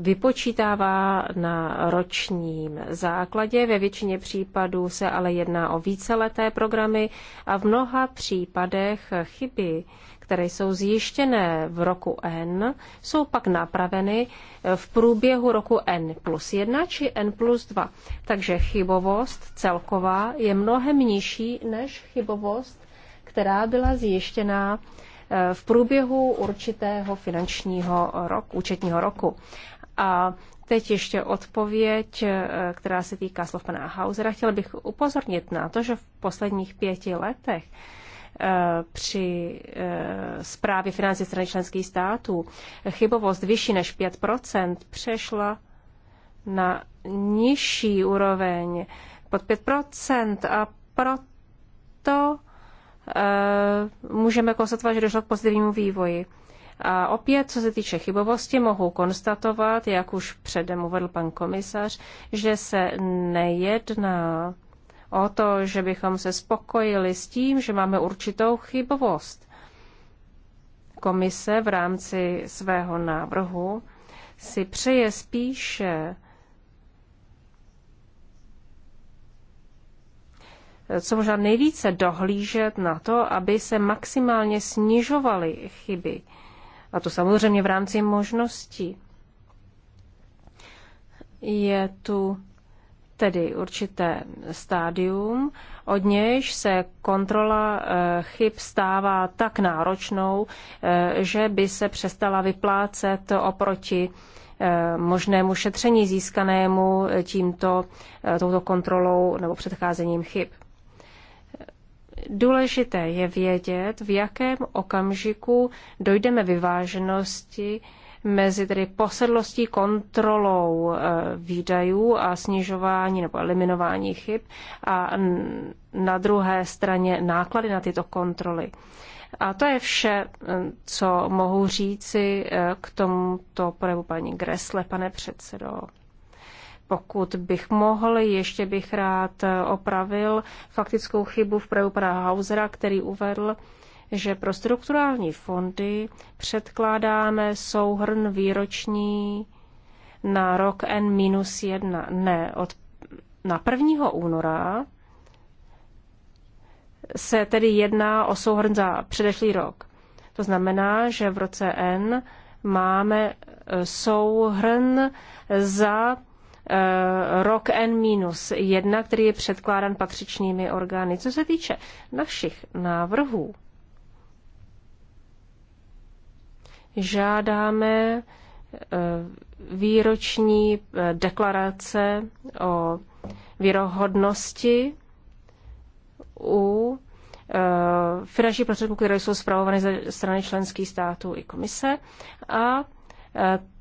vypočítává na ročním základě. Ve většině případů se ale jedná o víceleté programy a v mnoha případech chyby, které jsou zjištěné v roku N, jsou pak napraveny v průběhu roku N plus 1 či N plus 2. Takže chybovost celková je mnohem nižší než chybovost která byla zjištěná eh, v průběhu určitého finančního roku, účetního roku. A teď ještě odpověď, eh, která se týká slov pana Hausera. Chtěl bych upozornit na to, že v posledních pěti letech eh, při zprávě financí strany členských států chybovost vyšší než 5 přešla na nižší úroveň pod 5 a proto Eh, můžeme konstatovat, že došlo k pozitivnímu vývoji. A opět, co se týče chybovosti, mohu konstatovat, jak už předem uvedl pan komisař, že se nejedná o to, že bychom se spokojili s tím, že máme určitou chybovost. Komise v rámci svého návrhu si přeje spíše co možná nejvíce dohlížet na to, aby se maximálně snižovaly chyby. A to samozřejmě v rámci možností. Je tu tedy určité stádium, od nějž se kontrola eh, chyb stává tak náročnou, eh, že by se přestala vyplácet oproti eh, možnému šetření získanému tímto, touto kontrolou nebo předcházením chyb. Důležité je vědět, v jakém okamžiku dojdeme vyváženosti mezi tedy posedlostí kontrolou e, výdajů a snižování nebo eliminování chyb a na druhé straně náklady na tyto kontroly. A to je vše, e, co mohu říci e, k tomuto projevu paní Gresle, pane předsedo. Pokud bych mohl, ještě bych rád opravil faktickou chybu v projevu pana Hausera, který uvedl, že pro strukturální fondy předkládáme souhrn výroční na rok N-1. Ne, od na 1. února se tedy jedná o souhrn za předešlý rok. To znamená, že v roce N máme souhrn za Eh, rok N-1, který je předkládán patřičnými orgány. Co se týče našich návrhů, žádáme eh, výroční eh, deklarace o věrohodnosti u finanční prostředků, které jsou zpravovány ze strany členských států i komise a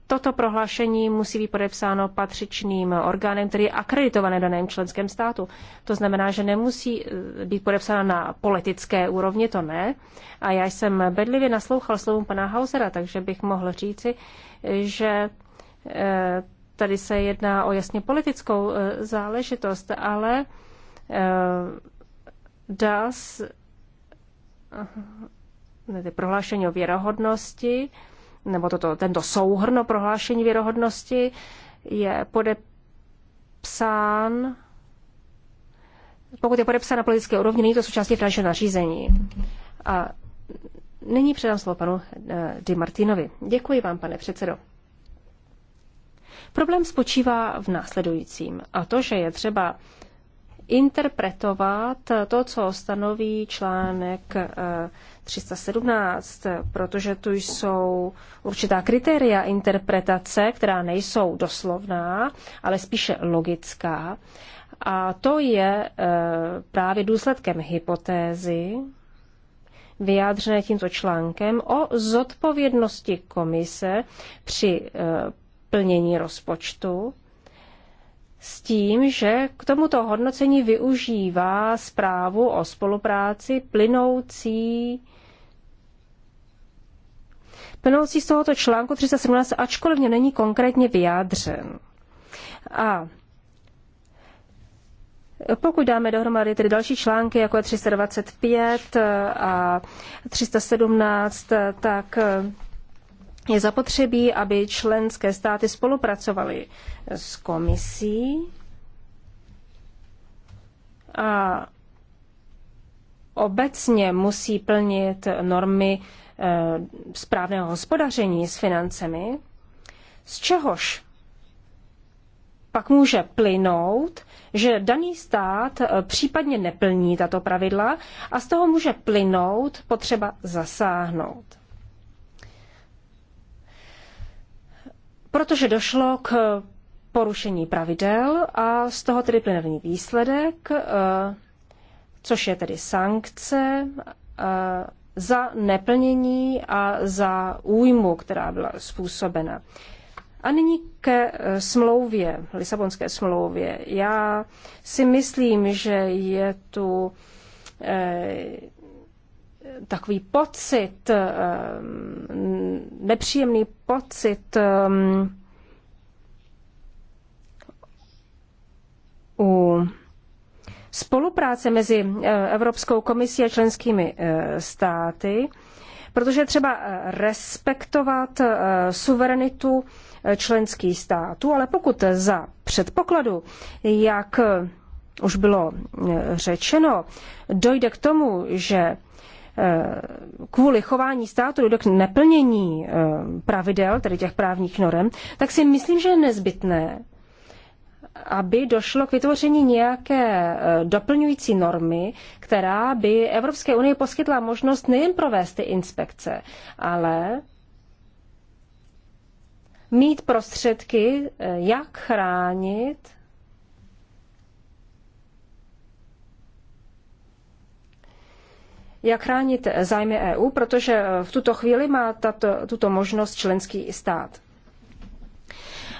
Toto prohlášení musí být podepsáno patřičným orgánem, který je akreditovaný daném členském státu. To znamená, že nemusí eh, být podepsáno na politické úrovni, to ne. A já jsem bedlivě naslouchal slovům pana Hausera, takže bych mohl říci, že eh, tady se jedná o jasně politickou eh, záležitost, ale DAS, prohlášení o věrohodnosti, nebo toto, tento souhrno prohlášení věrohodnosti je podepsán pokud je podepsán na politické úrovni, není to součástí finančního nařízení. A nyní předám slovo panu eh, Di Martinovi. Děkuji vám, pane předsedo. Problém spočívá v následujícím. A to, že je třeba interpretovat to, co stanoví článek eh, 317, protože tu jsou určitá kritéria interpretace, která nejsou doslovná, ale spíše logická. A to je e, právě důsledkem hypotézy, vyjádřené tímto článkem o zodpovědnosti komise při e, plnění rozpočtu s tím, že k tomuto hodnocení využívá zprávu o spolupráci plynoucí plynoucí z tohoto článku 317, ačkoliv mě není konkrétně vyjádřen. A pokud dáme dohromady tedy další články, jako je 325 a 317, tak je zapotřebí, aby členské státy spolupracovaly s komisí a obecně musí plnit normy Eh, správného hospodaření s financemi, z čehož pak může plynout, že daný stát eh, případně neplní tato pravidla a z toho může plynout potřeba zasáhnout. Protože došlo k porušení pravidel a z toho tedy plyne výsledek, eh, což je tedy sankce za neplnění a za újmu, která byla způsobena. A nyní ke e, smlouvě, Lisabonské smlouvě. Já si myslím, že je tu eh, takový pocit, eh, nepříjemný pocit eh, u spolupráce mezi eh, Evropskou komisí a členskými eh, státy, protože třeba eh, respektovat suverenitu členských států, ale pokud za předpokladu, jak už bylo řečeno, dojde k tomu, že kvůli chování státu dojde k neplnění pravidel, tedy těch právních norem, tak si myslím, že je nezbytné aby došlo k vytvoření nějaké e, doplňující normy, která by Evropské unii poskytla možnost nejen provést ty inspekce, ale mít prostředky, e, jak chránit jak chránit zájmy EU, protože e, v tuto chvíli má tato, tuto možnost členský stát.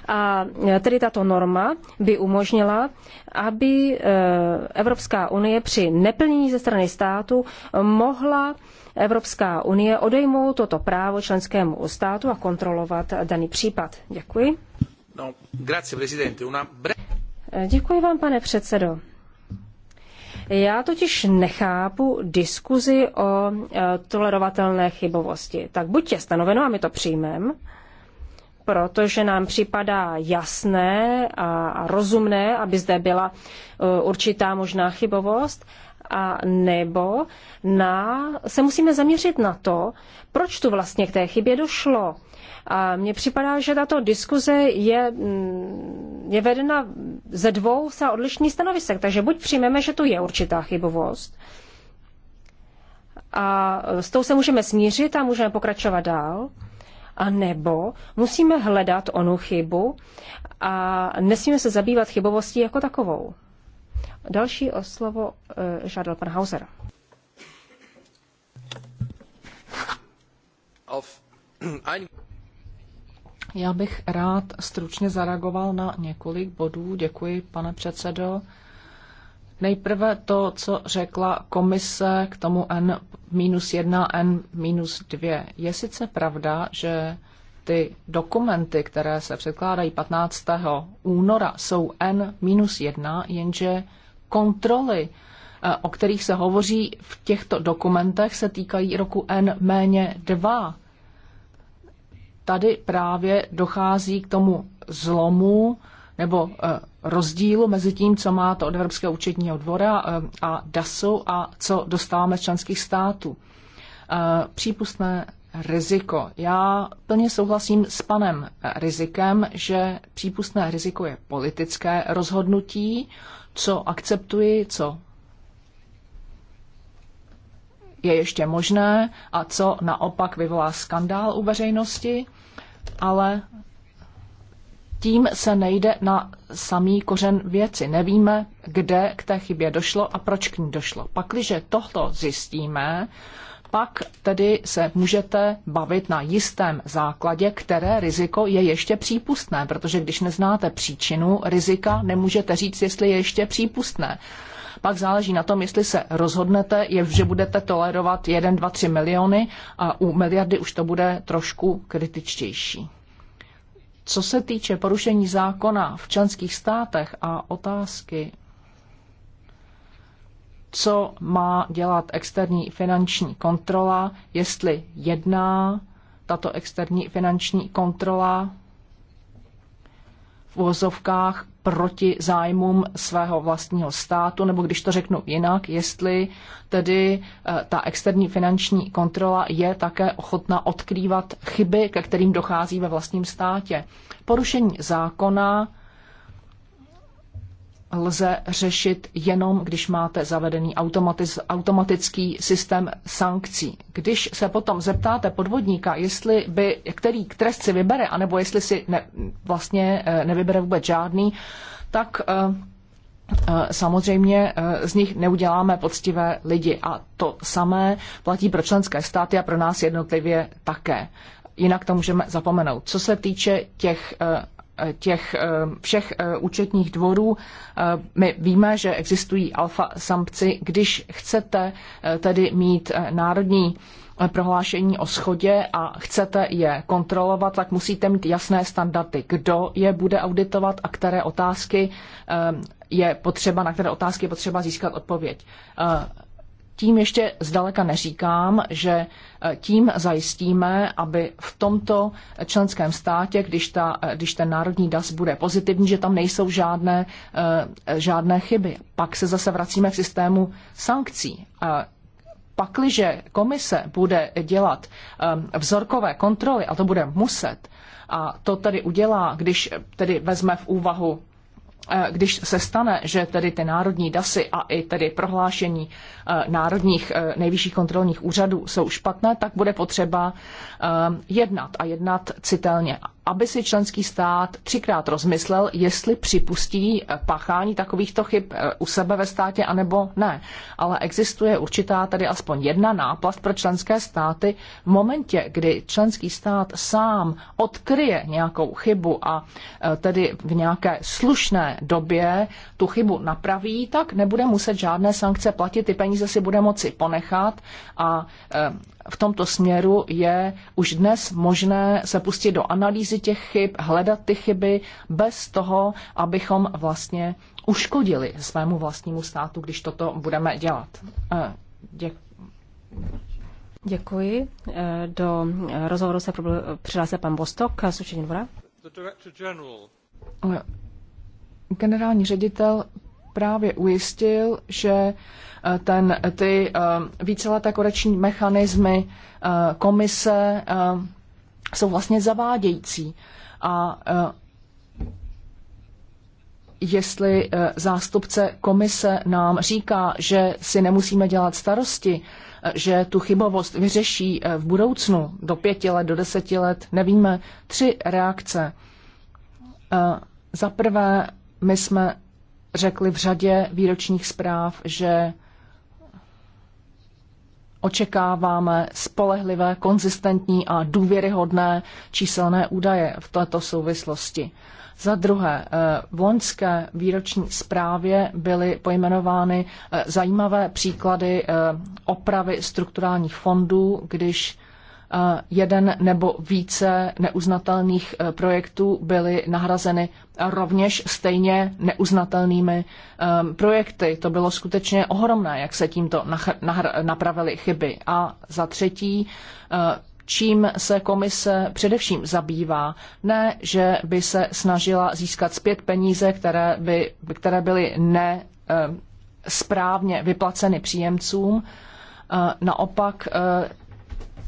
A e, tedy tato norma by umožnila, aby e, Evropská unie při neplnění ze strany státu mohla Evropská unie odejmout toto právo členskému státu a kontrolovat daný případ. Děkuji. No, grazie, presidente. Una bre... E, děkuji vám, pane předsedo. Já totiž nechápu diskuzi o tolerovatelné chybovosti. Tak buď je stanoveno a my to přijmeme, protože nám připadá jasné a rozumné, aby zde byla e, určitá možná chybovost, a nebo na, se musíme zaměřit na to, proč tu vlastně k té chybě došlo. A mně připadá, že tato diskuze je, mm, je vedena ze dvou se odlišných stanovisek, takže buď přijmeme, že tu je určitá chybovost, a s tou se můžeme smířit a můžeme pokračovat dál, a nebo musíme hledat onu chybu a nesmíme se zabývat chybovostí jako takovou. Další o slovo eh, žádal pan Hauser. Já bych rád stručně zareagoval na několik bodů. Děkuji, pane předsedo. Nejprve to, co řekla komise k tomu N-1, N-2. Je sice pravda, že ty dokumenty, které se předkládají 15. února, jsou N-1, jenže kontroly, eh, o kterých se hovoří v těchto dokumentech, se týkají roku N-2. Tady právě dochází k tomu zlomu nebo eh, rozdílu mezi tím, co má to od Evropského účetního dvora eh, a DASu a co dostáváme z členských států. Eh, přípustné riziko. Já plně souhlasím s panem eh, rizikem, že přípustné riziko je politické rozhodnutí, co akceptuji, co je ještě možné a co naopak vyvolá skandál u veřejnosti, ale tím se nejde na samý kořen věci. Nevíme, kde k té chybě došlo a proč k ní došlo. Pakliže tohoto zjistíme, pak tedy se můžete bavit na jistém základě, které riziko je ještě přípustné, protože když neznáte příčinu rizika, nemůžete říct, jestli je ještě přípustné. Pak záleží na tom, jestli se rozhodnete, že budete tolerovat 1, 2, 3 miliony a u miliardy už to bude trošku kritičtější. Co se týče porušení zákona v členských státech a otázky, co má dělat externí finanční kontrola, jestli jedná tato externí finanční kontrola vozovkách uvozovkách proti zájmům svého vlastního státu, nebo když to řeknu jinak, jestli tedy eh, ta externí finanční kontrola je také ochotna odkrývat chyby, ke kterým dochází ve vlastním státě. Porušení zákona lze řešit jenom, když máte zavedený automatický systém sankcí. Když se potom zeptáte podvodníka, jestli by, který trest si vybere, anebo jestli si ne, vlastně eh, nevybere vůbec žádný, tak eh, eh, samozřejmě z nich neuděláme poctivé lidi. A to samé platí pro členské státy a pro nás jednotlivě také. Jinak to můžeme zapomenout. Co se týče těch těch eh, všech eh, účetních dvorů. Eh, my víme, že existují alfa samci. Když chcete tedy mít národní prohlášení o schodě a chcete je kontrolovat, tak musíte mít jasné standardy, kdo je bude auditovat a které otázky je potřeba, na které otázky je potřeba získat odpověď. Tím ještě zdaleka neříkám, že e, tím zajistíme, aby v tomto členském státě, když, ta, e, když ten národní DAS bude pozitivní, že tam nejsou žádné, e, žádné chyby. Pak se zase vracíme k systému sankcí. Pakliže komise bude dělat vzorkové kontroly, a to bude muset, a to tedy udělá, když tedy vezme v úvahu Eh, když se stane, že tedy ty národní dasy a i tedy prohlášení eh, národních eh, nejvyšších kontrolních úřadů jsou špatné, tak bude potřeba jednat a jednat citelně aby si členský stát třikrát rozmyslel, jestli připustí eh, páchání takovýchto chyb eh, u sebe ve státě, anebo ne. Ale existuje určitá tedy aspoň jedna náplast pro členské státy v momentě, kdy členský stát sám odkryje nějakou chybu a eh, tedy v nějaké slušné době tu chybu napraví, tak nebude muset žádné sankce platit, ty peníze si bude moci ponechat a v tomto směru je už dnes možné se pustit do analýzy těch chyb, hledat ty chyby bez toho, abychom vlastně uškodili svému vlastnímu státu, když toto budeme dělat. Eh, Děkuji. Děkuji. Eh, do rozhovoru se přihlásil pan Bostok z Učení dvora. Eh, generální ředitel právě ujistil, že ten, ty eh, víceleté koreční mechanismy eh, komise eh, jsou vlastně zavádějící. A jestli zástupce komise nám říká, že si nemusíme dělat starosti, že tu chybovost vyřeší v budoucnu do pěti let, do deseti let, nevíme, tři reakce. Za prvé, my jsme řekli v řadě výročních zpráv, že očekáváme spolehlivé, konzistentní a důvěryhodné číselné údaje v této souvislosti. Za druhé, eh, v loňské výroční zprávě byly pojmenovány eh, zajímavé příklady eh, opravy strukturálních fondů, když jeden nebo více neuznatelných e, projektů byly nahrazeny rovněž stejně neuznatelnými e, projekty. To bylo skutečně ohromné, jak se tímto napravily chyby. A za třetí, e, čím se komise především zabývá. Ne, že by se snažila získat zpět peníze, které, by, které byly ne správně vyplaceny příjemcům. Naopak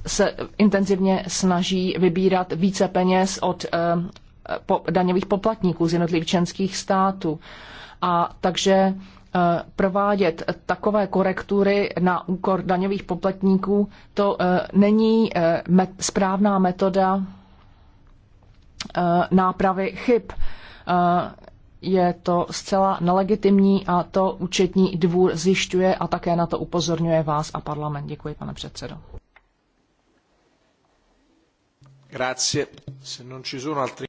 se intenzivně snaží vybírat více peněz od eh, daňových poplatníků z jednotlivých členských států. A takže eh, provádět takové korektury na úkor daňových poplatníků, to eh, není správná metoda nápravy chyb. Je to zcela nelegitimní a to účetní dvůr zjišťuje a také na to upozorňuje vás a parlament. Děkuji, pane předsedo.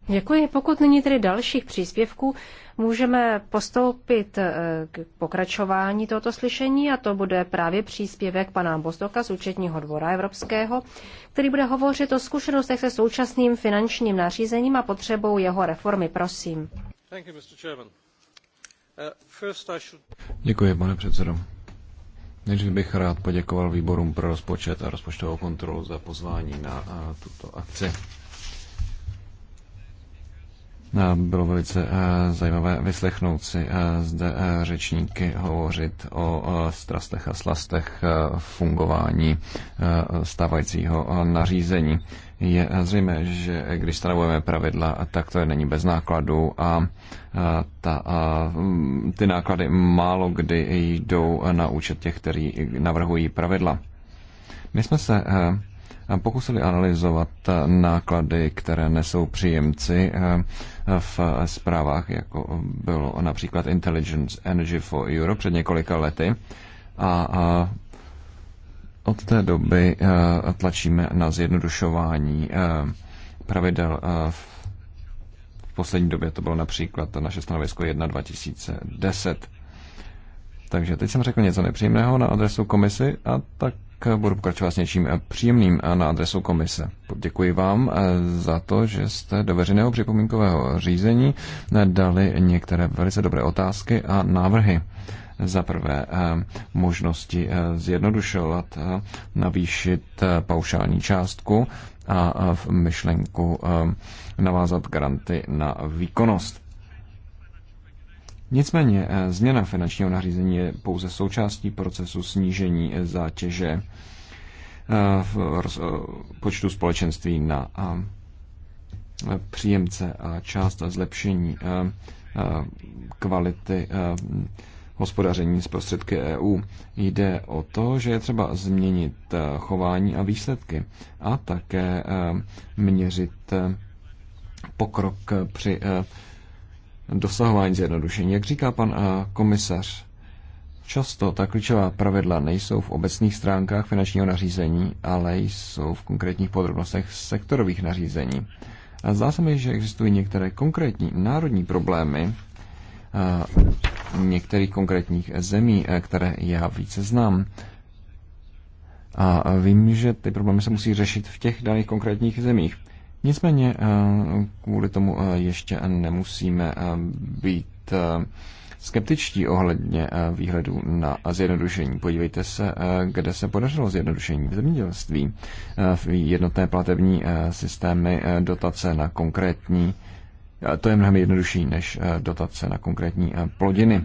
Děkuji. Pokud není tedy dalších příspěvků, můžeme postoupit eh, k pokračování tohoto slyšení a to bude právě příspěvek pana Bostoka z Účetního dvora Evropského, který bude hovořit o zkušenostech se současným finančním nařízením a potřebou jeho reformy. Prosím. Uh, Děkuji, pane předsedo. Než bych rád poděkoval výborům pro rozpočet a rozpočtovou kontrolu za pozvání na tuto akci. Bylo velice zajímavé vyslechnout si zde řečníky hovořit o strastech a slastech fungování stávajícího nařízení. Je zřejmé, že když stanovujeme pravidla, tak to není bez nákladů a, ta, a ty náklady málo kdy jdou na účet těch, kteří navrhují pravidla. My jsme se pokusili analyzovat náklady, které nesou příjemci v zprávách, jako bylo například Intelligence Energy for Europe před několika lety. A od té doby eh, tlačíme na zjednodušování eh, pravidel eh, v poslední době to bylo například naše stanovisko 1 2010. Takže teď jsem řekl něco nepříjemného na adresu komisy a tak budu pokračovat s něčím příjemným na adresu komise. Děkuji vám za to, že jste do veřejného připomínkového řízení dali některé velice dobré otázky a návrhy. Za prvé eh, možnosti eh, zjednodušovat, eh, navýšit paušální částku a v myšlenku navázat garanty na výkonnost. Nicméně změna finančního nařízení je pouze součástí procesu snížení zátěže v počtu společenství na příjemce a část zlepšení kvality hospodaření s prostředky EU. Jde o to, že je třeba změnit eh, chování a výsledky a také eh, měřit eh, pokrok při dosahování zjednodušení. Jak říká pan komisař, často ta klíčová pravidla nejsou v obecných stránkách finančního nařízení, ale jsou v konkrétních podrobnostech sektorových nařízení. A zdá se mi, že existují některé konkrétní národní problémy, některých konkrétních zemí, které já více znám. A vím, že ty problémy se musí řešit v těch daných konkrétních zemích. Nicméně kvůli tomu ještě nemusíme být skeptičtí ohledně výhledu na zjednodušení. Podívejte se, kde se podařilo zjednodušení v zemědělství, v jednotné platební systémy, dotace na konkrétní to je mnohem jednodušší než eh, dotace na konkrétní eh, plodiny.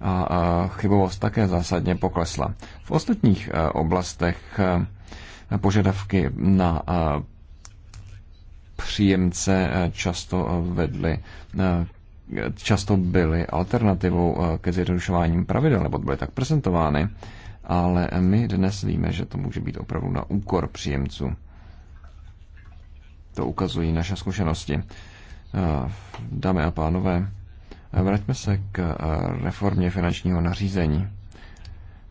A chybovost také zásadně poklesla. V ostatních eh, oblastech požadavky na příjemce často vedly často byly alternativou ke zjednodušováním pravidel, nebo byly tak prezentovány, ale my dnes víme, že to může být opravdu na úkor příjemců. To ukazují naše zkušenosti. Eh, dámy a pánové, eh, vraťme se k eh, reformě finančního nařízení.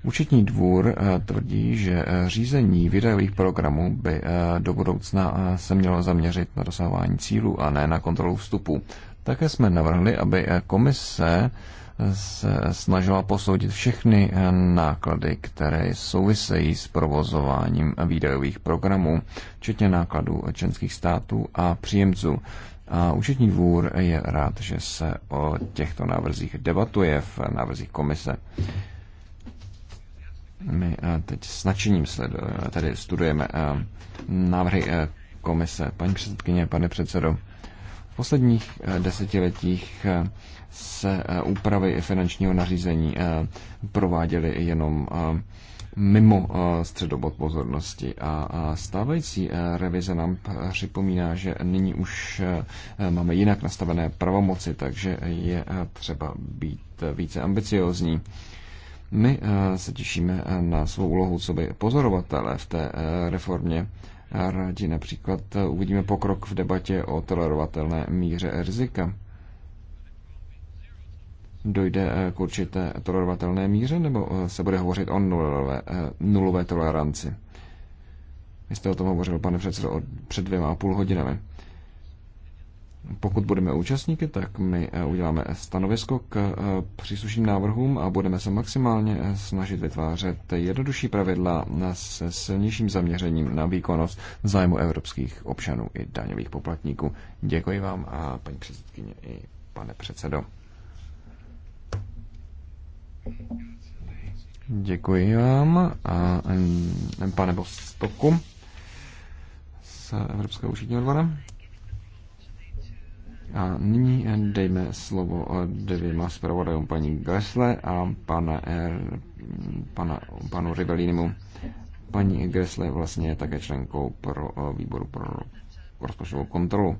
Účetní dvůr tvrdí, že řízení videových programů by do budoucna se mělo zaměřit na dosahování cílů a ne na kontrolu vstupu. Také jsme navrhli, aby komise se snažila posoudit všechny náklady, které souvisejí s provozováním výdajových programů, včetně nákladů členských států a příjemců. A účetní dvůr je rád, že se o těchto návrzích debatuje v návrzích komise. My teď s nadšením sledujeme, tady studujeme návrhy komise. Paní předsedkyně, pane předsedo, v posledních desetiletích se úpravy finančního nařízení prováděly jenom mimo eh, středobod pozornosti. A stávající eh, revize nám připomíná, že nyní už eh, máme jinak nastavené pravomoci, takže je třeba být více ambiciozní. My se těšíme na svou úlohu co by pozorovatele v té reformě. Rádi například uvidíme pokrok v debatě o tolerovatelné míře rizika dojde eh, k určité tolerovatelné míře, nebo eh, se bude hovořit o nulové, eh, nulové toleranci? Vy jste o tom hovořil, pane předsedo, před dvěma a půl hodinami. Pokud budeme účastníky, tak my uděláme stanovisko k příslušným návrhům a budeme se maximálně snažit vytvářet jednodušší pravidla se silnějším zaměřením na výkonnost zájmu evropských občanů i daňových poplatníků. Děkuji vám a paní předsedkyně i pane předsedo. Děkuji vám, a, pane Bostoku z Evropského účetního dvora. A nyní dejme slovo dvěma zpravodajům paní Gressle a pana, R, pana, panu Rivelinimu. Paní Gressle vlastně je také členkou pro eh, výboru pro rozpočtovou kontrolu.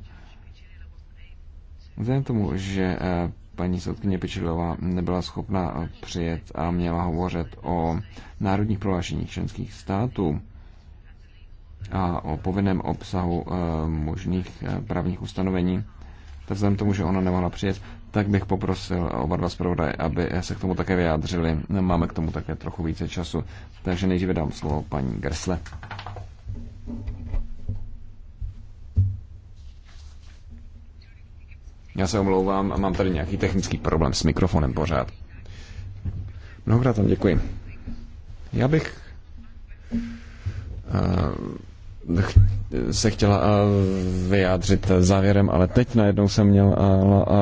Vzhledem tomu, že eh, paní soudkyně Pečilová nebyla schopna přijet a měla hovořit o národních prohlášeních členských států a o povinném obsahu eh, možných eh, právních ustanovení, tak vzhledem tomu, že ona nemohla přijet, tak bych poprosil oba dva zpravodaje, aby se k tomu také vyjádřili. Máme k tomu také trochu více času, takže nejdříve dám slovo paní Gersle. Já se omlouvám a mám tady nějaký technický problém s mikrofonem pořád. Mnohokrát vám děkuji. Já bych eh, se chtěla eh, vyjádřit závěrem, ale teď najednou jsem měl eh,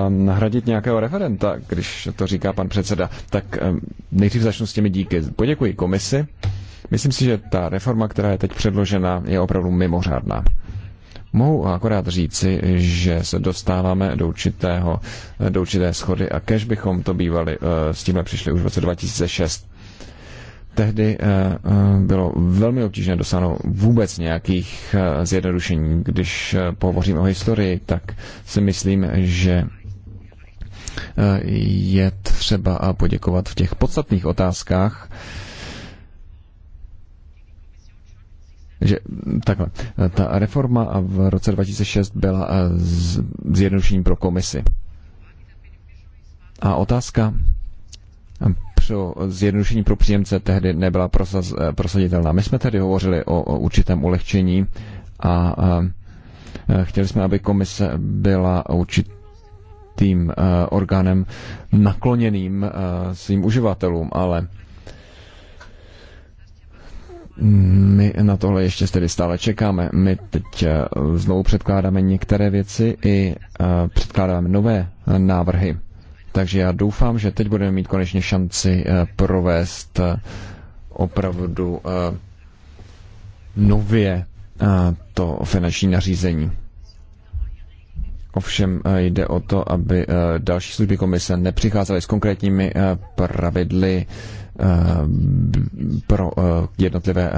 nahradit nějakého referenta, když to říká pan předseda. Tak nejdřív začnu s těmi díky. Poděkuji komisi. Myslím si, že ta reforma, která je teď předložena, je opravdu mimořádná. Mohu akorát říci, že se dostáváme do, určitého, do určité schody a kež bychom to bývali, eh, s tímhle přišli už v roce 2006. Tehdy eh, eh, bylo velmi obtížné dosáhnout vůbec nějakých zjednodušení. Když pohovořím o historii, tak si myslím, že je třeba poděkovat v těch podstatných otázkách že takhle, ta reforma v roce 2006 byla eh, zjednodušením pro komisi. A otázka eh, pro zjednodušení pro příjemce tehdy nebyla prosaz, eh, prosaditelná. My jsme tedy hovořili o, o určitém ulehčení a, a chtěli jsme, aby komise byla uh, orgánem nakloněným svým uživatelům, ale my na tohle ještě tedy stále čekáme. My teď eh, znovu předkládáme některé věci i eh, předkládáme nové eh, návrhy. Takže já doufám, že teď budeme mít konečně šanci provést opravdu nově to finanční nařízení. Ovšem eh, jde o to, aby eh, další služby komise nepřicházely s konkrétními eh, pravidly pro jednotlivé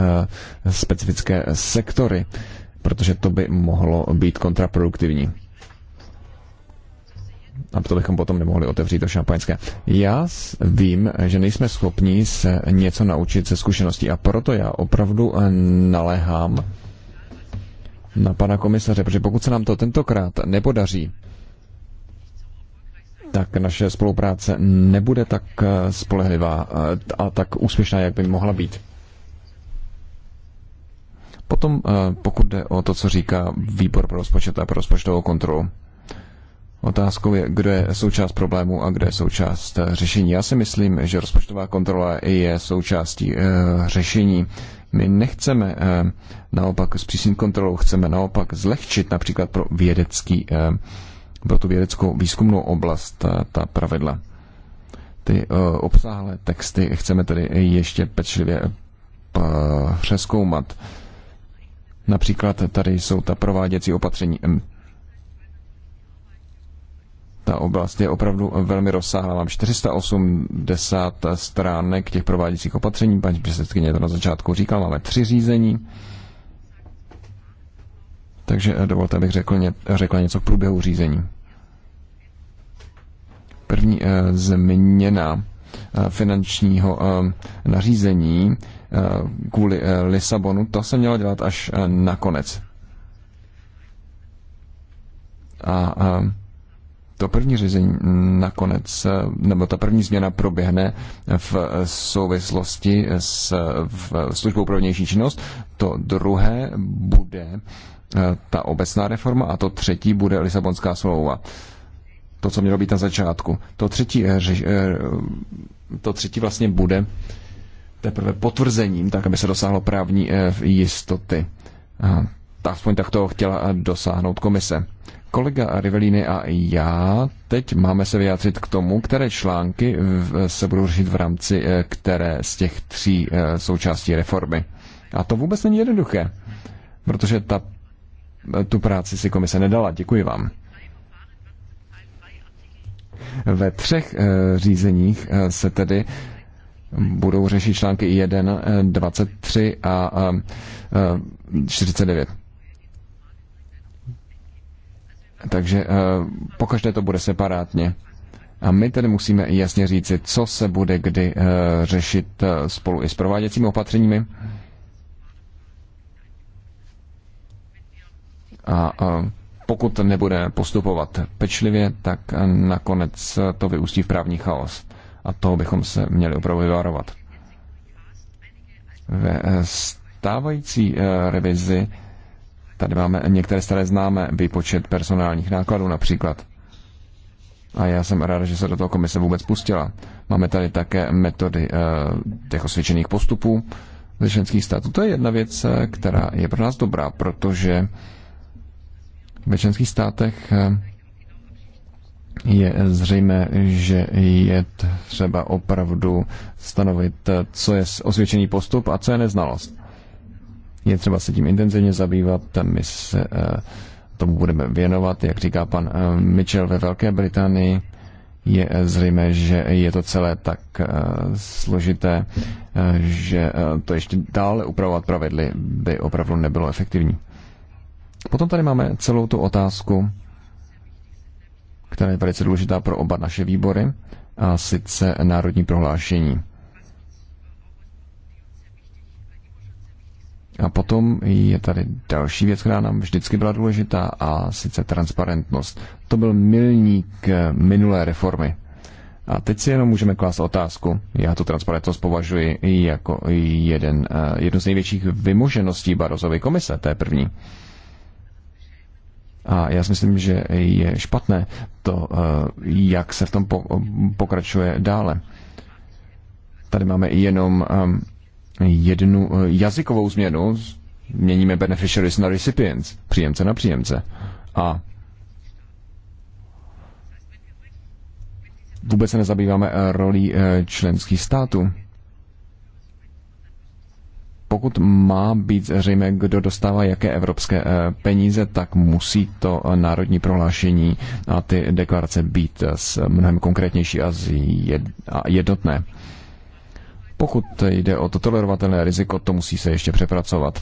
specifické sektory, protože to by mohlo být kontraproduktivní. A to bychom potom nemohli otevřít to šampaňské. Já vím, že nejsme schopni se něco naučit ze zkušeností a proto já opravdu naléhám na pana komisaře, protože pokud se nám to tentokrát nepodaří, tak naše spolupráce nebude tak eh, spolehlivá eh, a tak úspěšná, jak by mohla být. Potom, eh, pokud jde o to, co říká výbor pro rozpočet a pro rozpočtovou kontrolu, otázkou je, kdo je součást problému a kdo je součást řešení. Já si myslím, že rozpočtová kontrola je součástí řešení. My nechceme eh, naopak zpřísnit kontrolu, chceme naopak zlehčit například pro vědecký, eh, pro tu vědeckou výzkumnou oblast eh, ta pravidla. Ty obsáhlé texty chceme tedy ještě pečlivě přeskoumat. Například tady jsou ta prováděcí opatření ta oblast je opravdu velmi rozsáhlá. Mám 480 stránek těch prováděcích opatření, paní předsedkyně to na začátku říkal, máme tři řízení. Takže eh, dovolte, abych řekl ně, řekl něco k průběhu řízení. První e, změna e, finančního e, nařízení e, kvůli e, Lisabonu, to se mělo dělat až e, nakonec. A e, to první řízení nakonec, nebo ta první změna proběhne v souvislosti s v službou pro vnější činnost, to druhé bude eh, ta obecná reforma a to třetí bude Lisabonská smlouva. To, co mělo být na začátku. To třetí, eh, eh, to třetí vlastně bude teprve potvrzením, tak aby se dosáhlo právní jistoty aspoň tak toho chtěla dosáhnout komise. Kolega Rivelíny a já teď máme se vyjádřit k tomu, které články se budou řešit v rámci eh, které z těch tří eh, součástí reformy. A to vůbec není jednoduché, protože ta, eh, tu práci si komise nedala. Děkuji vám. Ve třech řízeních se tedy budou řešit články 1, 23 a 49. Takže eh, pokaždé to bude separátně. A my tedy musíme jasně říci, co se bude kdy eh, řešit eh, spolu i s prováděcími opatřeními. A pokud nebude postupovat pečlivě, tak nakonec to vyústí v právní chaos. A toho bychom se měli opravdu vyvarovat. Ve stávající revizi Tady máme některé staré známé, výpočet personálních nákladů například. A já jsem rád, že se do toho komise vůbec pustila. Máme tady také metody eh, těch osvědčených postupů ze členských států. To je jedna věc, eh, která je pro nás dobrá, protože ve členských státech eh, je zřejmé, že je třeba opravdu stanovit, co je osvědčený postup a co je neznalost. Je třeba se tím intenzivně zabývat, my se eh, tomu budeme věnovat. Jak říká pan eh, Mitchell ve Velké Británii, je eh, zřejmé, že je to celé tak složité, že to ještě dále upravovat pravidly by opravdu nebylo efektivní. Potom tady máme celou tu otázku, která je velice důležitá pro oba naše výbory, a sice národní prohlášení. A potom je tady další věc, která nám vždycky byla důležitá, a sice transparentnost. To byl milník eh, minulé reformy. A teď si jenom můžeme klást otázku. Já tu transparentnost považuji jako jeden, eh, jednu z největších vymožeností Barozovy komise, té první. A já si myslím, že je špatné to, eh, jak se v tom pokračuje dále. Tady máme jenom jednu eh, jazykovou změnu, měníme beneficiaries na recipients, příjemce na příjemce. A vůbec se nezabýváme eh, rolí eh, členských států. Pokud má být zřejmé, kdo dostává jaké evropské peníze, tak musí to národní prohlášení a ty deklarace být mnohem konkrétnější a jednotné pokud jde o to tolerovatelné riziko, to musí se ještě přepracovat.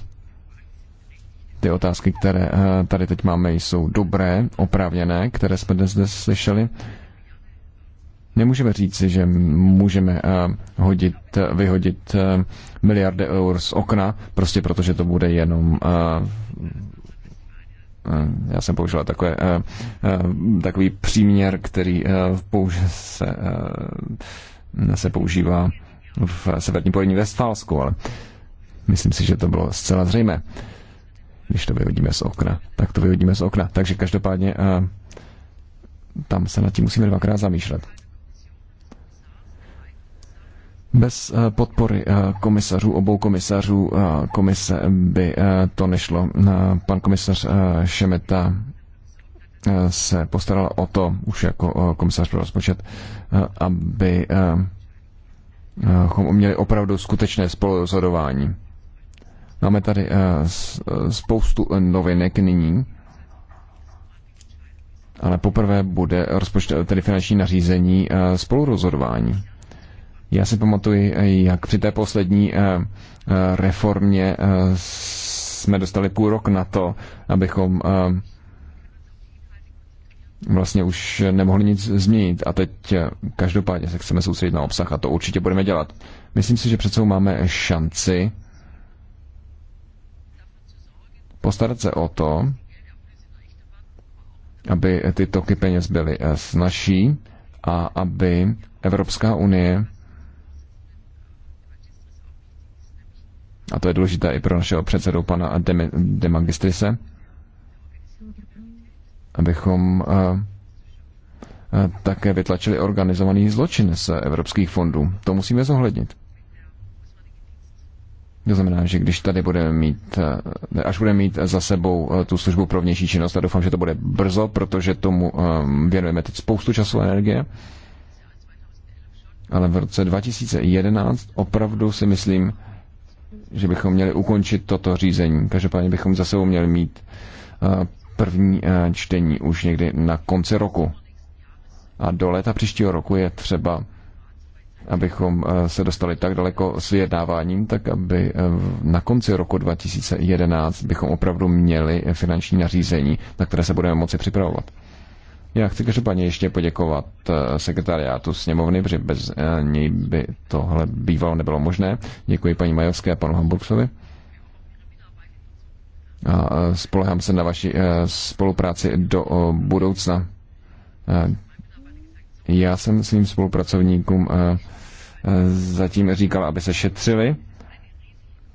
Ty otázky, které eh, tady teď máme, jsou dobré, oprávněné, které jsme dnes zde slyšeli. Nemůžeme říci, že můžeme eh, hodit, eh, vyhodit miliardy eur z okna, prostě protože to bude jenom já jsem použil takové, takový příměr, který se, se používá v severní Polní Vestfálsku, ale myslím si, že to bylo zcela zřejmé. Když to vyhodíme z okna, tak to vyhodíme z okna. Takže každopádně eh, tam se nad tím musíme dvakrát zamýšlet. Bez eh, podpory eh, komisařů, obou komisařů komise by to nešlo. Pan komisař Šemeta se postaral o to, už jako komisař pro rozpočet, aby abychom měli opravdu skutečné spolurozhodování. Máme tady eh, eh, spoustu eh, novinek nyní, ale poprvé bude rozpočt, tedy finanční nařízení spolurozhodování. Já si pamatuji, jak při té poslední reformě jsme dostali půl rok na to, abychom vlastně už nemohli nic změnit a teď eh, každopádně se chceme soustředit na obsah a to určitě budeme dělat. Myslím si, že přece máme šanci postarat se o to, aby ty toky peněz byly eh, snažší a aby Evropská unie a to je důležité i pro našeho předsedu pana Demagistrise, de abychom eh, eh, také vytlačili organizovaný zločin z evropských fondů. To musíme zohlednit. To znamená, že když tady budeme mít, eh, až budeme mít za sebou tu službu pro vnější činnost, a doufám, že to bude brzo, protože tomu věnujeme teď spoustu času a energie, ale v roce 2011 opravdu si myslím, že bychom měli ukončit toto řízení. Každopádně bychom za sebou měli mít první eh, čtení už někdy na konci roku. A do léta příštího roku je třeba, abychom eh, se dostali tak daleko s vyjednáváním, tak aby eh, na konci roku 2011 bychom opravdu měli finanční nařízení, na které se budeme moci připravovat. Já chci každopádně ještě poděkovat sekretariátu sněmovny, protože bez něj by tohle bývalo nebylo možné. Děkuji paní Majovské a panu Hamburgsovi a spolehám se na vaši eh, spolupráci do eh, budoucna. Eh, já jsem svým spolupracovníkům zatím říkal, aby se šetřili,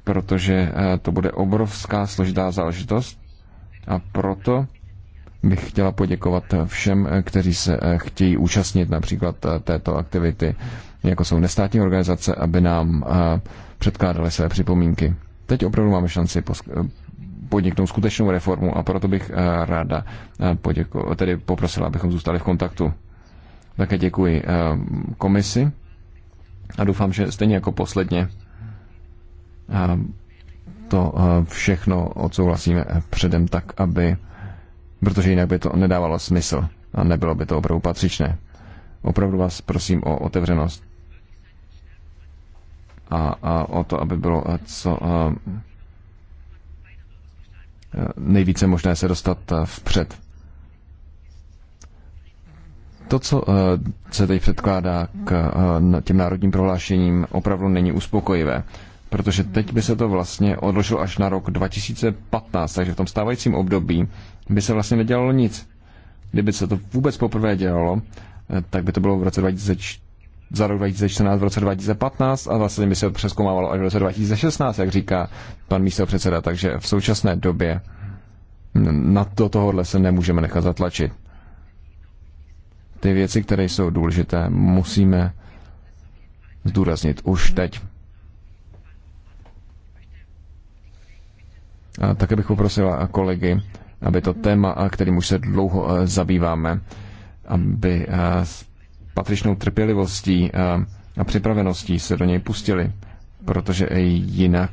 protože to bude obrovská složitá záležitost a proto bych chtěla poděkovat všem, kteří se chtějí účastnit například této aktivity, jako jsou nestátní organizace, aby nám předkládali své připomínky. Teď opravdu máme šanci podniknout skutečnou reformu a proto bych eh, ráda eh, poděko, tedy poprosila, abychom zůstali v kontaktu. Také děkuji eh, komisi a doufám, že stejně jako posledně to všechno odsouhlasíme předem tak, aby, protože jinak by to nedávalo smysl a nebylo by to opravdu patřičné. Opravdu vás prosím o otevřenost a, a o to, aby bylo co nejvíce možné se dostat eh, vpřed. To, co eh, se teď předkládá k eh, těm národním prohlášením, opravdu není uspokojivé, protože teď by se to vlastně odložilo až na rok 2015, takže v tom stávajícím období by se vlastně nedělalo nic. Kdyby se to vůbec poprvé dělalo, tak by to bylo v roce 2014 za rok 2014 v roce 2015 a vlastně by se to přeskoumávalo až v roce 2016, jak říká pan místo předseda. Takže v současné době na to tohohle se nemůžeme nechat zatlačit. Ty věci, které jsou důležité, musíme zdůraznit už teď. A také bych poprosila kolegy, aby to téma, kterým už se dlouho eh, zabýváme, aby eh, patřičnou trpělivostí eh, a připraveností se do něj pustili, protože jinak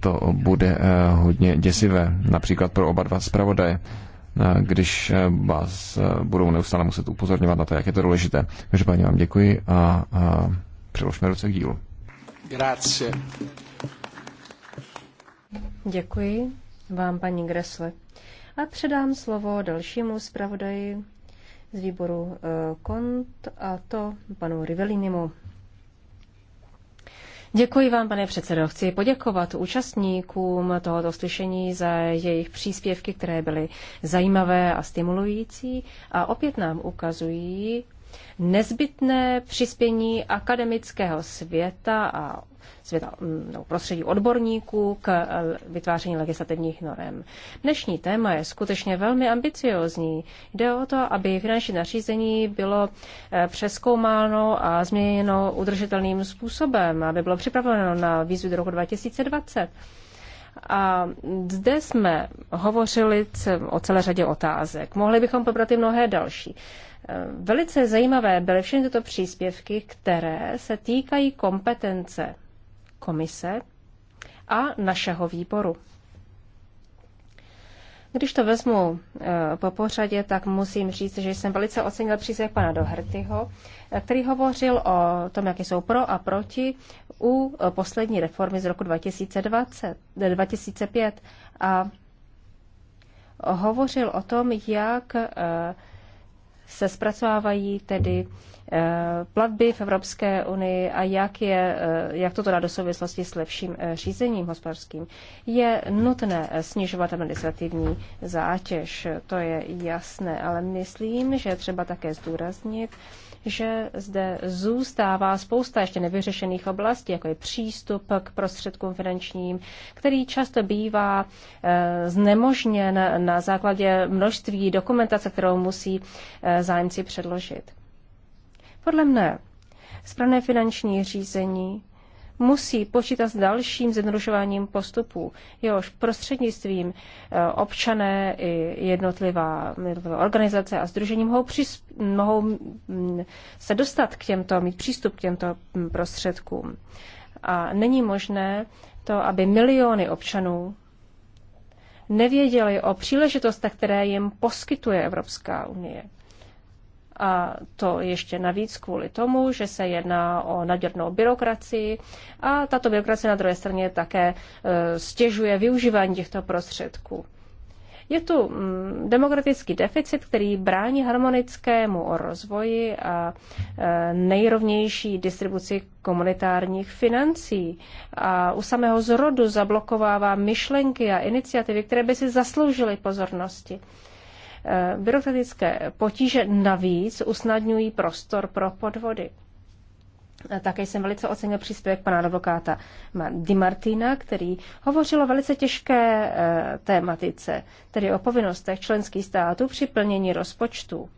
to bude eh, hodně děsivé, například pro oba dva zpravodaje, eh, když vás budou neustále muset upozorňovat na to, jak je to důležité. Každopádně vám děkuji a, a přeložme ruce k dílu. Grazie. Děkuji vám, paní Gresle. A předám slovo dalšímu zpravodaji, z výboru eh, KONT a to panu Rivelinimu. Děkuji vám, pane předsedo. Chci poděkovat účastníkům tohoto slyšení za jejich příspěvky, které byly zajímavé a stimulující a opět nám ukazují, nezbytné přispění akademického světa a světa, no, prostředí odborníků k eh, vytváření legislativních norem. Dnešní téma je skutečně velmi ambiciozní. Jde o to, aby finanční nařízení bylo eh, přeskoumáno a změněno udržitelným způsobem, aby bylo připraveno na výzvy do roku 2020. A zde jsme hovořili o celé řadě otázek. Mohli bychom probrat i mnohé další. Eh, velice zajímavé byly všechny tyto příspěvky, které se týkají kompetence komise a našeho výboru. Když to vezmu eh, po pořadě, tak musím říct, že jsem velice ocenil příspěvek pana Dohrtyho, eh, který hovořil o tom, jaké jsou pro a proti u poslední reformy z roku 2020, 2005 a hovořil o tom, jak se zpracovávají tedy eh, platby v Evropské unii a jak, je, eh, jak toto dá do souvislosti s lepším eh, řízením hospodářským. Je nutné snižovat administrativní zátěž, to je jasné, ale myslím, že třeba také zdůraznit, že zde zůstává spousta ještě nevyřešených oblastí, jako je přístup k prostředkům finančním, který často bývá eh, znemožněn na základě množství dokumentace, kterou musí eh, zájemci předložit. Podle mne správné finanční řízení musí počítat s dalším zjednodušováním postupů, jehož prostřednictvím eh, občané i jednotlivá, jednotlivá organizace a združení mohou, přisp, mohou mm, se dostat k těmto, mít přístup k těmto mm, prostředkům. A není možné to, aby miliony občanů nevěděli o příležitostech, které jim poskytuje Evropská unie. A to ještě navíc kvůli tomu, že se jedná o naděrnou byrokracii a tato byrokracie na druhé straně také e, stěžuje využívání těchto prostředků. Je tu mm, demokratický deficit, který brání harmonickému rozvoji a e, nejrovnější distribuci komunitárních financí. A u samého zrodu zablokovává myšlenky a iniciativy, které by si zasloužily pozornosti. Eh, byrokratické potíže navíc usnadňují prostor pro podvody. Eh, také jsem velice ocenil příspěvek pana advokáta Di Martina, který hovořil o velice těžké eh, tématice, tedy o povinnostech členských států při plnění rozpočtu.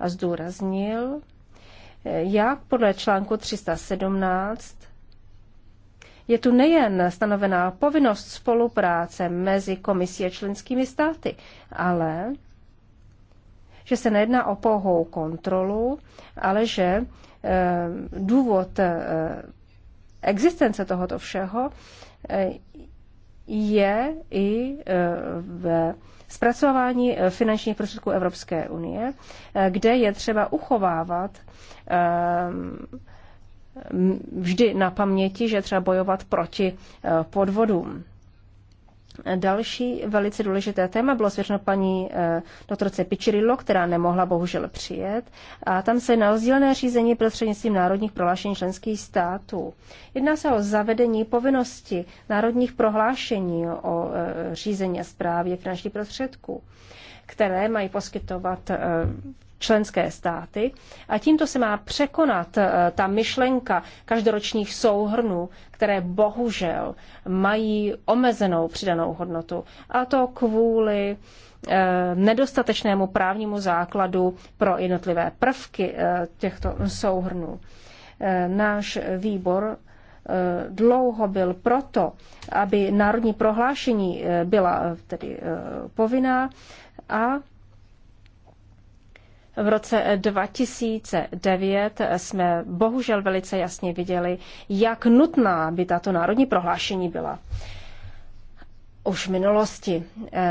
A zdůraznil, jak podle článku 317 je tu nejen stanovená povinnost spolupráce mezi komisí a členskými státy, ale že se nejedná o pouhou kontrolu, ale že eh, důvod eh, existence tohoto všeho eh, je i v zpracování finančních prostředků Evropské unie, kde je třeba uchovávat vždy na paměti, že třeba bojovat proti podvodům. Další velice důležité téma bylo svěřeno paní eh, doktorce Pičirillo, která nemohla bohužel přijet. A tam se na rozdílné řízení prostřednictvím národních prohlášení členských států. Jedná se o zavedení povinnosti národních prohlášení o eh, řízení a zprávě finančních prostředků, které mají poskytovat eh, členské státy. A tímto se má překonat eh, ta myšlenka každoročních souhrnů, které bohužel mají omezenou přidanou hodnotu. A to kvůli eh, nedostatečnému právnímu základu pro jednotlivé prvky eh, těchto souhrnů. Náš výbor dlouho byl proto, aby národní prohlášení byla tedy povinná a v roce 2009 jsme bohužel velice jasně viděli, jak nutná by tato národní prohlášení byla. Už v minulosti.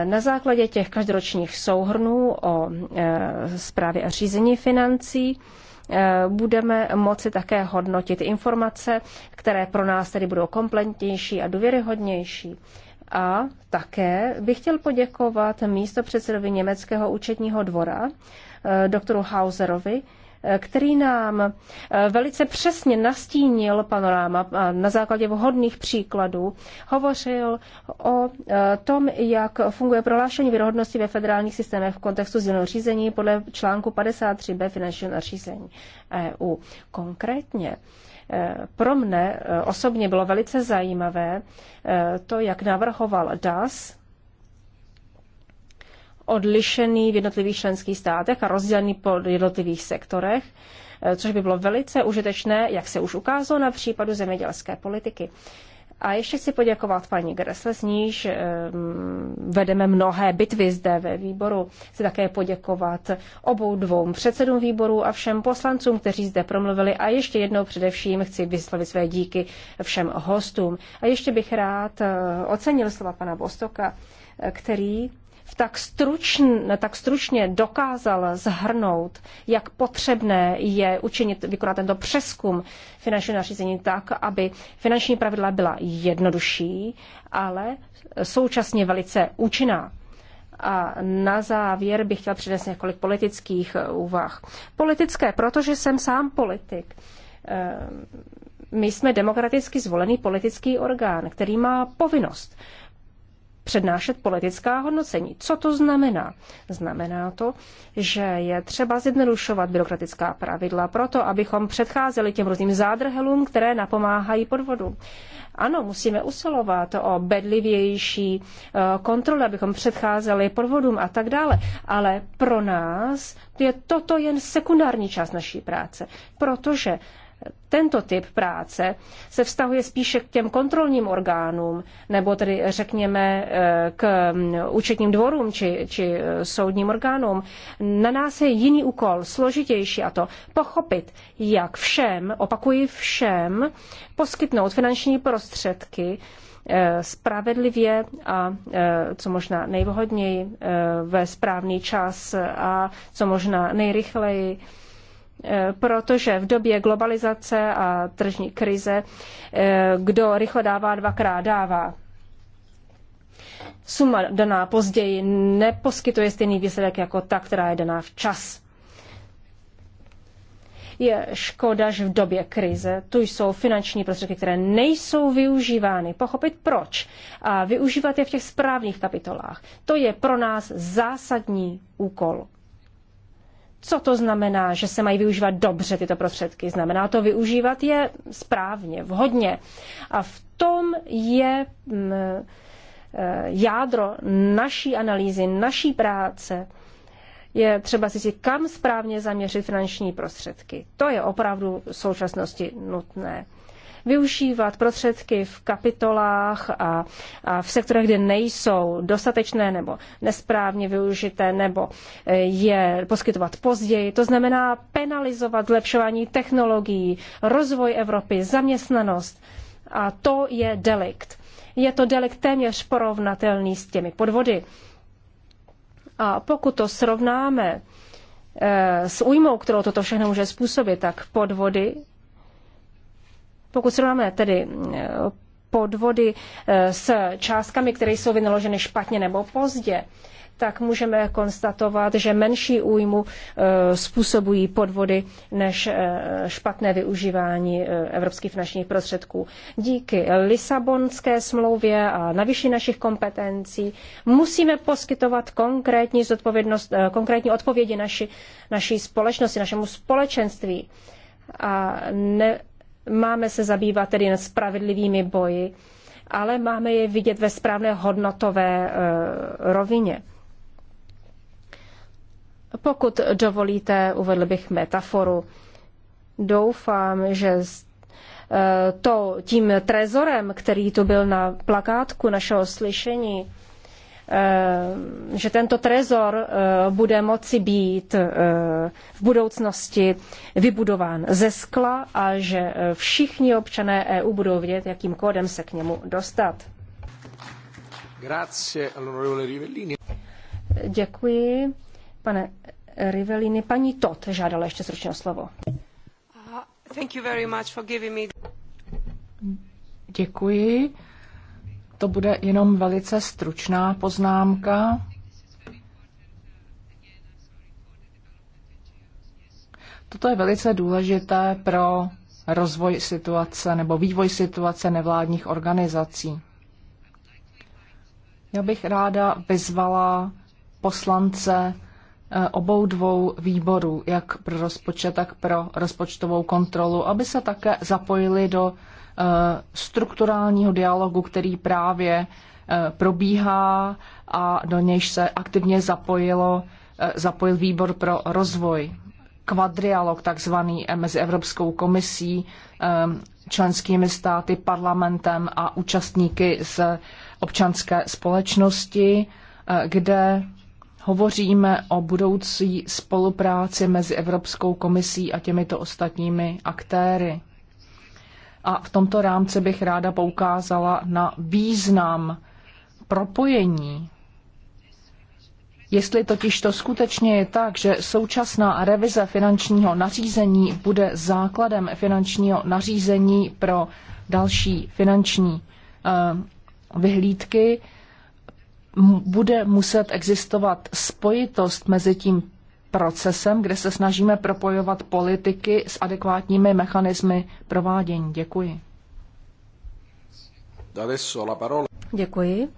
Na základě těch každoročních souhrnů o e, zprávě a řízení financí e, budeme moci také hodnotit informace, které pro nás tedy budou kompletnější a důvěryhodnější. A také bych chtěl poděkovat místo předsedovi Německého účetního dvora, Eh, doktoru Hauserovi, eh, který nám eh, velice přesně nastínil panoráma na základě vhodných příkladů. Hovořil o tom, jak funguje prohlášení věrohodnosti ve federálních systémech v kontextu sděleného řízení podle článku 53b finančního nařízení EU. Konkrétně pro mne osobně bylo velice zajímavé to, jak navrhoval DAS odlišený v jednotlivých členských státech a rozdělený po jednotlivých sektorech, eh, což by bylo velice užitečné, jak se už ukázalo na případu zemědělské politiky. A ještě chci poděkovat paní Gresle, s níž eh, vedeme mnohé bitvy zde ve výboru. Chci také poděkovat obou dvou předsedům výboru a všem poslancům, kteří zde promluvili. A ještě jednou především chci vyslovit své díky všem hostům. A ještě bych rád eh, ocenil slova pana Bostoka, který tak, stručn, tak stručně dokázal zhrnout, jak potřebné je učinit, vykonat tento přeskum finančního nařízení tak, aby finanční pravidla byla jednodušší, ale současně velice účinná. A na závěr bych chtěl přinést několik politických úvah. Politické, protože jsem sám politik. Ehm, my jsme demokraticky zvolený politický orgán, který má povinnost přednášet politická hodnocení. Co to znamená? Znamená to, že je třeba zjednodušovat byrokratická pravidla proto, abychom předcházeli těm různým zádrhelům, které napomáhají podvodu. Ano, musíme usilovat o bedlivější eh, kontroly, abychom předcházeli podvodům a tak dále, ale pro nás je toto jen sekundární část naší práce, protože tento typ práce se vztahuje spíše k těm kontrolním orgánům, nebo tedy řekněme eh, k mm, účetním dvorům či, či eh, soudním orgánům. Na nás je jiný úkol, složitější a to pochopit, jak všem, opakuji všem, poskytnout finanční prostředky, eh, spravedlivě a co možná nejvhodněji ve správný čas a co možná nejrychleji protože v době globalizace a tržní krize, eh, kdo rychle dává, dvakrát dává. Suma daná později neposkytuje stejný výsledek jako ta, která je daná včas. Je škoda, že v době krize tu jsou finanční prostředky, které nejsou využívány. Pochopit proč a využívat je v těch správných kapitolách. To je pro nás zásadní úkol co to znamená, že se mají využívat dobře tyto prostředky? Znamená to využívat je správně, vhodně. A v tom je mm, eh, jádro naší analýzy, naší práce. Je třeba si kam správně zaměřit finanční prostředky. To je opravdu v současnosti nutné využívat prostředky v kapitolách a, a v sektorech, kde nejsou dostatečné nebo nesprávně využité, nebo eh, je poskytovat později. To znamená penalizovat zlepšování technologií, rozvoj Evropy, zaměstnanost. A to je delikt. Je to delikt téměř porovnatelný s těmi podvody. A pokud to srovnáme eh, s újmou, kterou toto všechno může způsobit, tak podvody pokud srovnáme tedy eh, podvody eh, s částkami, které jsou vynaloženy špatně nebo pozdě, tak můžeme konstatovat, že menší újmu eh, způsobují podvody než špatné využívání evropských finančních prostředků. Díky Lisabonské smlouvě a navýšení našich kompetencí musíme poskytovat konkrétní, zodpovědnost, konkrétní odpovědi naši, naší společnosti, našemu společenství. A ne, Máme se zabývat tedy spravedlivými boji, ale máme je vidět ve správné hodnotové e, rovině. Pokud dovolíte, uvedl bych metaforu. Doufám, že e, to, tím trezorem, který tu byl na plakátku našeho slyšení, Eh, že tento trezor eh, bude moci být eh, v budoucnosti vybudován ze skla a že všichni občané EU budou vědět, jakým kódem se k němu dostat. Děkuji, pane Rivellini. Paní Tot žádala ještě stručné slovo. Uh, Děkuji to bude jenom velice stručná poznámka. Toto je velice důležité pro rozvoj situace nebo vývoj situace nevládních organizací. Já bych ráda vyzvala poslance eh, obou dvou výborů, jak pro rozpočet, tak pro rozpočtovou kontrolu, aby se také zapojili do Eh, strukturálního dialogu, který právě eh, probíhá a do nějž se aktivně zapojilo, eh, zapojil výbor pro rozvoj. Kvadrialog takzvaný mezi Evropskou komisí, členskými státy, parlamentem a účastníky z občanské společnosti, kde hovoříme o budoucí spolupráci mezi Evropskou komisí a těmito ostatními aktéry. A v tomto rámci bych ráda poukázala na význam propojení Jestli totiž to skutečně je tak, že současná revize finančního nařízení bude základem finančního nařízení pro další finanční eh, vyhlídky, bude muset existovat spojitost mezi tím procesem, kde se snažíme propojovat politiky s adekvátními mechanismy provádění. Děkuji. Děkuji.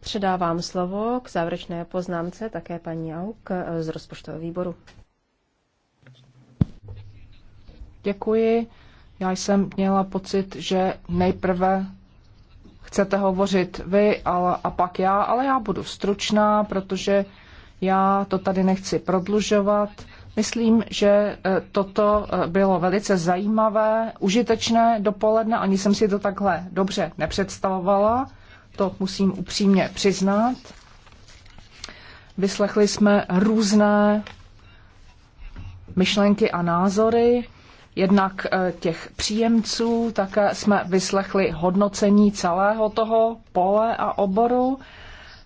Předávám slovo k závěrečné poznámce také paní Auk z rozpočtového výboru. Děkuji. Já jsem měla pocit, že nejprve chcete hovořit vy a pak já, ale já budu stručná, protože já to tady nechci prodlužovat. Myslím, že e, toto e, bylo velice zajímavé, užitečné dopoledne. Ani jsem si to takhle dobře nepředstavovala. To musím upřímně přiznat. Vyslechli jsme různé myšlenky a názory, jednak e, těch příjemců, také jsme vyslechli hodnocení celého toho pole a oboru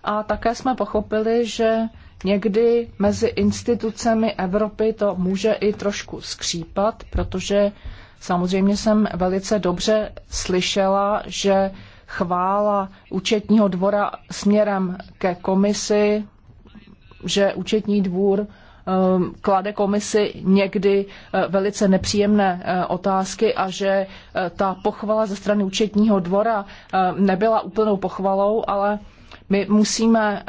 a také jsme pochopili, že Někdy mezi institucemi Evropy to může i trošku skřípat, protože samozřejmě jsem velice dobře slyšela, že chvála účetního dvora směrem ke komisi, že účetní dvůr ehm, klade komisi někdy eh, velice nepříjemné eh, otázky a že eh, ta pochvala ze strany účetního dvora nebyla úplnou pochvalou, ale my musíme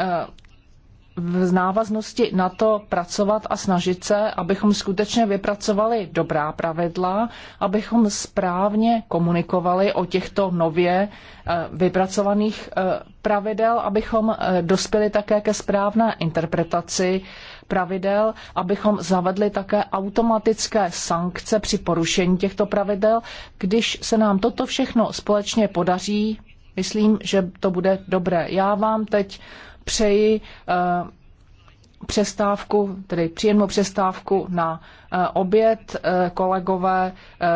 v návaznosti na to pracovat a snažit se, abychom skutečně vypracovali dobrá pravidla, abychom správně komunikovali o těchto nově eh, vypracovaných eh, pravidel, abychom eh, dospěli také ke správné interpretaci pravidel, abychom zavedli také automatické sankce při porušení těchto pravidel. Když se nám toto všechno společně podaří, myslím, že to bude dobré. Já vám teď přeji eh, přestávku, tedy příjemnou přestávku na eh, oběd. Eh, kolegové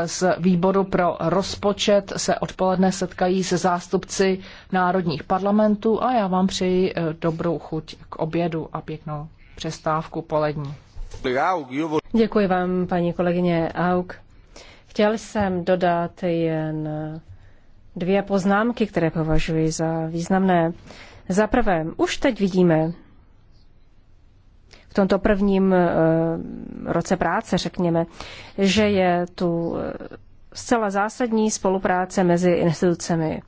z výboru pro rozpočet se odpoledne setkají se zástupci národních parlamentů a já vám přeji dobrou chuť k obědu a pěknou přestávku polední. Děkuji vám, paní kolegyně Auk. Chtěl jsem dodat jen dvě poznámky, které považuji za významné. Za prvé, už teď vidíme v tomto prvním eh, roce práce, řekněme, že je tu eh, zcela zásadní spolupráce mezi institucemi.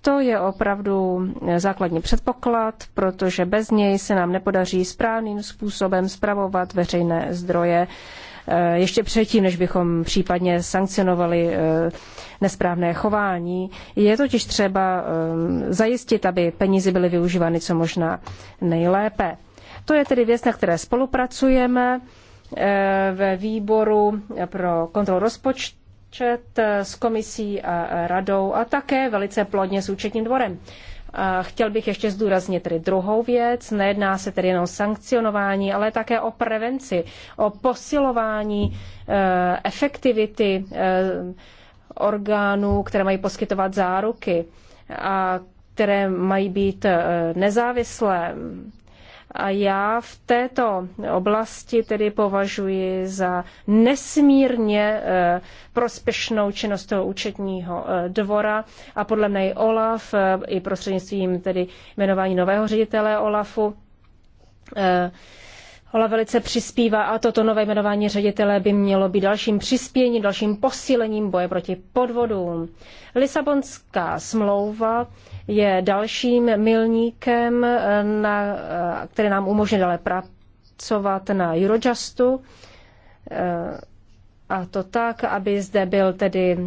To je opravdu eh, základní předpoklad, protože bez něj se nám nepodaří správným způsobem spravovat veřejné zdroje Eh, ještě předtím, než bychom případně sankcionovali eh, nesprávné chování. Je totiž třeba eh, zajistit, aby peníze byly využívány co možná nejlépe. To je tedy věc, na které spolupracujeme ve výboru pro kontrolu rozpočtu s komisí a radou a také velice plodně s účetním dvorem. Chtěl bych ještě zdůraznit tedy druhou věc. Nejedná se tedy jenom sankcionování, ale také o prevenci, o posilování e, efektivity e, orgánů, které mají poskytovat záruky a které mají být e, nezávislé a já v této oblasti tedy považuji za nesmírně e, prospěšnou činnost toho účetního e, dvora a podle mne i OLAF, e, i prostřednictvím tedy jmenování nového ředitele OLAFu, Ola velice přispívá a toto nové jmenování ředitele by mělo být dalším přispěním, dalším posílením boje proti podvodům. Lisabonská smlouva je dalším milníkem, eh, na, eh, který nám umožní dále pracovat na Eurojustu eh, a to tak, aby zde byl tedy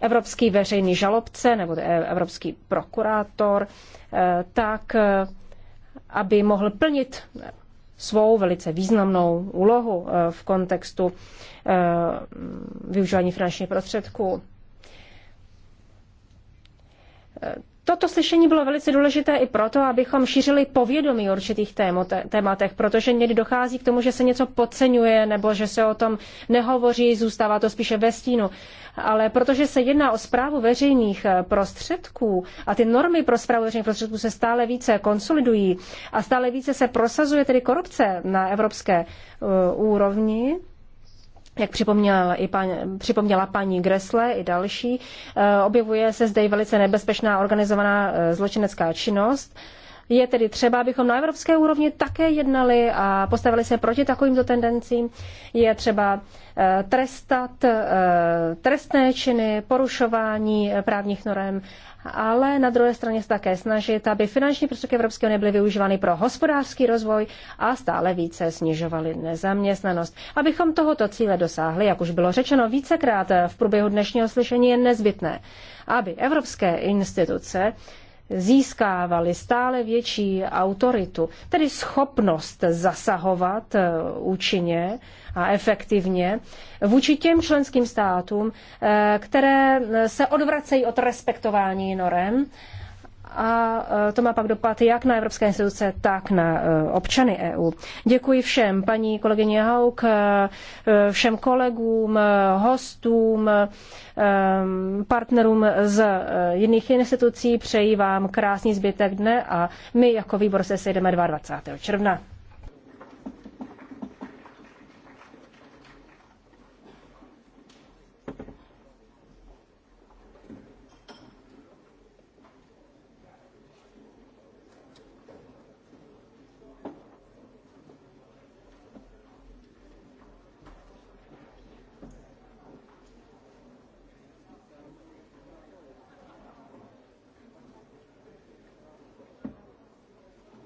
evropský veřejný žalobce nebo evropský prokurátor, tak, aby mohl plnit svou velice významnou úlohu eh, v kontextu eh, využívání finančních prostředků. Eh, Toto slyšení bylo velice důležité i proto, abychom šířili povědomí o určitých tématech, protože někdy dochází k tomu, že se něco podceňuje nebo že se o tom nehovoří, zůstává to spíše ve stínu. Ale protože se jedná o zprávu veřejných eh, prostředků a ty normy pro zprávu veřejných prostředků se stále více konsolidují a stále více se prosazuje tedy korupce na evropské uh, úrovni, jak připomněl i pan, připomněla paní Gresle i další, eh, objevuje se zde i velice nebezpečná organizovaná eh, zločinecká činnost. Je tedy třeba, abychom na evropské úrovni také jednali a postavili se proti takovýmto tendencím. Je třeba eh, trestat trestné činy, porušování právních norem ale na druhé straně se také snažit, aby finanční prostředky Evropské unie byly využívány pro hospodářský rozvoj a stále více snižovaly nezaměstnanost. Abychom tohoto cíle dosáhli, jak už bylo řečeno vícekrát v průběhu dnešního slyšení, je nezbytné, aby evropské instituce získávaly stále větší autoritu, tedy schopnost zasahovat eh, účinně a efektivně vůči těm členským státům, eh, které eh, se odvracejí od respektování norem a e, to má pak dopad jak na evropské instituce, tak na e, občany EU. Děkuji všem, paní kolegyně Hauk, e, všem kolegům, hostům, partnerům z jiných institucí. Přeji vám krásný zbytek dne a my jako výbor se sejdeme 22. června.